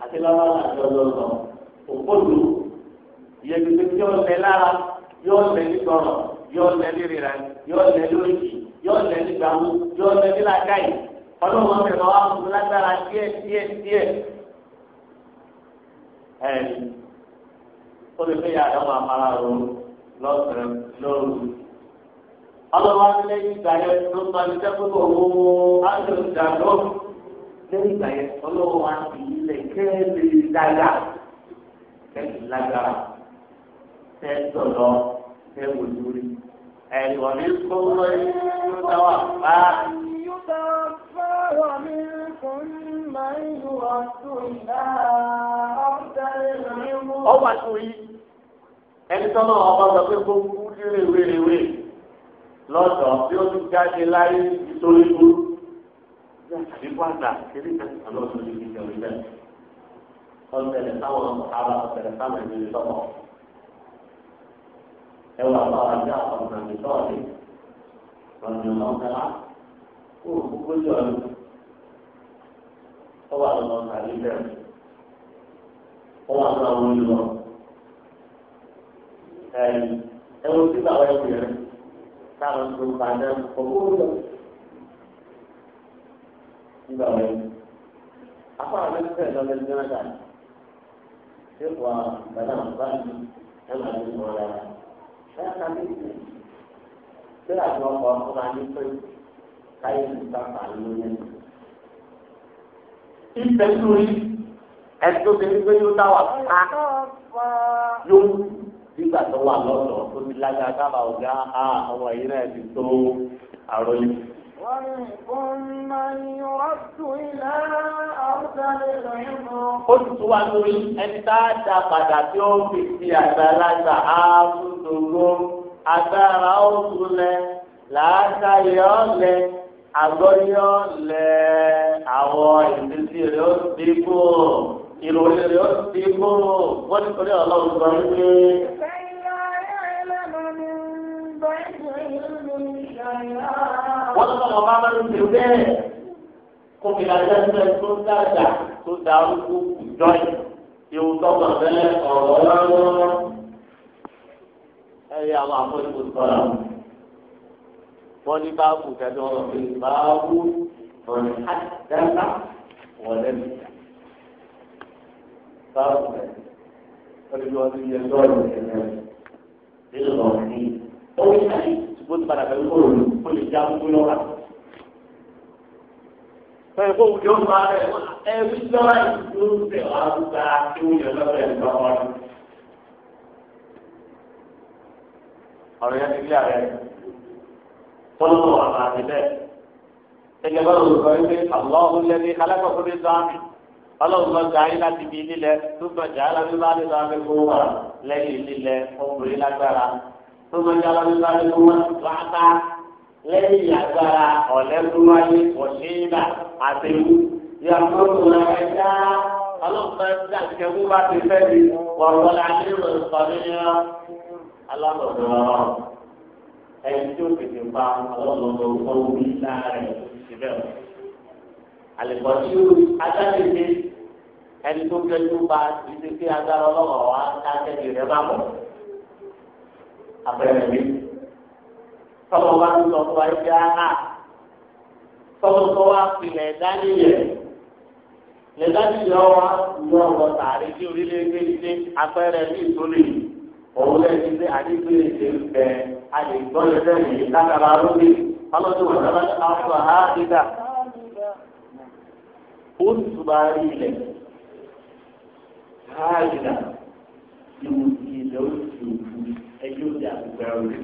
àti lọ́wọ́ àti ọlọ́lọ́ òkòlù ìyẹ́dùdú tí ó lẹ lára yóò lẹ nítorọ̀ yóò lẹ nírira yóò lẹ lórí yóò lẹ nígbàwó yóò lẹ nílàkàyè ọlọ́run ọ̀sẹ̀ lọ́wọ́ àwọn lágbára díẹ̀ díẹ̀ díẹ̀ ẹ̀ẹ́n ó lè fẹ́ yà àdámọ̀ àmàlà ro lọ́sẹ̀rẹ̀ lóru. ọlọ́run abẹ́lẹ́ yìí gbà yẹ ló máa ń jẹ́ pípọ̀ owó ájò ìdàgbọ́ lẹ́yìn ìgbà yẹn ọlọ́run wa ti ilẹ̀ kẹ́ẹ̀lì dàgbà kẹ́ẹ̀lì lágbára tẹ́tọ̀ lọ tẹ́wò lórí ẹ̀wọ̀n ní kó lọ́yìn tó dáwà bá. يتوفى منكم من يرد إلى أرض العمر أو أشوي ẹni tọ́nà ọba sọ pé gbogbo rírè wéréwé lọ́dọ̀ tí ó ti jáde láyé nítorí gbó àdínkù àgbà kiri kan lọ́dọ̀ ní ìjọ ìjọ ọ̀sẹ̀lẹ̀ táwọn ọ̀sára ọ̀sẹ̀lẹ̀ táwọn ìlú sọ̀tọ̀ ẹwà bá wà ní àwọn ọ̀nà ìtọ́ọ̀lẹ̀ ọ̀nà ìlú ọ̀sẹ̀lá. kó o gbogbo jọ lọ ọwọ́ àwọn ọmọ tàbí bẹ́ẹ̀ ọwọ́ àwọn àwọn olùlọ ẹ wo sí àwọn ẹgbẹ́ rẹ táwọn tó ń padà ọgbọ́n lọ nígbà afọ àwọn ẹgbẹ́ lọ́lẹ́ ní ọjà ṣé ìmọ̀ ṣé ṣé káyé nípa pàlọ́ yẹn. Ìfẹ́ lórí ẹ̀tọ́ ti gbé yóò dá wà ká yóò nígbà tó wà lọ́dọ̀ tó ti lágbára dábàá ọ̀gá ọmọ yìí náà ti tó àròyìn. Ó ti tún wá lórí ẹni tá a dá padà tí ó fi ti àgbàlagbà ààbò tòró agbára ó tún lẹ làásà yọ lẹ agbọ́yọ́ lẹ àwọn ìdílé rẹ̀ ó ti kú ìròyìn rẹ̀ ó ti kú wọ́n ti torí ọlọ́run sọ wípé. wọ́n tún lọ́wọ́ bá máa ń ṣe bẹ́ẹ̀ kó kí lajẹ́ sílẹ̀ tó dájà tó darúgbó jọ́yìn ìwù tọ́gbọ̀n bẹ́ẹ̀ ọ̀rọ̀ lọ́wọ́. ẹ yẹ àwọn àfọ̀ṣù wọ́n ní báàbù tẹ́lẹ̀ ọ̀rọ̀ pé báàbù lọ́rọ̀ àdáńdá wọlé mi. báàbù rẹ̀ wọ́n ní wọ́n ti yẹ lọ́rọ̀ ẹ̀rẹ́ nínú ọ̀rọ̀ ní ọwọ́ ìṣáyé ṣùgbọ́n ti padà pẹ̀lú kòrò kó lè já gbogbo lọ́ra. Fẹ́ẹ̀ kó wùdí ọ̀sán rẹ̀ ẹ̀rí lọ́ra ìlú rẹ̀ wá gbà kí yẹ lọ́rọ̀ ẹ̀ lọ́wọ́ rẹ̀. ọ̀rọ̀ yẹn ti kọ́lọ́mù ọ̀rọ̀ àti bẹ́ẹ̀. ẹgbẹ́ bá lóun sọ wípé àlọ́hùn lẹ́ni alákọ̀ọ́kọ́ ní sáàmì ọlọ́run lọ gàáyé láti bí lílẹ̀ túbọ̀ jà á lábẹ́ bá lè sáàmì kó wà lẹ́yìn lílẹ̀ ọkùnrin lágbára túbọ̀ jà á lábẹ́ bá lè kó wà wáta lẹ́yìn agbára ọ̀lẹ́kúnmáyé ọ̀ṣẹ́yìnbá àtẹ̀wù yàtọ̀ tó lọ ẹ̀dá ọlọ́run bá dàkẹ́wù bá ti fẹ́ ẹni tí ó tètè pa ọlọ́lọ́lọ́ ọ̀hún ní láàrin ìbẹ̀ wọn. àlèkò tí ó adájẹ́jẹ́ ẹni tó kẹ́jú pa títí pé agbára ọlọ́wọ́ wa dákẹ́jẹ́ rẹ̀ bá bọ̀. àpẹẹrẹ mi tọ́lọ́ bá ń sọ fún wa ṣe áhà tọ́lọ́ tó wá pilẹ̀ dánìyẹ lẹ́dájú yọ wá yọ ọ̀rọ̀ tààrí sí orílẹ̀-èdè apẹ̀rẹ̀ ní ìtòlè yìí. òun lẹ́yìn pé àdébíyè ṣe ń bẹ àdìgbọ́lẹ̀ sẹ́yìn lágbára lórí ọlọ́dún wọn lọ́wọ́ aṣọ àádìgà ó ń tuba rí ilẹ̀ àádìgà ìwò ti ilẹ̀ ó ti òkú ẹjọ́ ti àgbẹ̀ orí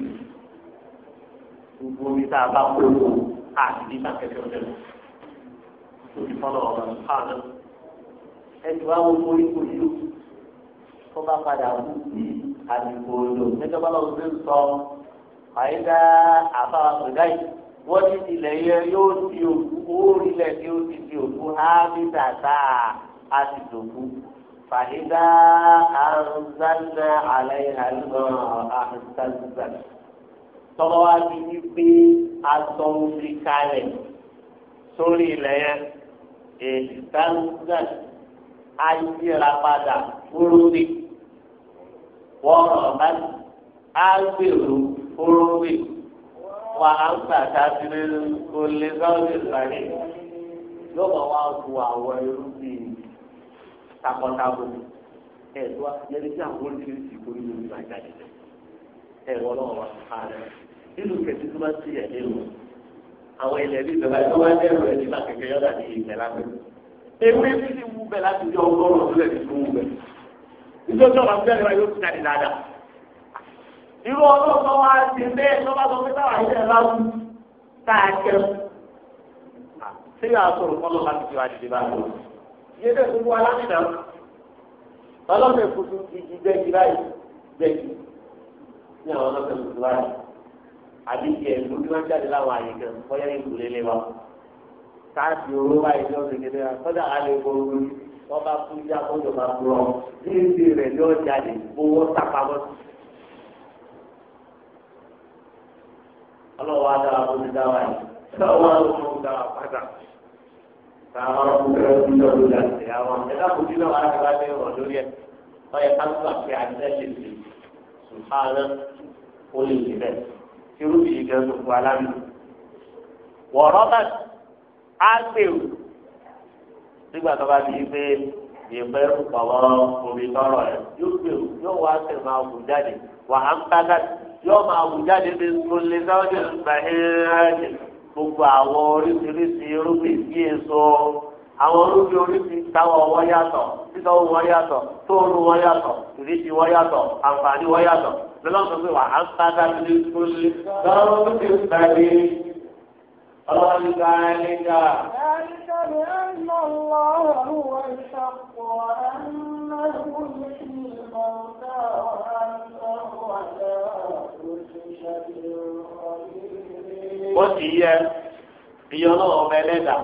gbogbo omi tá a bá kó lò àti bá kẹ̀kẹ́ ọ̀dẹ̀ lọ lórí fọlọ́ ọ̀rọ̀ ìfàdé ẹjọ́ àwọn orí kò yí bá padà àdìgbò odò nígbà bá lọ́wọ́ sí sọ àyíká àfáà pẹ̀láì wọ́n ní ilẹ̀ yẹn yóò di òkú orílẹ̀ tí ó ti di òkú ábítà táà á ti dòkú. fàyíká àrùnsánná àlẹ́ àlùmọ́ àrùnsánná. tọ́wọ́ wá ti di pé aṣọ omi kalẹ̀ sórí ilẹ̀ yẹn èyí sánsán ayíra padà kúrú ní wọ́ọ̀rọ̀ bá á gbèrò orówè wà á ń gbà káfíńé olè sọ́ọ̀dì sàrè yóò bá wà bu àwọn irúgbìn takọtabo ẹ̀dọ́ yẹni tí àwọn oríṣiríṣi ìkórè ló ń gbà jáde ẹ̀rọ náà wà á rẹ̀ nínú kẹ̀sí tó bá ti yẹ̀ lérò àwọn ilẹ̀ bí ìjọba tó wá lérò ẹ̀ nígbà kẹ̀kẹ́ yọ̀dà ní ìgbẹ́ lápẹ́ ewé ti wú bẹ́ẹ̀ láti jọ ọgọ́rùn-ún ìjọba wà fún ẹgbẹ́ yóò kíkà ní dáadáa. irú ọlọ́run tó wá ti bẹ́ẹ̀ tó bá sọ pé táwa ilé ẹ̀ láwù tá a kẹ́ ṣé yàrá sọ̀rọ̀ fọlọ́ láti fi wá dìde bá lọ. iye tẹ̀ fún wa láti dà ọlọ́run èkó tún ti di bẹ́ẹ̀kì báyìí bẹ́ẹ̀kì ní àwọn ọlọ́run èkó tún báyìí àbí ìyẹ̀ ìlú tí wọ́n jáde láwọn àyè kan wọ́n bá kú já kó ló máa rọ níbi rẹ̀ ní ọjà lè owó tàpamọ́. ọlọ́wọ́ adára kó ti dá wa yìí sọ́wọ́n àwọn ọmọ ọ̀gá wa padà àwọn ọmọkùnrin ọdún náà ló dá sí àwọn ẹ̀dá kò dín náà wà láti bá dé ọ̀rọ̀ lórí ẹ̀ ọ̀yẹ̀ káńtà pé àdìsẹ́ lè fi sùhánà ó lè lè bẹ̀ irú yìí gẹ́gẹ́ gbogbo alámi. wọ̀rọ̀ bá a gbèrú nígbà tó bá di pé ìgbẹ́ pọ̀wọ́ omi tọrọ ẹ̀ yóò gbé o yóò wá sí máa wù jáde wà á ń bága yóò máa wù jáde bí sọlẹ̀ sáwọ́dẹ̀ gbàhẹ́rẹ́ gbogbo àwọn oríṣiríṣi irúgbìn sí èso àwọn olóògbé oríṣi táwọn wọn yàtọ̀ títọ́wọ́ wọn yàtọ̀ tóòrùn wọn yàtọ̀ ìrísí wọn yàtọ̀ àǹfààní wọn yàtọ̀ lọ́lọ́sọ̀ pé wà á ń bá dájú ní kúlé tó ti ń tàbí ọlọ́run ká nígbà. Ẹ̀ríkà ni ẹ̀ ń lọ lọ́wọ́ ìwé ìṣàpọ̀ ẹ̀ńlẹ́gbù ní ìmọ̀ ọ̀gá ọ̀hán lọ́wọ́ àjọ òṣìṣẹ́ ìrọ̀lẹ́. Ó ti yẹ ìyọ́ náà ọmọ ẹlẹ́dà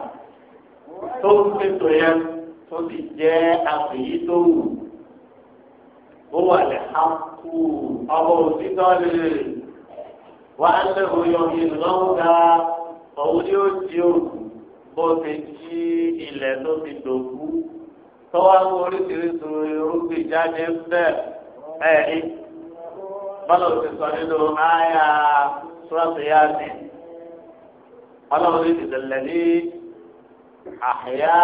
tó ń pètò yẹn tó sì jẹ́ àpèyí tó wù. Ó wà lẹ́ àkú ọmọ òṣìṣẹ́ ọ̀lẹ́ wà á lẹ́wọ̀ yọ̀ yìí lọ́wọ́ dáa òun ni ó di òkú bó ti jí ilẹ̀ tó ti dòkú tọ́wọ́ àwọn oríṣiríṣi irúgbìn jáde bẹ́ẹ̀ ẹ̀ ẹ́ bọ́lá òsì sọ nínú àyà sọ́ọ̀tìyáàtì ọlọ́run ní ìdílé ní àyà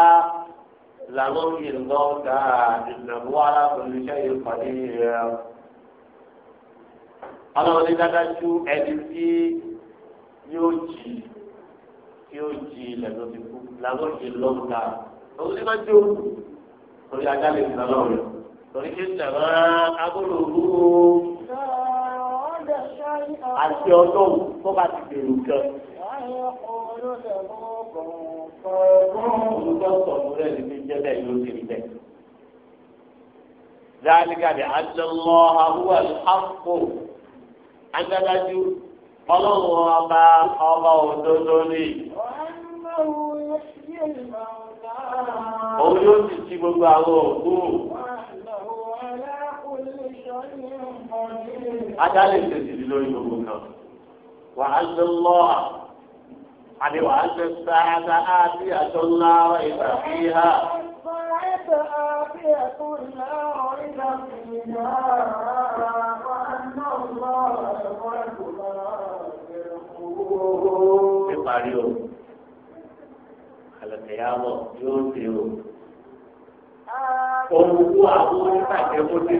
á làwọn ìlọ́ọ̀gá ìdàgbò alákòóso ìpàdé rẹ̀ ọlọ́run ní dáadáa ju ẹni tí yóò jí yóò jí ilẹ̀ tó ti kú làwọn yìí lọ́wọ́ ta òun ní máa jó torí ajá lè gbà lọ́wọ́ rẹ̀ torí kí n tẹ̀wọ́ agbọ́dọ̀ òru o. àti ọdún tó bá ti bèrè nǹkan. olùkọ́ sọ̀rọ̀ rẹ̀ ní jẹ́ bẹ́ẹ̀ yóò ti rí bẹ́ẹ̀. ذلك بأن الله هو الحق أن ọlọ́run ọba ọba òdodo ni. òun yóò sì ti gbogbo àwọn òkú. ajá lè tètè di lórí gbogbo kan. wà á ṣe lọ́ àti wà á ṣe sáadà àti àjọ ńlá ìgbà fi hà. Thank you níparí o àlùkìyàmọ̀ yóò dé o ohun kú àwọn onítàgé kó dé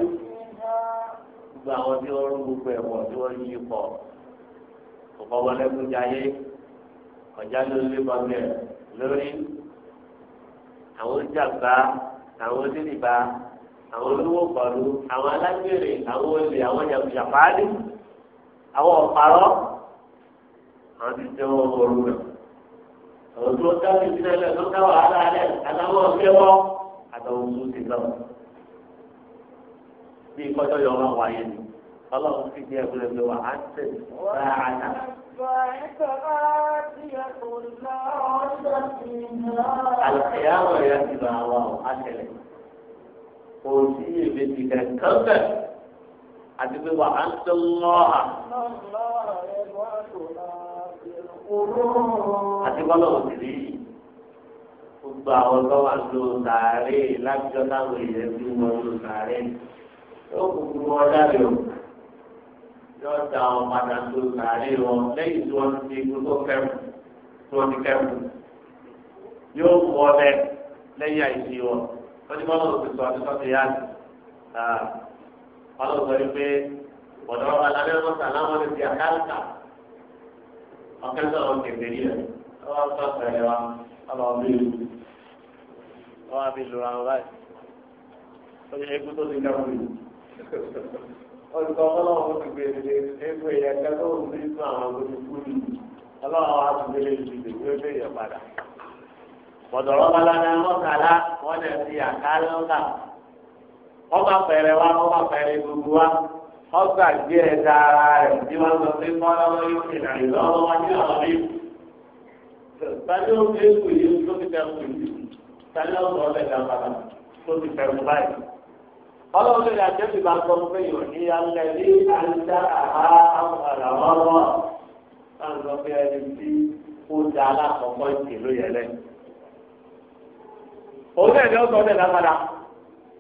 gbogbo àwọn tí wọ́n rún gbogbo ẹ̀wọ̀n tí wọ́n yí pọ̀ kọkọ wọlé kúnjáyé ọjà lórí bọlẹ lórí àwọn jàgbá àwọn onídìbà àwọn olówó pọ̀lú àwọn alágbèrè àwọn olè àwọn jàpáàdì àwọn ọ̀pàrọ̀ àwọn ti tẹ́ wọ́n wọ́n rú rẹ̀. àwọn tó ká sí sílẹ̀ lẹ̀ tó ká wàhálà rẹ̀ àtàwọn ọ̀fẹ́ àtàwọn oṣù ti lọ. bí kọ́jọ́ yọ wọn wáyé ni ọlọ́run fi di ẹgbẹ́ mi wà á tẹ̀ sáànà. àlùkìyàwó yẹn ti bá wa ọ̀ àtẹlẹ̀ kò sí èmi kẹ̀kẹ́ bẹ́ẹ̀ àti pé wà á ń tẹ́ lọ́ọ̀hà àti bọ́lá òsì gbogbo àwọn tó wà ló sàárè lábíjọ táwọn èèyàn ti wọn ló sàárè yóò kúkú wọn dáre o yóò da wọn padà ló sàárè wọn lẹ́yìn tí wọn ti kú tó kẹrù tí wọn ti kẹrù yóò kú ọ lẹ lẹ́yìn àìsí wọn wọn ti bọ́lá òsì sọ àti sọ́tì yá ni ah, bọ́lá òsì sọ wípé ọ̀dọ́ alábẹ́rẹ́ mọ́tà láwọn ti di àkàlùkà ọ̀kẹ́ sọ̀rọ̀ kẹfẹ́ yẹ ọwọ́ sọ̀tọ̀ ẹ̀ wa ọlọ́ọ̀ bí lu ọwọ́ àbí lu ra ọ̀rá yìí ó yẹ kó tó ti ká wù yìí olùkọ́ ọlọ́run ti gbèrè ẹgbẹ́ yẹn kẹ́kọ̀ọ́ ní fún àwọn olùkú e ni ọlọ́run á ti gbèrè ìdìbò ní ọjọ́ yẹn padà. bọ̀dọ̀rọ̀ balana mọ́kàlá wọ́n lè fi àkálẹ́ ọgbà gbé ẹ̀dá ara rẹ̀ tí wọ́n sọ pé mọ́lọ́wọ́ yóò fi rìn lọ́wọ́ wọn ní ọ̀rọ̀ rí. Tani ó fi èkó yìí tó fi fẹ́ kú yìí. Tani ó sọ ọ̀bẹ kan padà tó fi fẹ́ kú báyìí. Ọlọ́run lè dàjẹ́ fi máa sọ fún yòó ní alẹ́ ní àìsá àhá àwọ̀ràwọ̀rọ̀. Táà ń sọ pé ẹni tí ó da alákọ̀ọ́kọ́ ìpè ló yẹ Òun náà ni ó sọ ọ̀bẹ kan padà.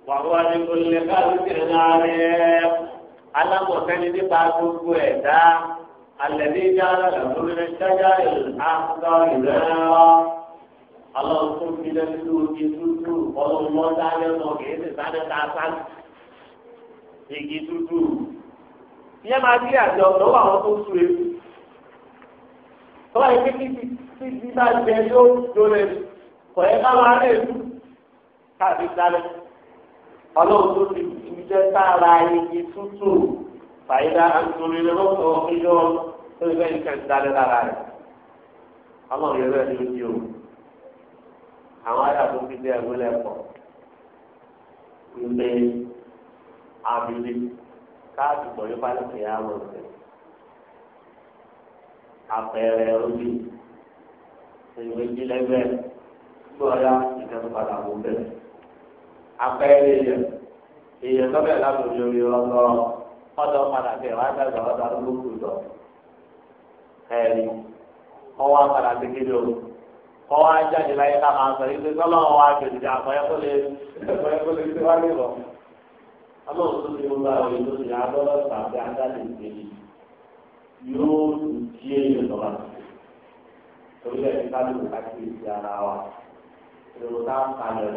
Wàhùn alámọ̀tẹ́ni nípa gbogbo ẹ̀dá alẹ́bí dára lọ́wọ́ ṣáájá ìlànà ìrẹ́rọ́ ọlọ́run tó fi lẹ́nu omi dúdú ọlọ́run mọ́ dáná mọ́ kìí sì sáré ká sáré igi dúdú. ìyẹn máa bí àjọ lọ́wọ́ àwọn tó sú ewu. tọ́wọ́ ìpín títí títí bá jẹ yóò dólẹ̀ kọ̀ẹ́ ká máa rẹ̀ lù káàbí sáré ọlọ́run tó ti jẹ́ sára igi tútù fàyídá àtúnrí lọ́wọ́ ọ̀hìnjọ́ tó ń bẹ́ẹ̀ nǹkan dálé lára rẹ̀ ọlọ́run yẹn bẹ́ẹ̀ ló di o àwọn àdàbò fi dé ẹ̀wọ́ lẹ́kọ̀ọ́ ilé abilé káàdì bọ̀ yóò bá lè fẹ́ àwọn ọ̀sẹ̀ àpẹẹrẹ ojú ìwé ìdílẹ́gbẹ̀ẹ́ gbọ́dọ̀ ìjọba padà wọ bẹ́ẹ̀. àpẹẹrẹ yẹn èèyàn lọ́bẹ̀ lábòjò rí ọlọ́ ọ̀dọ́ padà tẹ̀ wá dàgbà ọ̀dọ́ arúgbó lọ ẹ̀rí ọwọ́ padà tẹ̀ kéde o ọwọ́ ajáde láyé ká máa sọ yìí kó lè kó lè ti wá ti mú bá òye tó ti lọ́wọ́ tàbí ajáde yóò di lọ́wọ́ torí ẹ̀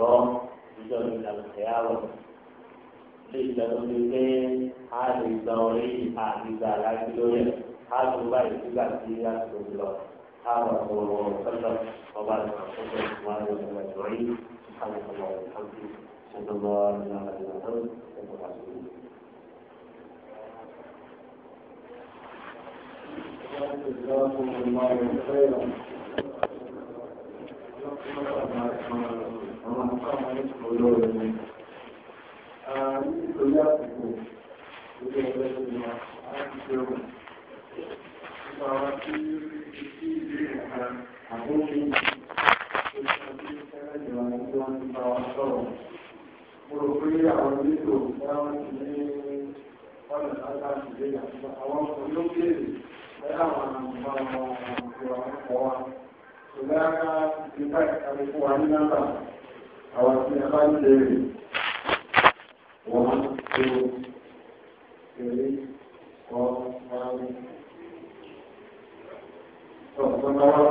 a ìjọ ìdàgbàsẹ̀ àwọ̀ lè jẹun ní pé a lè gba orí àgbègbè aláàbí lórí ẹ̀ a tó báyìí sígbà tí a tó lọ a lọ bọ̀ wọ̀ sọ́dọ̀ ọba àgbà tó tó wà lórí ẹ̀ lórí àgbègbè ọ̀rẹ́ ṣètò lọ ní àgbègbè ọ̀rẹ́ ṣètò wà lórí. Thank you àwọn àpáwọn ẹ̀kọ́ lọ́rọ̀ ni nítorí àsìkò lórí ẹgbẹ́ tó ní láti ṣe ọ̀rọ̀ nípa wa tí tí ìdí ìrìnàkà àbúrò ní ìṣẹ́jú ìṣẹ́jú ìjọba ní wọ́n ti bá wa sọ̀rọ̀ mo rò àwọn onílò dáwọn àwọn olókèèrè lẹ́yìn àwọn àmọ́ àwọn tí a bá ń léèrè wọ́n á tó eré wọ́n máa ń tọ̀tọ̀ lọ́wọ́.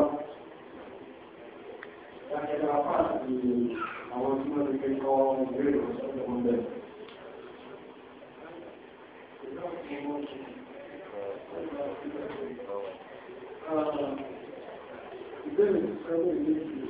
Láti ẹ̀ka àwọn tí wọ́n ti fi kọ́ ìbéèrè ọ̀sán tó ń bẹ̀. Ìbéèrè sọ́dọ̀ ìlú ìlú.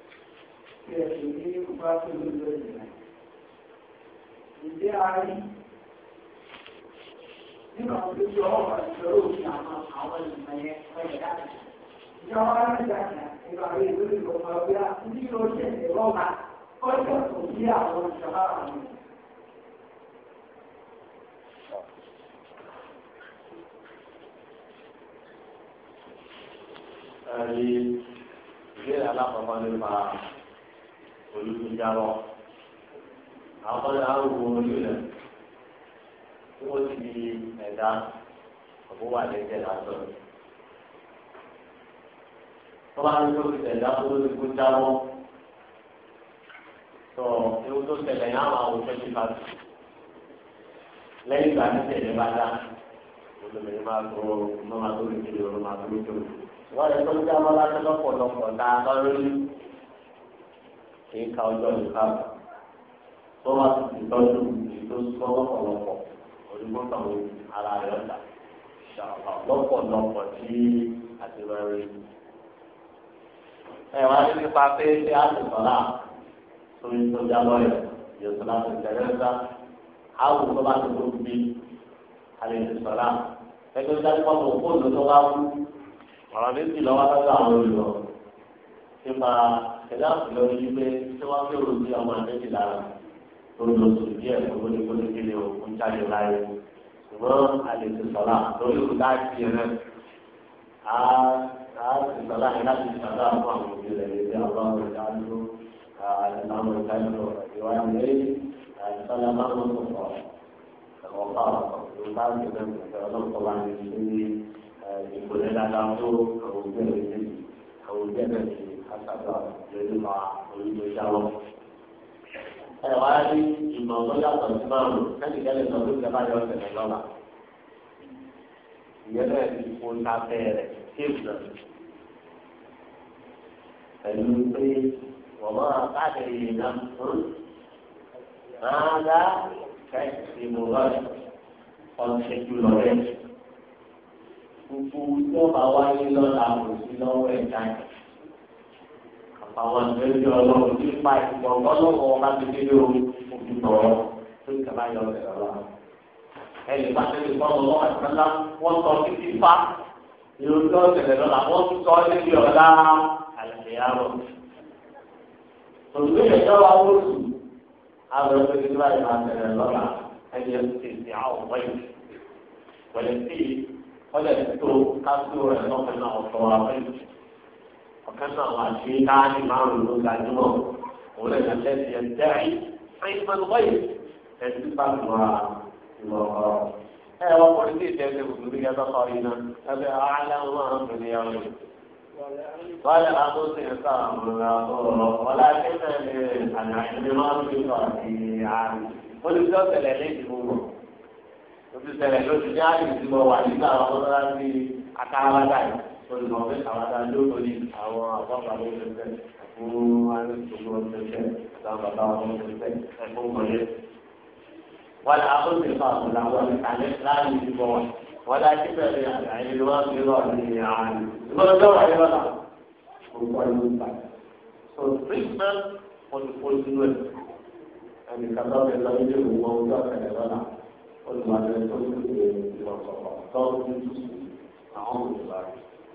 kí ẹ sì ní lè máa olùdíjáwọ àwọn ọmọdé àwọn wo orí rẹ tí wọn ti di ẹ̀dá àbúwà lẹsẹ lásán tọ́lá ń tó ìṣẹ̀lẹ̀ àbúrò ikú jáwọ́ tó ewu tó ṣẹlẹ̀ yẹn àwọn àwùjọ ti bá tù lẹ́yìn ìgbà tí ìṣẹ̀lẹ̀ bá dá olùmọ̀lẹ́ máa tó ọmọ máa tó lè kéde ọmọ máa tó lè kéde wọ́n lè tó jáwọ́ lásán lọ́pọ̀lọpọ̀ dáa lọ́rùn èyí ka ọjọ́ ìka rẹ̀ tó bá ti ti tọ́jú èyí tó sọ lọ́pọ̀lọpọ̀ olùkọ́ta wo ara rẹ̀ ọ̀dà ṣàpà lọ́pọ̀lọpọ̀ tí àti rẹ̀ rí. ẹ wá ní nípa pé ṣé a ti sọ̀rọ̀ sórí tó já lọ́yọ̀ yòókù láti tẹ̀lé ńlá àwọn tó bá ti tó gbé alẹ́ ti sọ̀rọ̀ ẹgbẹ́ tó dájú pọ̀ kó lóso bá wú ọ̀rọ̀ méjì lọ́wọ́ lọ́wọ́ àwọn olùrọ̀ nípa àtẹ̀lé àpèlọ yìí pé tí wọ́n fi òun ní ọmọ ẹ̀mẹ́jì lára olùdókòwò díẹ̀ kólókóló kílẹ̀ òkun jáde láyé ṣùgbọ́n àlejò sọ̀lá lórí òun láti yẹn náà á ti sọ̀lá yẹn láti sọ̀lá fún àwọn òbí rẹ̀ lórí àwọn ọmọ ìdá ló àwọn ìdá ló ìwà ìwé àìsọ́lá máa ń lọ́sọ̀tọ̀ ẹ̀wọ̀n fà ọ̀pọ̀ ìgbà tó ń bẹ̀rẹ̀ ọlọ́pàá àtàtà lórí ma orílẹ̀ ìjáwọ́. ẹ wá rí ìmọ̀ tó yàtọ̀ sí márùn kẹ́nìkẹ́nì sọ pé ìjọba yọ ọ̀sẹ̀ lọ́la. ìyẹn náà ti kó lábẹ́ rẹ̀ kéèkì náà. pẹ̀lú pé wọ́n máa káàkiri ìyẹn náà rárá kẹ́sì mo lọ́rẹ̀ ọ̀sẹ̀ jù lọ́rẹ̀. gbogbo tó bá wáyé lọ́la kò sí lọ́wọ́ ẹ̀dá yẹn àwọn ìgbésí ọlọ́run nípa ìgbọ̀ngàn lọ́wọ́ ọba kékeré o òbí tọ̀rọ̀ tó ìjọba yọ ọ̀rẹ́ lọ́wọ́. ẹnì bá tẹ́lẹ̀ fún ọmọ wọn àti ọ̀la wọ́n sọ títí fa ìròyìn ọ̀sẹ̀lẹ̀ lọ́la wọ́n sọ níbi ọ̀la àlẹ́yàwó. òṣèlú ìjọba wa wó sùn àwọn ọ̀sẹ̀ tí wọ́n lọ́la ẹ̀yẹ ọ̀kẹ́sọ̀ àwọn àti láàánú márùn-ún ló gbajúmọ̀ òun lè ní ẹ̀sìn ẹ̀dẹ́ àìsàn ẹ̀sìn bá lu ìmọ̀ ọ̀rọ̀. ẹ wọ́n kọ́ ní ìdí ẹ̀sìn kùtùkù yẹn tó kọ́ iná ẹbí ààlẹ́ wọn àwọn obìnrin yẹn rẹ̀. wọ́n yẹ kó sì ń sọ àmúra ọ̀rọ̀ ọ̀la ẹ̀sẹ̀ ní àná ẹ̀mí máa ń fi sọ àti àárín. olùsọ tẹ̀lẹ̀ ní ìdìbò olùsẹ̀lẹ̀ lóṣù ní àárín ìdìbò wà nígbà wọn lọ́la sí akárábátà yìí olùmọ̀wé àwàdà lóko ní àwọn àbábà ló ti fẹ́ fún wọn gbogbo ti fẹ́ láwọn bàbá wọn ti fẹ́ ẹ̀fọ́ mọ̀lẹ́. wọ́n á ó sì fa àwọn làwọn àlẹ́ láàyè ti bọ̀ wọn. wọ́n dá sí pẹ̀lú àyè ló wọ́n fi rọ̀ ní àwọn ìgbọ́dọ̀ tó wà nígbà náà. gbogbo ẹni ń bà. so treatment on the whole unit ẹnì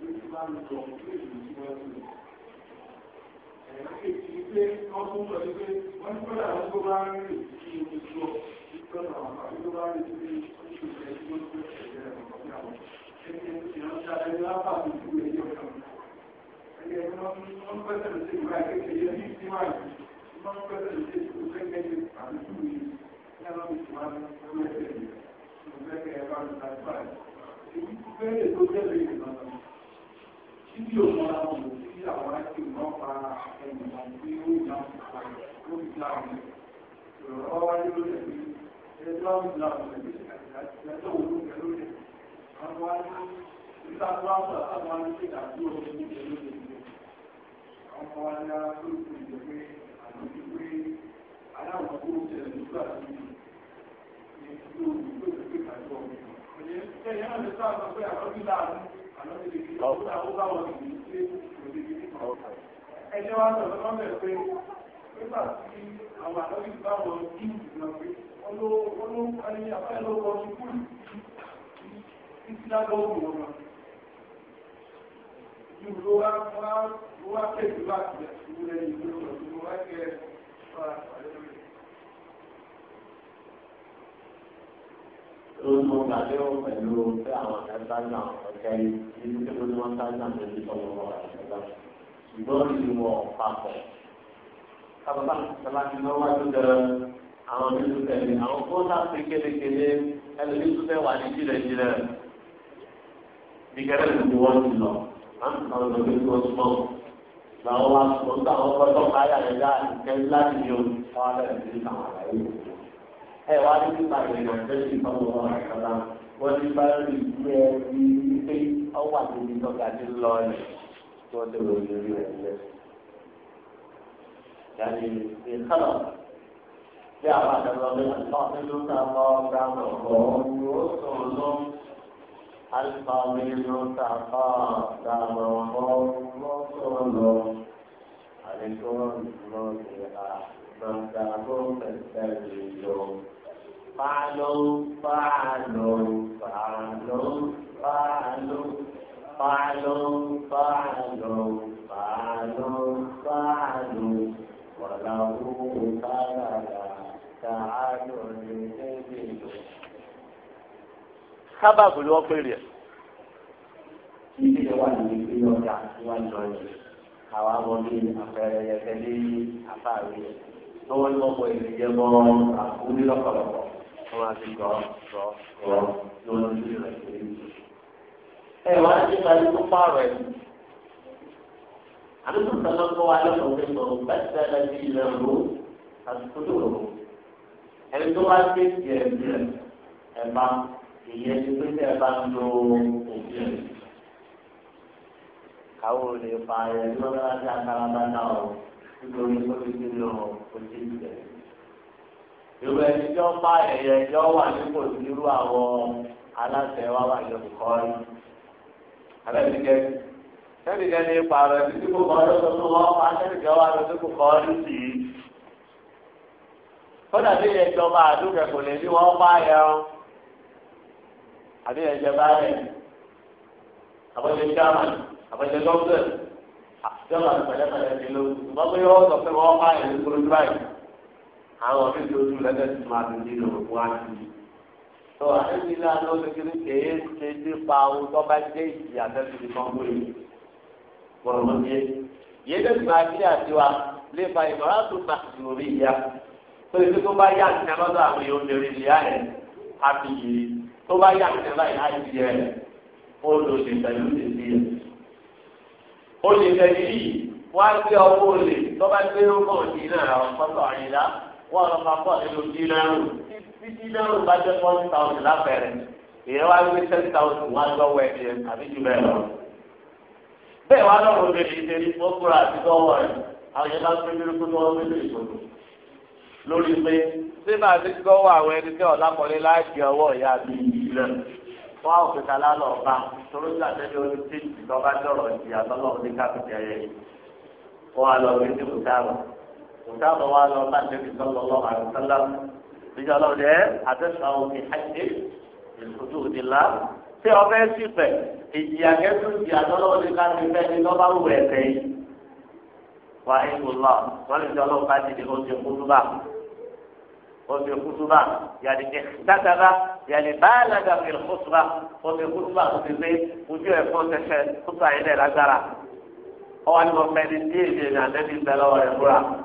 Ìgbẹ́lẹ̀ tó jẹ́ lè ìgbàlọ́ tí yóò mọ àwọn òbí tí àwọn ẹgbẹ́ náà pa ẹnì kan tí ó yà ń pa lórí láàmú ìrọ̀rọ̀ wáyé lórí ẹjọ́ wa sọ̀rọ̀ pé nígbà tí àwọn àlọ́bí bá wọn kí ìgbìmọ̀ pé olóòkú ẹni àfẹ́ ló kọ́ ní kúrò títí lágbọ́ọ̀rù wọn lọ. wá wá láti ẹ̀sùn lẹ́yìn lórí ọ̀dún wáyé ló ń mọ gbàlẹ́ ọ̀ pẹ̀lú pé àwọn àgbàgbà náà ọ̀kẹ́ yìí ní pé wọ́n sá náà lè ní ọmọ wọn àgbàgbà ṣùgbọ́n ìwọ papọ̀ kábàbà sábà ti lọ́wọ́ àdúgbò àwọn mílíọ̀nù tẹ̀lé àwọn kó sá pé kélékélé ẹlòmí tó fẹ́ wà ní jìrẹ̀jìrẹ̀ bí kẹ́rẹ́ ni wọ́n ti lọ àwọn ọ̀dọ́ tó súnmọ́ làwọn wá sọ̀tọ̀ àwọn kọ́tọ̀ káyà ẹ wá ní nípa ìrìnà tẹ́lẹ̀ ìfọwọ́ ọ̀rọ̀ ní bá rí ìwé ẹbí pé ọwọ́ àtúndì tọ́ka ti lọ rẹ̀ tí wọ́n tẹ̀lé olórí rẹ̀ lẹ̀. Yàrá ìkànnà bí àwọn àdàbọ̀ ọ̀gbìn àti ọ̀gbìn ló ń ta ọmọ ọgbà ọ̀hún ó sọ̀rọ̀ lọ́wọ́. القليل تقاطع الرسل عليكم الله أحببتكم فاستجيبوا فعلوا فعلوا فعلوا فعلوا فعلوا فعلوا فعلوا فعلوا وله ثمنا تعالوا sábàbù ni wọ́n pè rẹ̀. ìdílé wà ní ìlú ọjà tí wọ́n lọ yìí àwa mọ ní àpẹẹrẹ yẹtẹ ní àfáàrí lọ́wọ́ ni wọ́n pọ̀ ìrìnjẹ́ mọ́ àkúrí wọ́n ẹ wá ní ìpàdé tó pààrọ̀ ẹ̀ àdúgbò sọ̀rọ̀ kọ́ wa lọ́kọ̀ọ́ sọ̀rọ̀ bẹ́ẹ̀ lẹ́sí ilẹ̀ ro àdúgbò tó rò ẹni tó wá gbé tiẹ̀ tiẹ̀ ẹ̀ bá ìyẹn ti pé tẹ̀ bá ń lo òbí ẹ̀ káwọ́ lè fa ẹ̀ lọ́wọ́ láti àkàrà bá náà nítorí ó ti gbé lọ ìwé ẹni tí wọ́n bá ẹ̀yẹ tí wọ́n wà nípò nírú àwọn aláṣẹ wa wà ní olùkọ́ rí. Abẹ́nìkẹ́ sẹ́nìkẹ́ ní ipa rẹ̀ títí kò kọ́ lọ́sọ̀ tó wọ́n pa sẹ́nìkẹ́ wà lọ́sọ̀ kò kọ́ sí i. Kódà bí ẹ̀yẹ jọba àdúgbò kò lè ní wọ́n bá yẹ ọ́. Àbí ẹ̀jẹ̀ bá rẹ̀ àbọ̀jẹ̀ jáàmà àbọ̀jẹ̀ àti pẹ̀lẹ́pẹ̀lẹ́ àwọn ọ̀sẹ̀ tó dùn lẹ́tẹ̀ tó máa dùn nínú wọn á ti. tó àdébí náà ló ti kiri kéé ṣe nípa ohun tó bá jẹ́ ìsì àtẹ́sí ti kàn wọ́n yìí. bọ̀rọ̀ yé yéé lè gba ilé àtiwá lè fa ìmọ̀ra tó ma lórí ìyá. tó ibi tó bá yá àti ẹlọ́dọ̀ àwọn èèyàn lè rí ìyá rẹ̀ á fi yìí tó bá yá àti ẹlọ́dọ̀ ìyá rẹ̀ yẹ ó lò lè tẹ̀lé ó lè sí ẹ̀. ó lè tẹ̀lé yìí wọ́n á gbé ọwọ́ wọn lọ máa pọ̀ nínú dílẹ́rù tí dílẹ́rù bá jẹ́ forty thousand lápẹ̀rẹ̀ ìyẹn wá gbé ten thousand wọn lọ wẹ̀ ẹ̀ àbí jù bẹ́ẹ̀ lọ. bẹ́ẹ̀ wá lọ́rùn obìnrin ìdérí wọ́n kúrò àti dọ́wọ́ rẹ̀ àwọn yẹn bá gbé mílíkù tó wọ́n mílíkù ìṣòro lórí pé ṣé máa ti dọ́wọ́ àwọn ẹni tẹ́ ọ̀làkọ̀lé láti ọwọ́ ìyá mi ìlẹ̀ wọ́n á òkè kálá lọ bá torí ìgbàdébí orí tí ìjọba dọ̀rọ̀ ìyàtọ̀ lọ́wọ́ ní káfíńtì ẹ̀yẹ wọ́n á lọ gbé òtá àbọ̀ wa lọ bá nẹ́bí sọ́lọ́ lọ́wọ́ àdùsálà níjà lọ rẹ̀ àtẹ̀sà omi àìdè ìṣojú òdìlá tí ọbẹ̀ sì bẹ̀ ìjìyà kẹ́sùn ìjìyà lọ́wọ́ ní ká ti fẹ́ ní lọ́ba wù ẹ̀fẹ́ yìí. wà á ìlú lọ wọ́n lè jọ lọ́wọ́ bá ti di oṣù kútúbà oṣù kútúbà yàrá ìdákàrà yàrá báyàlàgà fi kútúbà oṣù kútúbà tó ti gbé ojú ẹ̀fọ́ tẹ̀sẹ̀ kútúbà yẹn lẹ́ lágbára ọwọ́ ni mo fẹ́ ní díẹ̀ díẹ̀ ní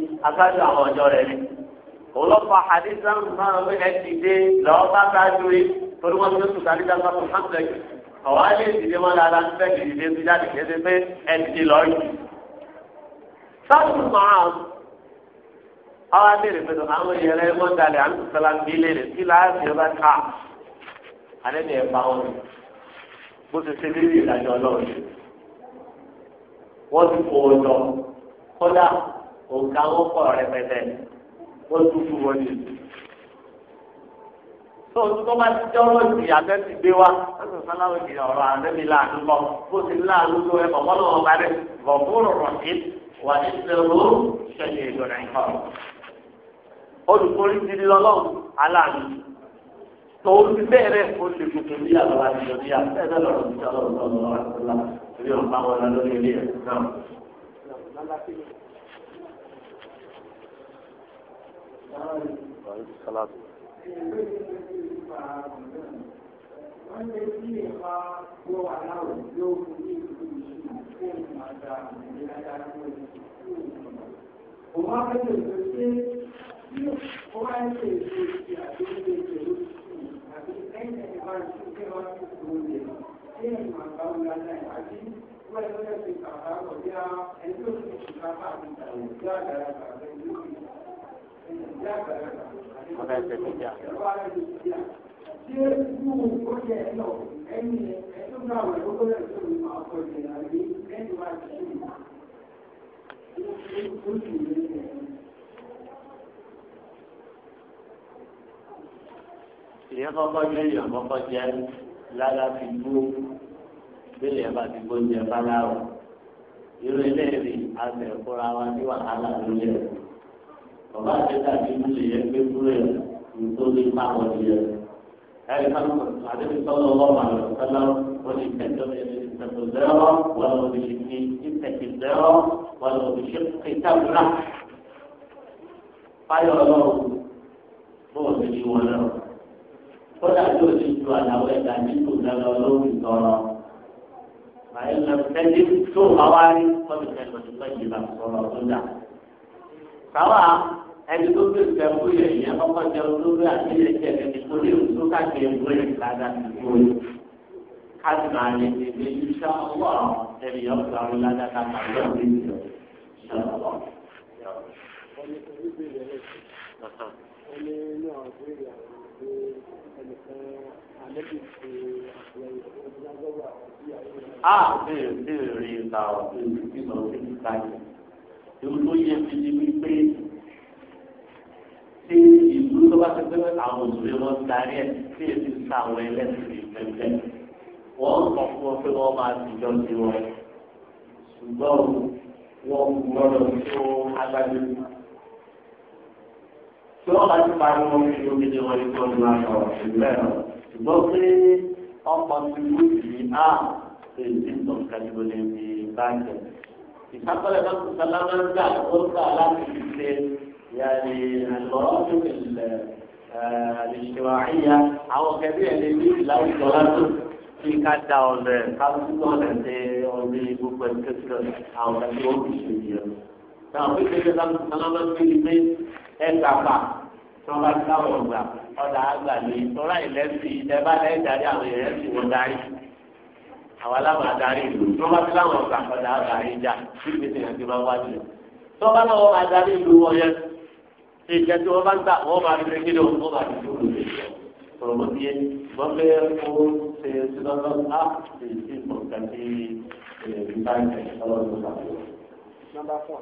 aṣáájú àwọn ọjọ́ rẹ̀ ni. ọlọ́pàá àdìsá máa ń wẹ́n ti dé lọ́wọ́ bá ṣáájú rí torí wọ́n ti sùn àdìsá máa fún hàmlẹ̀ yìí. ọ̀wá lè dìde wọn lára ń fẹ́ kì í dìde sí jáde kéde pé ẹ ti di lọ́ọ̀yì. sáàtù máa àwọn abéèrè pé àwọn ìyẹrẹ wọn dalẹ̀ àwọn ìsọlá ń gbélé rẹ̀ sí láàbì ọba ká alẹ́ ẹ̀ pa wọn bó ti ṣe lé ìdájọ́ ọlọ́run wọ́n ti kó o lọ kọ́dà òǹkà wọn pọ̀ rẹpẹtẹ ó dúdú wọlé. tó o tó bá ti jọ́rọ̀ sí àtẹ́sí gbé wa láti sọ láwọn ènìyàn ọ̀rọ̀ àtẹ́mi láàánú lọ bó ti láàánú tó ẹ bọ̀bọ́ lọ́wọ́ bá rẹ̀ bọ̀bọ́ rọ̀rọ̀ sí wà ní ìṣòro ṣẹlẹ̀ ìdọ̀nà ìkọ̀. olùkórí ti di lọ́lọ́run aláàánú tòun ti bẹ̀rẹ̀ o lè tuntun bí àlọ́lá ti lọ bí àtẹ́sẹ̀ Òwá pẹ̀lú ìgbésí tí ó wá ń ṣe ìgbésí àti ìgbésí lóṣù àti ẹ̀yìn ìbá ìṣúkẹ́ wá sí ìgbòlè tí ẹ̀yìn àgbà ń ga náà àti wọ́n ẹgbẹ́ ti kàkà kọjá ẹni tó ti ṣùkà bá àti ìgbà ìgbà àgbà àgbà ìgbésí ọ̀fẹ́ ṣe ti jà. ṣé kọ́kọ́ jẹ́ èèyàn kọ́kọ́ jẹ́ lára fi dúró bẹ́ẹ̀ bá ti gbóúnjẹ bá láwọ̀ irú eléyìí àti ẹ̀kúra wa ní wàhálà lórí ẹ̀kọ́ bàbá àtẹ́tà bí mo lè yẹ pé kúrẹ́ nítorí pápọ̀ di ẹ. ẹ̀rí kan àdébí sọ́dọ̀ ọlọ́mà rẹ̀ sọ́dọ̀ wọ́n ti tẹ̀jọ́ ìtẹ̀kù zẹ́rọ̀ wọ́n lọ bí ṣe ìtẹ̀kù zẹ́rọ̀ wọ́n lọ bí ṣe ìtẹ̀kù náà. fáyọ̀ ọlọ́run bóun ti di wọn lọ. kódà tó ti ju àdáwọ̀ ẹ̀dá nínú ìdáná olóhùn ìtọ́rọ. màá lọ tẹ́lẹ̀ tó bá wá rí kọ́ sáwà ẹni tó gbé ìgbà ìwúlẹ̀ yẹn kọ́kọ́ jẹ olórí àtìlẹ̀ jẹ ẹni tó lé òṣù káàkiri ìwúlẹ̀ lára ìwúlẹ̀ káàdì máa ní ìdílé iṣẹ́ ọwọ́ ẹni yọ ọ̀gá orí lára káàkiri ìwúlẹ̀ ìwúlẹ̀ ìwúlẹ̀ Ah, bẹ́ẹ̀ bẹ́ẹ̀ rí ìlà ọ̀gbìn tí mo ti ń ká yìí ìlú tó yẹ fi di wípé tí ìlú tó bá ti pé àwọn òṣèré wọn darí ẹ̀ tí èyí ti sa àwọn ẹlẹ́sìn pẹ̀pẹ́ wọ́n sọ fún wọn pé wọ́n máa tìjọ sí wọn ṣùgbọ́n wọn kò gbọ́dọ̀ tó agbájú. tí wọ́n bá ti parí wọn fi omi ní wọn ikú ọdún aṣọ ìgbẹ́ rẹ̀ ṣùgbọ́n pé ọkọ̀ ti wú sí i á èyí tó ń kájú lé ní báńkì ìfapẹ́lẹ́ náà kò sálá máa ń gbà ó ń gbà láti fi ṣe yàrá àlọ́ọ̀dún ilẹ̀ ìṣèwàáyà àwọn kẹbí ẹ̀ lè ní ìlàwùjọ látò kí ká da ọ̀nà ká túbọ̀ ọ̀nà ṣe ọ̀nà gbogbo ẹ̀kẹ́kẹ́ àwọn kẹbí ó fi ṣe yẹn. náà wọ́n fi ṣe sáà sálá máa ń gbé ní pé ẹ̀ kàfà tí wọ́n bá dáwọ̀ gbà ọ̀dà àgbà ní ìtọ́ra àwọn alábàádarí ìlú tó bá ti láwọn ọgbà padà àgbàrí ìjà tí ìgbésí yẹn ti máa wájú tó bá náà wọn máa darí ìlú wọn yẹn ṣe ìjẹ tí wọn bá gbà wọn máa fi kí ló wọn máa fi kúrò lè jẹ òròmọ bí yẹn wọn fẹ́ kó ṣe sílọ́lọ́ á ṣe ṣe pọ̀ kàtí ìgbà ìjẹ ọlọ́dún sàbẹ̀wò. Number four.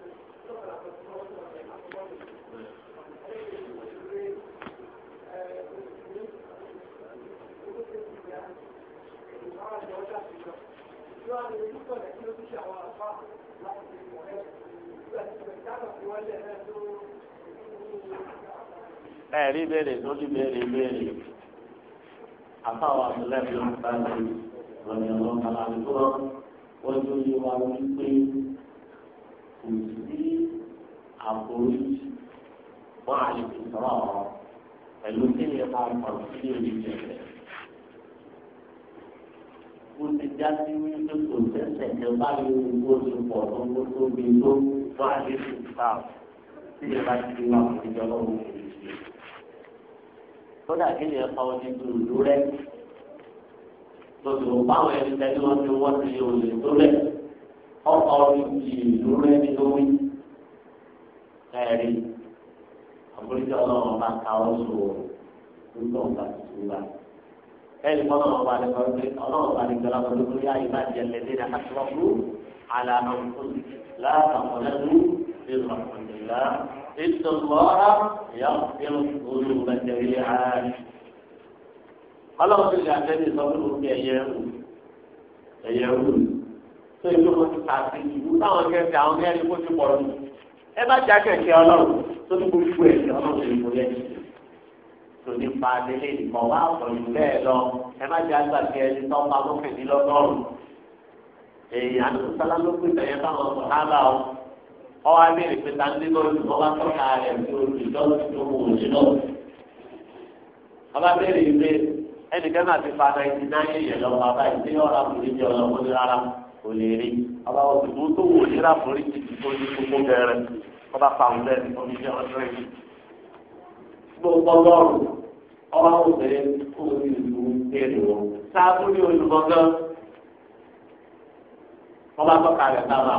ẹ̀rí béèrè lórí béèrè béèrè àtàwọn àtìlẹ́yìn ọ̀gá ìlú lọ́nà ọlọ́kàlà àdúgbò wọ́n tún yé wa wípé kò sí àforíjì fún àlùfíìsọ́rọ̀ ọ̀rọ̀ pẹ̀lú kí ni ká mọ̀ sí oríṣi rẹ̀. Mo ti já sí wípé kò tẹ̀sẹ̀ ẹ bá yọ owó tó pọ̀ tó kó tó bí tó fún àlùfíìsọ́rọ̀ tí ẹ bá ti wà fún ìjọba òun ìrìnsì. Kódà kí ẹ fa ọdí dùn lórẹ́? Lọ́sọ̀rọ̀ báwọn ẹni tẹ́lẹ̀ wọ́n ti wọ́n ti yọ òun tó rẹ̀ ọkọ ìdí lórí ẹni lórí ẹ̀rí àbúrítí ọlọ́run bá ka ọ́ sọ lóòótọ́ nǹkan tuntun wa ẹ̀rí mọ́ ọlọ́run bá nìkan pé ọlọ́run bá nìkan lọ́kọ́ tó lórí ayé bá jẹ lẹ́dẹ́ náà àtúwọ́pù àlànà òkúti láàbàmọ́ lẹ́nu ìlú àkùnjẹ̀lá ìtọ́gbọ́ra ìyá òfin olùbẹ̀tẹ̀rẹ̀ ààrẹ. ọlọ́run ti lè àtẹ́lẹ̀ sọ fún òkè ẹ̀yẹ ẹ̀yẹ wù tó ìlú mo ti tàbí ìlú táwọn kẹsì àwọn mẹ́rin kó ti pọ̀ lù ẹ bá já kẹ̀kẹ́ ọlọ́run tó ní gbogbo ẹ̀ ọlọ́run tó ìlú yẹn tó ní pa délé ìmọ̀ wá ọ̀rọ̀ bẹ́ẹ̀ lọ ẹ má já gbàgbé ẹni tó pa lókèdínlọ́gọ́rùn èèyàn tó sálá ló pè tẹ̀yẹ táwọn ọ̀sán náà ọ ọwọ́ abẹ́rẹ́ pé ta ń dé lórí ọba tọ́ka rẹ̀ bí olùdókòwò tó wù ú nínú ọba abẹ́rẹ́ yìí pé ẹnìkan náà ti fa náà ti náà yẹ yẹ lọ́wọ́ bàbá yìí tí ọ̀rọ̀ àbúrò yìí jẹ́ ọ̀rọ̀ kò lè rí ọba òṣùwò tó wò ní ráforí ti ti kóni kókó bẹ̀rẹ̀ ọba pàrọ̀ bẹ́ẹ̀ omi jẹ́ ọdún rẹ̀ gbogbo ọlọ́run ọba òṣèré kóni ìlú èrò sáàbù ní olùgbọ́ngàn ọba tọ́ka rẹ̀ sábà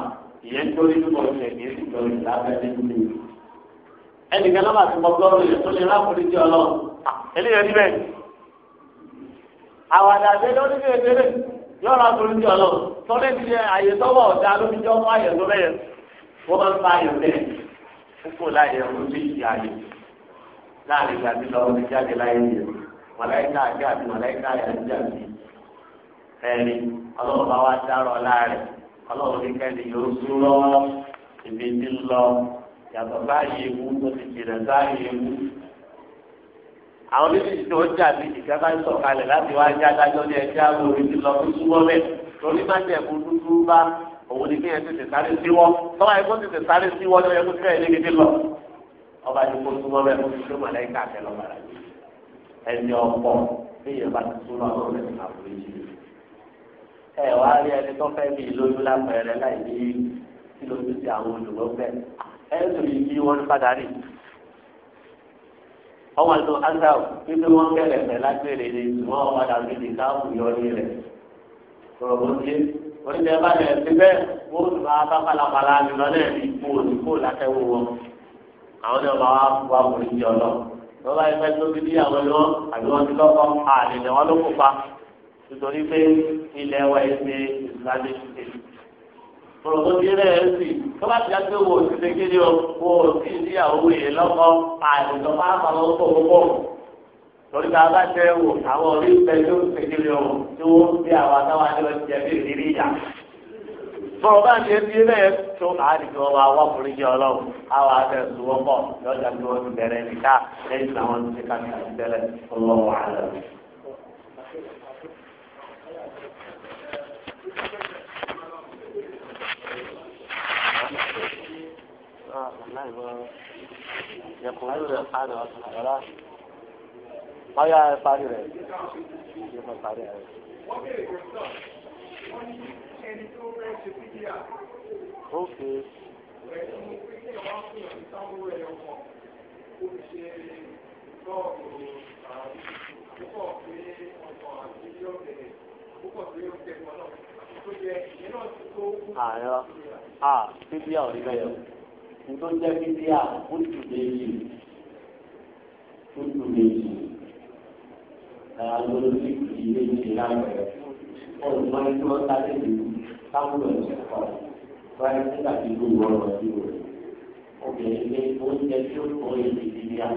ìyẹn tó rí lùmọ̀ ìṣẹ̀ ní ìlú ìlàbẹ̀lẹ̀ ní ẹnìkan náà bá ti gbọ́gbọ́rún yẹn tó lè ráforí ti ọlọ́run yóò lọ sórí ti ọlọ tọ́lẹ̀ ti yẹ àyè tọ́wọ́ ọ̀dà lóbi jọ fún àyè tó bẹ̀yẹ wọ́n máa ń fa àyè bẹ́ẹ̀ púpọ̀ láyè ọ̀hún bí ìyá àyè láàrin ìgbà tí lọ́wọ́ ti jáde láyé yẹ mọ̀láyíká àti àti mọ̀láyíká àti àti ẹ̀rí ọlọ́wọ́ bá wá dárọ̀ láàrin ọlọ́wọ́ ní kẹ́lẹ́ yóò sún lọ́wọ́ ìbí ti lọ yàtọ̀ báyìí ewu tó ti jìnà báyìí ewu àwọn méjì tí wọ́n jà ní ìjà bá ń sọ̀kalẹ̀ láti wá já dájọ́ ní ẹjẹ́ àwọn òbí lọ fún súnmọ́ bẹ́ẹ̀ torí má jẹ́ kó dúdú bá òun ní kéèyàn tètè sáré sí wọ́n tọ́wọ́ ẹ̀kọ́ tètè sáré sí wọ́n lọ́yẹ kó tẹ́lẹ̀ níbi lọ ọba ní kó súnmọ́ bẹ́ẹ̀ kó fi súnmọ́ lẹ́yìn káàkẹ́ lọ bàrà ẹni ọ̀pọ̀ kéèyàn bá ti súnmọ́ ọ̀rọ̀ rẹ̀ àforíjì ẹ wá rí ẹni tó bí ìlóyún lápẹ̀rẹ̀ ti ti àwọn ọmọ ìlú asáw títí wọn kẹlẹ fẹ lágbèrè ni wọn padà fi di káàpù yọrí rẹ rọgbọdé oníṣẹ bá lẹ síbẹ̀ wọn tún bá bá palapala nínú náà ní ipò òdìpò lákẹwò wọn àwọn náà bá wà fún àwọn ìjọ lọ wọn bá yẹ fẹ tóbi bí àwọn ẹni wọn ti lọkọ àlè ni ló kópa nítorí pé ilẹ̀ wa ẹ ṣe tòlódìrẹ́ ẹ̀ sì tó bá ti á pé wo òsì kékeré o wo òsì ìyàwó yẹn lọ́kọ́ àìsàn bá bá lọ tó gbogbo lórí ká bá jẹ́ wò àwọn orí ìfẹ́ tó kékeré o tí wọ́n ń bí àwọn àtàwọn àjọ jẹ́ bí ìrírí ìyá. Bọ́ọ̀ bá ṣe bí ilé yẹn tó àdìgbò wa wọ́pùnrin jẹ́ ọlọ́run àwọn akẹ́sùn wọ́pọ̀ lọ́jà tí wọ́n ti bẹ̀rẹ̀ nìkan lẹ́yìn àwọn ti ṣe kàkà ìbẹ̀rẹ̀ ọlọ́run àlọ́. Ọyá ẹ parí rẹ̀. Ókè. Púpọ̀ pé ọkọ̀ àyọ a bíbí àwọn ìgbà yẹn nítorí wọn jẹ bíbí à ó tù méjì ó tù méjì ẹ̀rọ lórí ìdí méjì láàbẹ̀ ọ̀rùn máa ń tí wọ́n sáré ìlú táwọn ọ̀sẹ̀ kọ̀ wáyé nígbà tí gbogbo ọ̀rọ̀ sí wò rẹ̀ obìnrin ní oúnjẹ tí ó kọ́ èdè bíbí à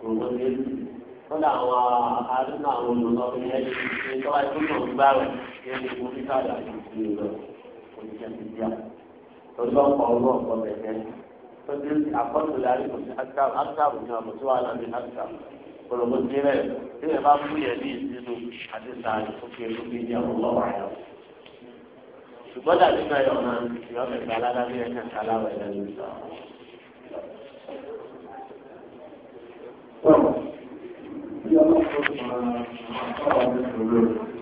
kò wọ́n lé lùdù kódà àwọn àdúgbò àwọn olùlọ́pẹ̀ yẹn ti tọ́ ẹkún náà ń gbà rẹ̀ yẹn ti fún fífà àdàlù sí i lọ oníṣẹ́ ti bíà lọ́dọ̀ ọ̀pọ̀ ọgbọ́n ọ̀pọ̀ bẹ̀rẹ̀ tọ́jú àkọ́tù lárí kò sí ákítàbù ní ọmọ tí wàá lábẹ́ ákítàbù kọlọmọ ti rẹ̀ tí ẹ bá fún yẹn ní ìsinú àti sàárì fúnfẹ́ fúnfẹ́ ní àwọn ọlọ́wọ́ àyà Ìyá ọlọ́pọ̀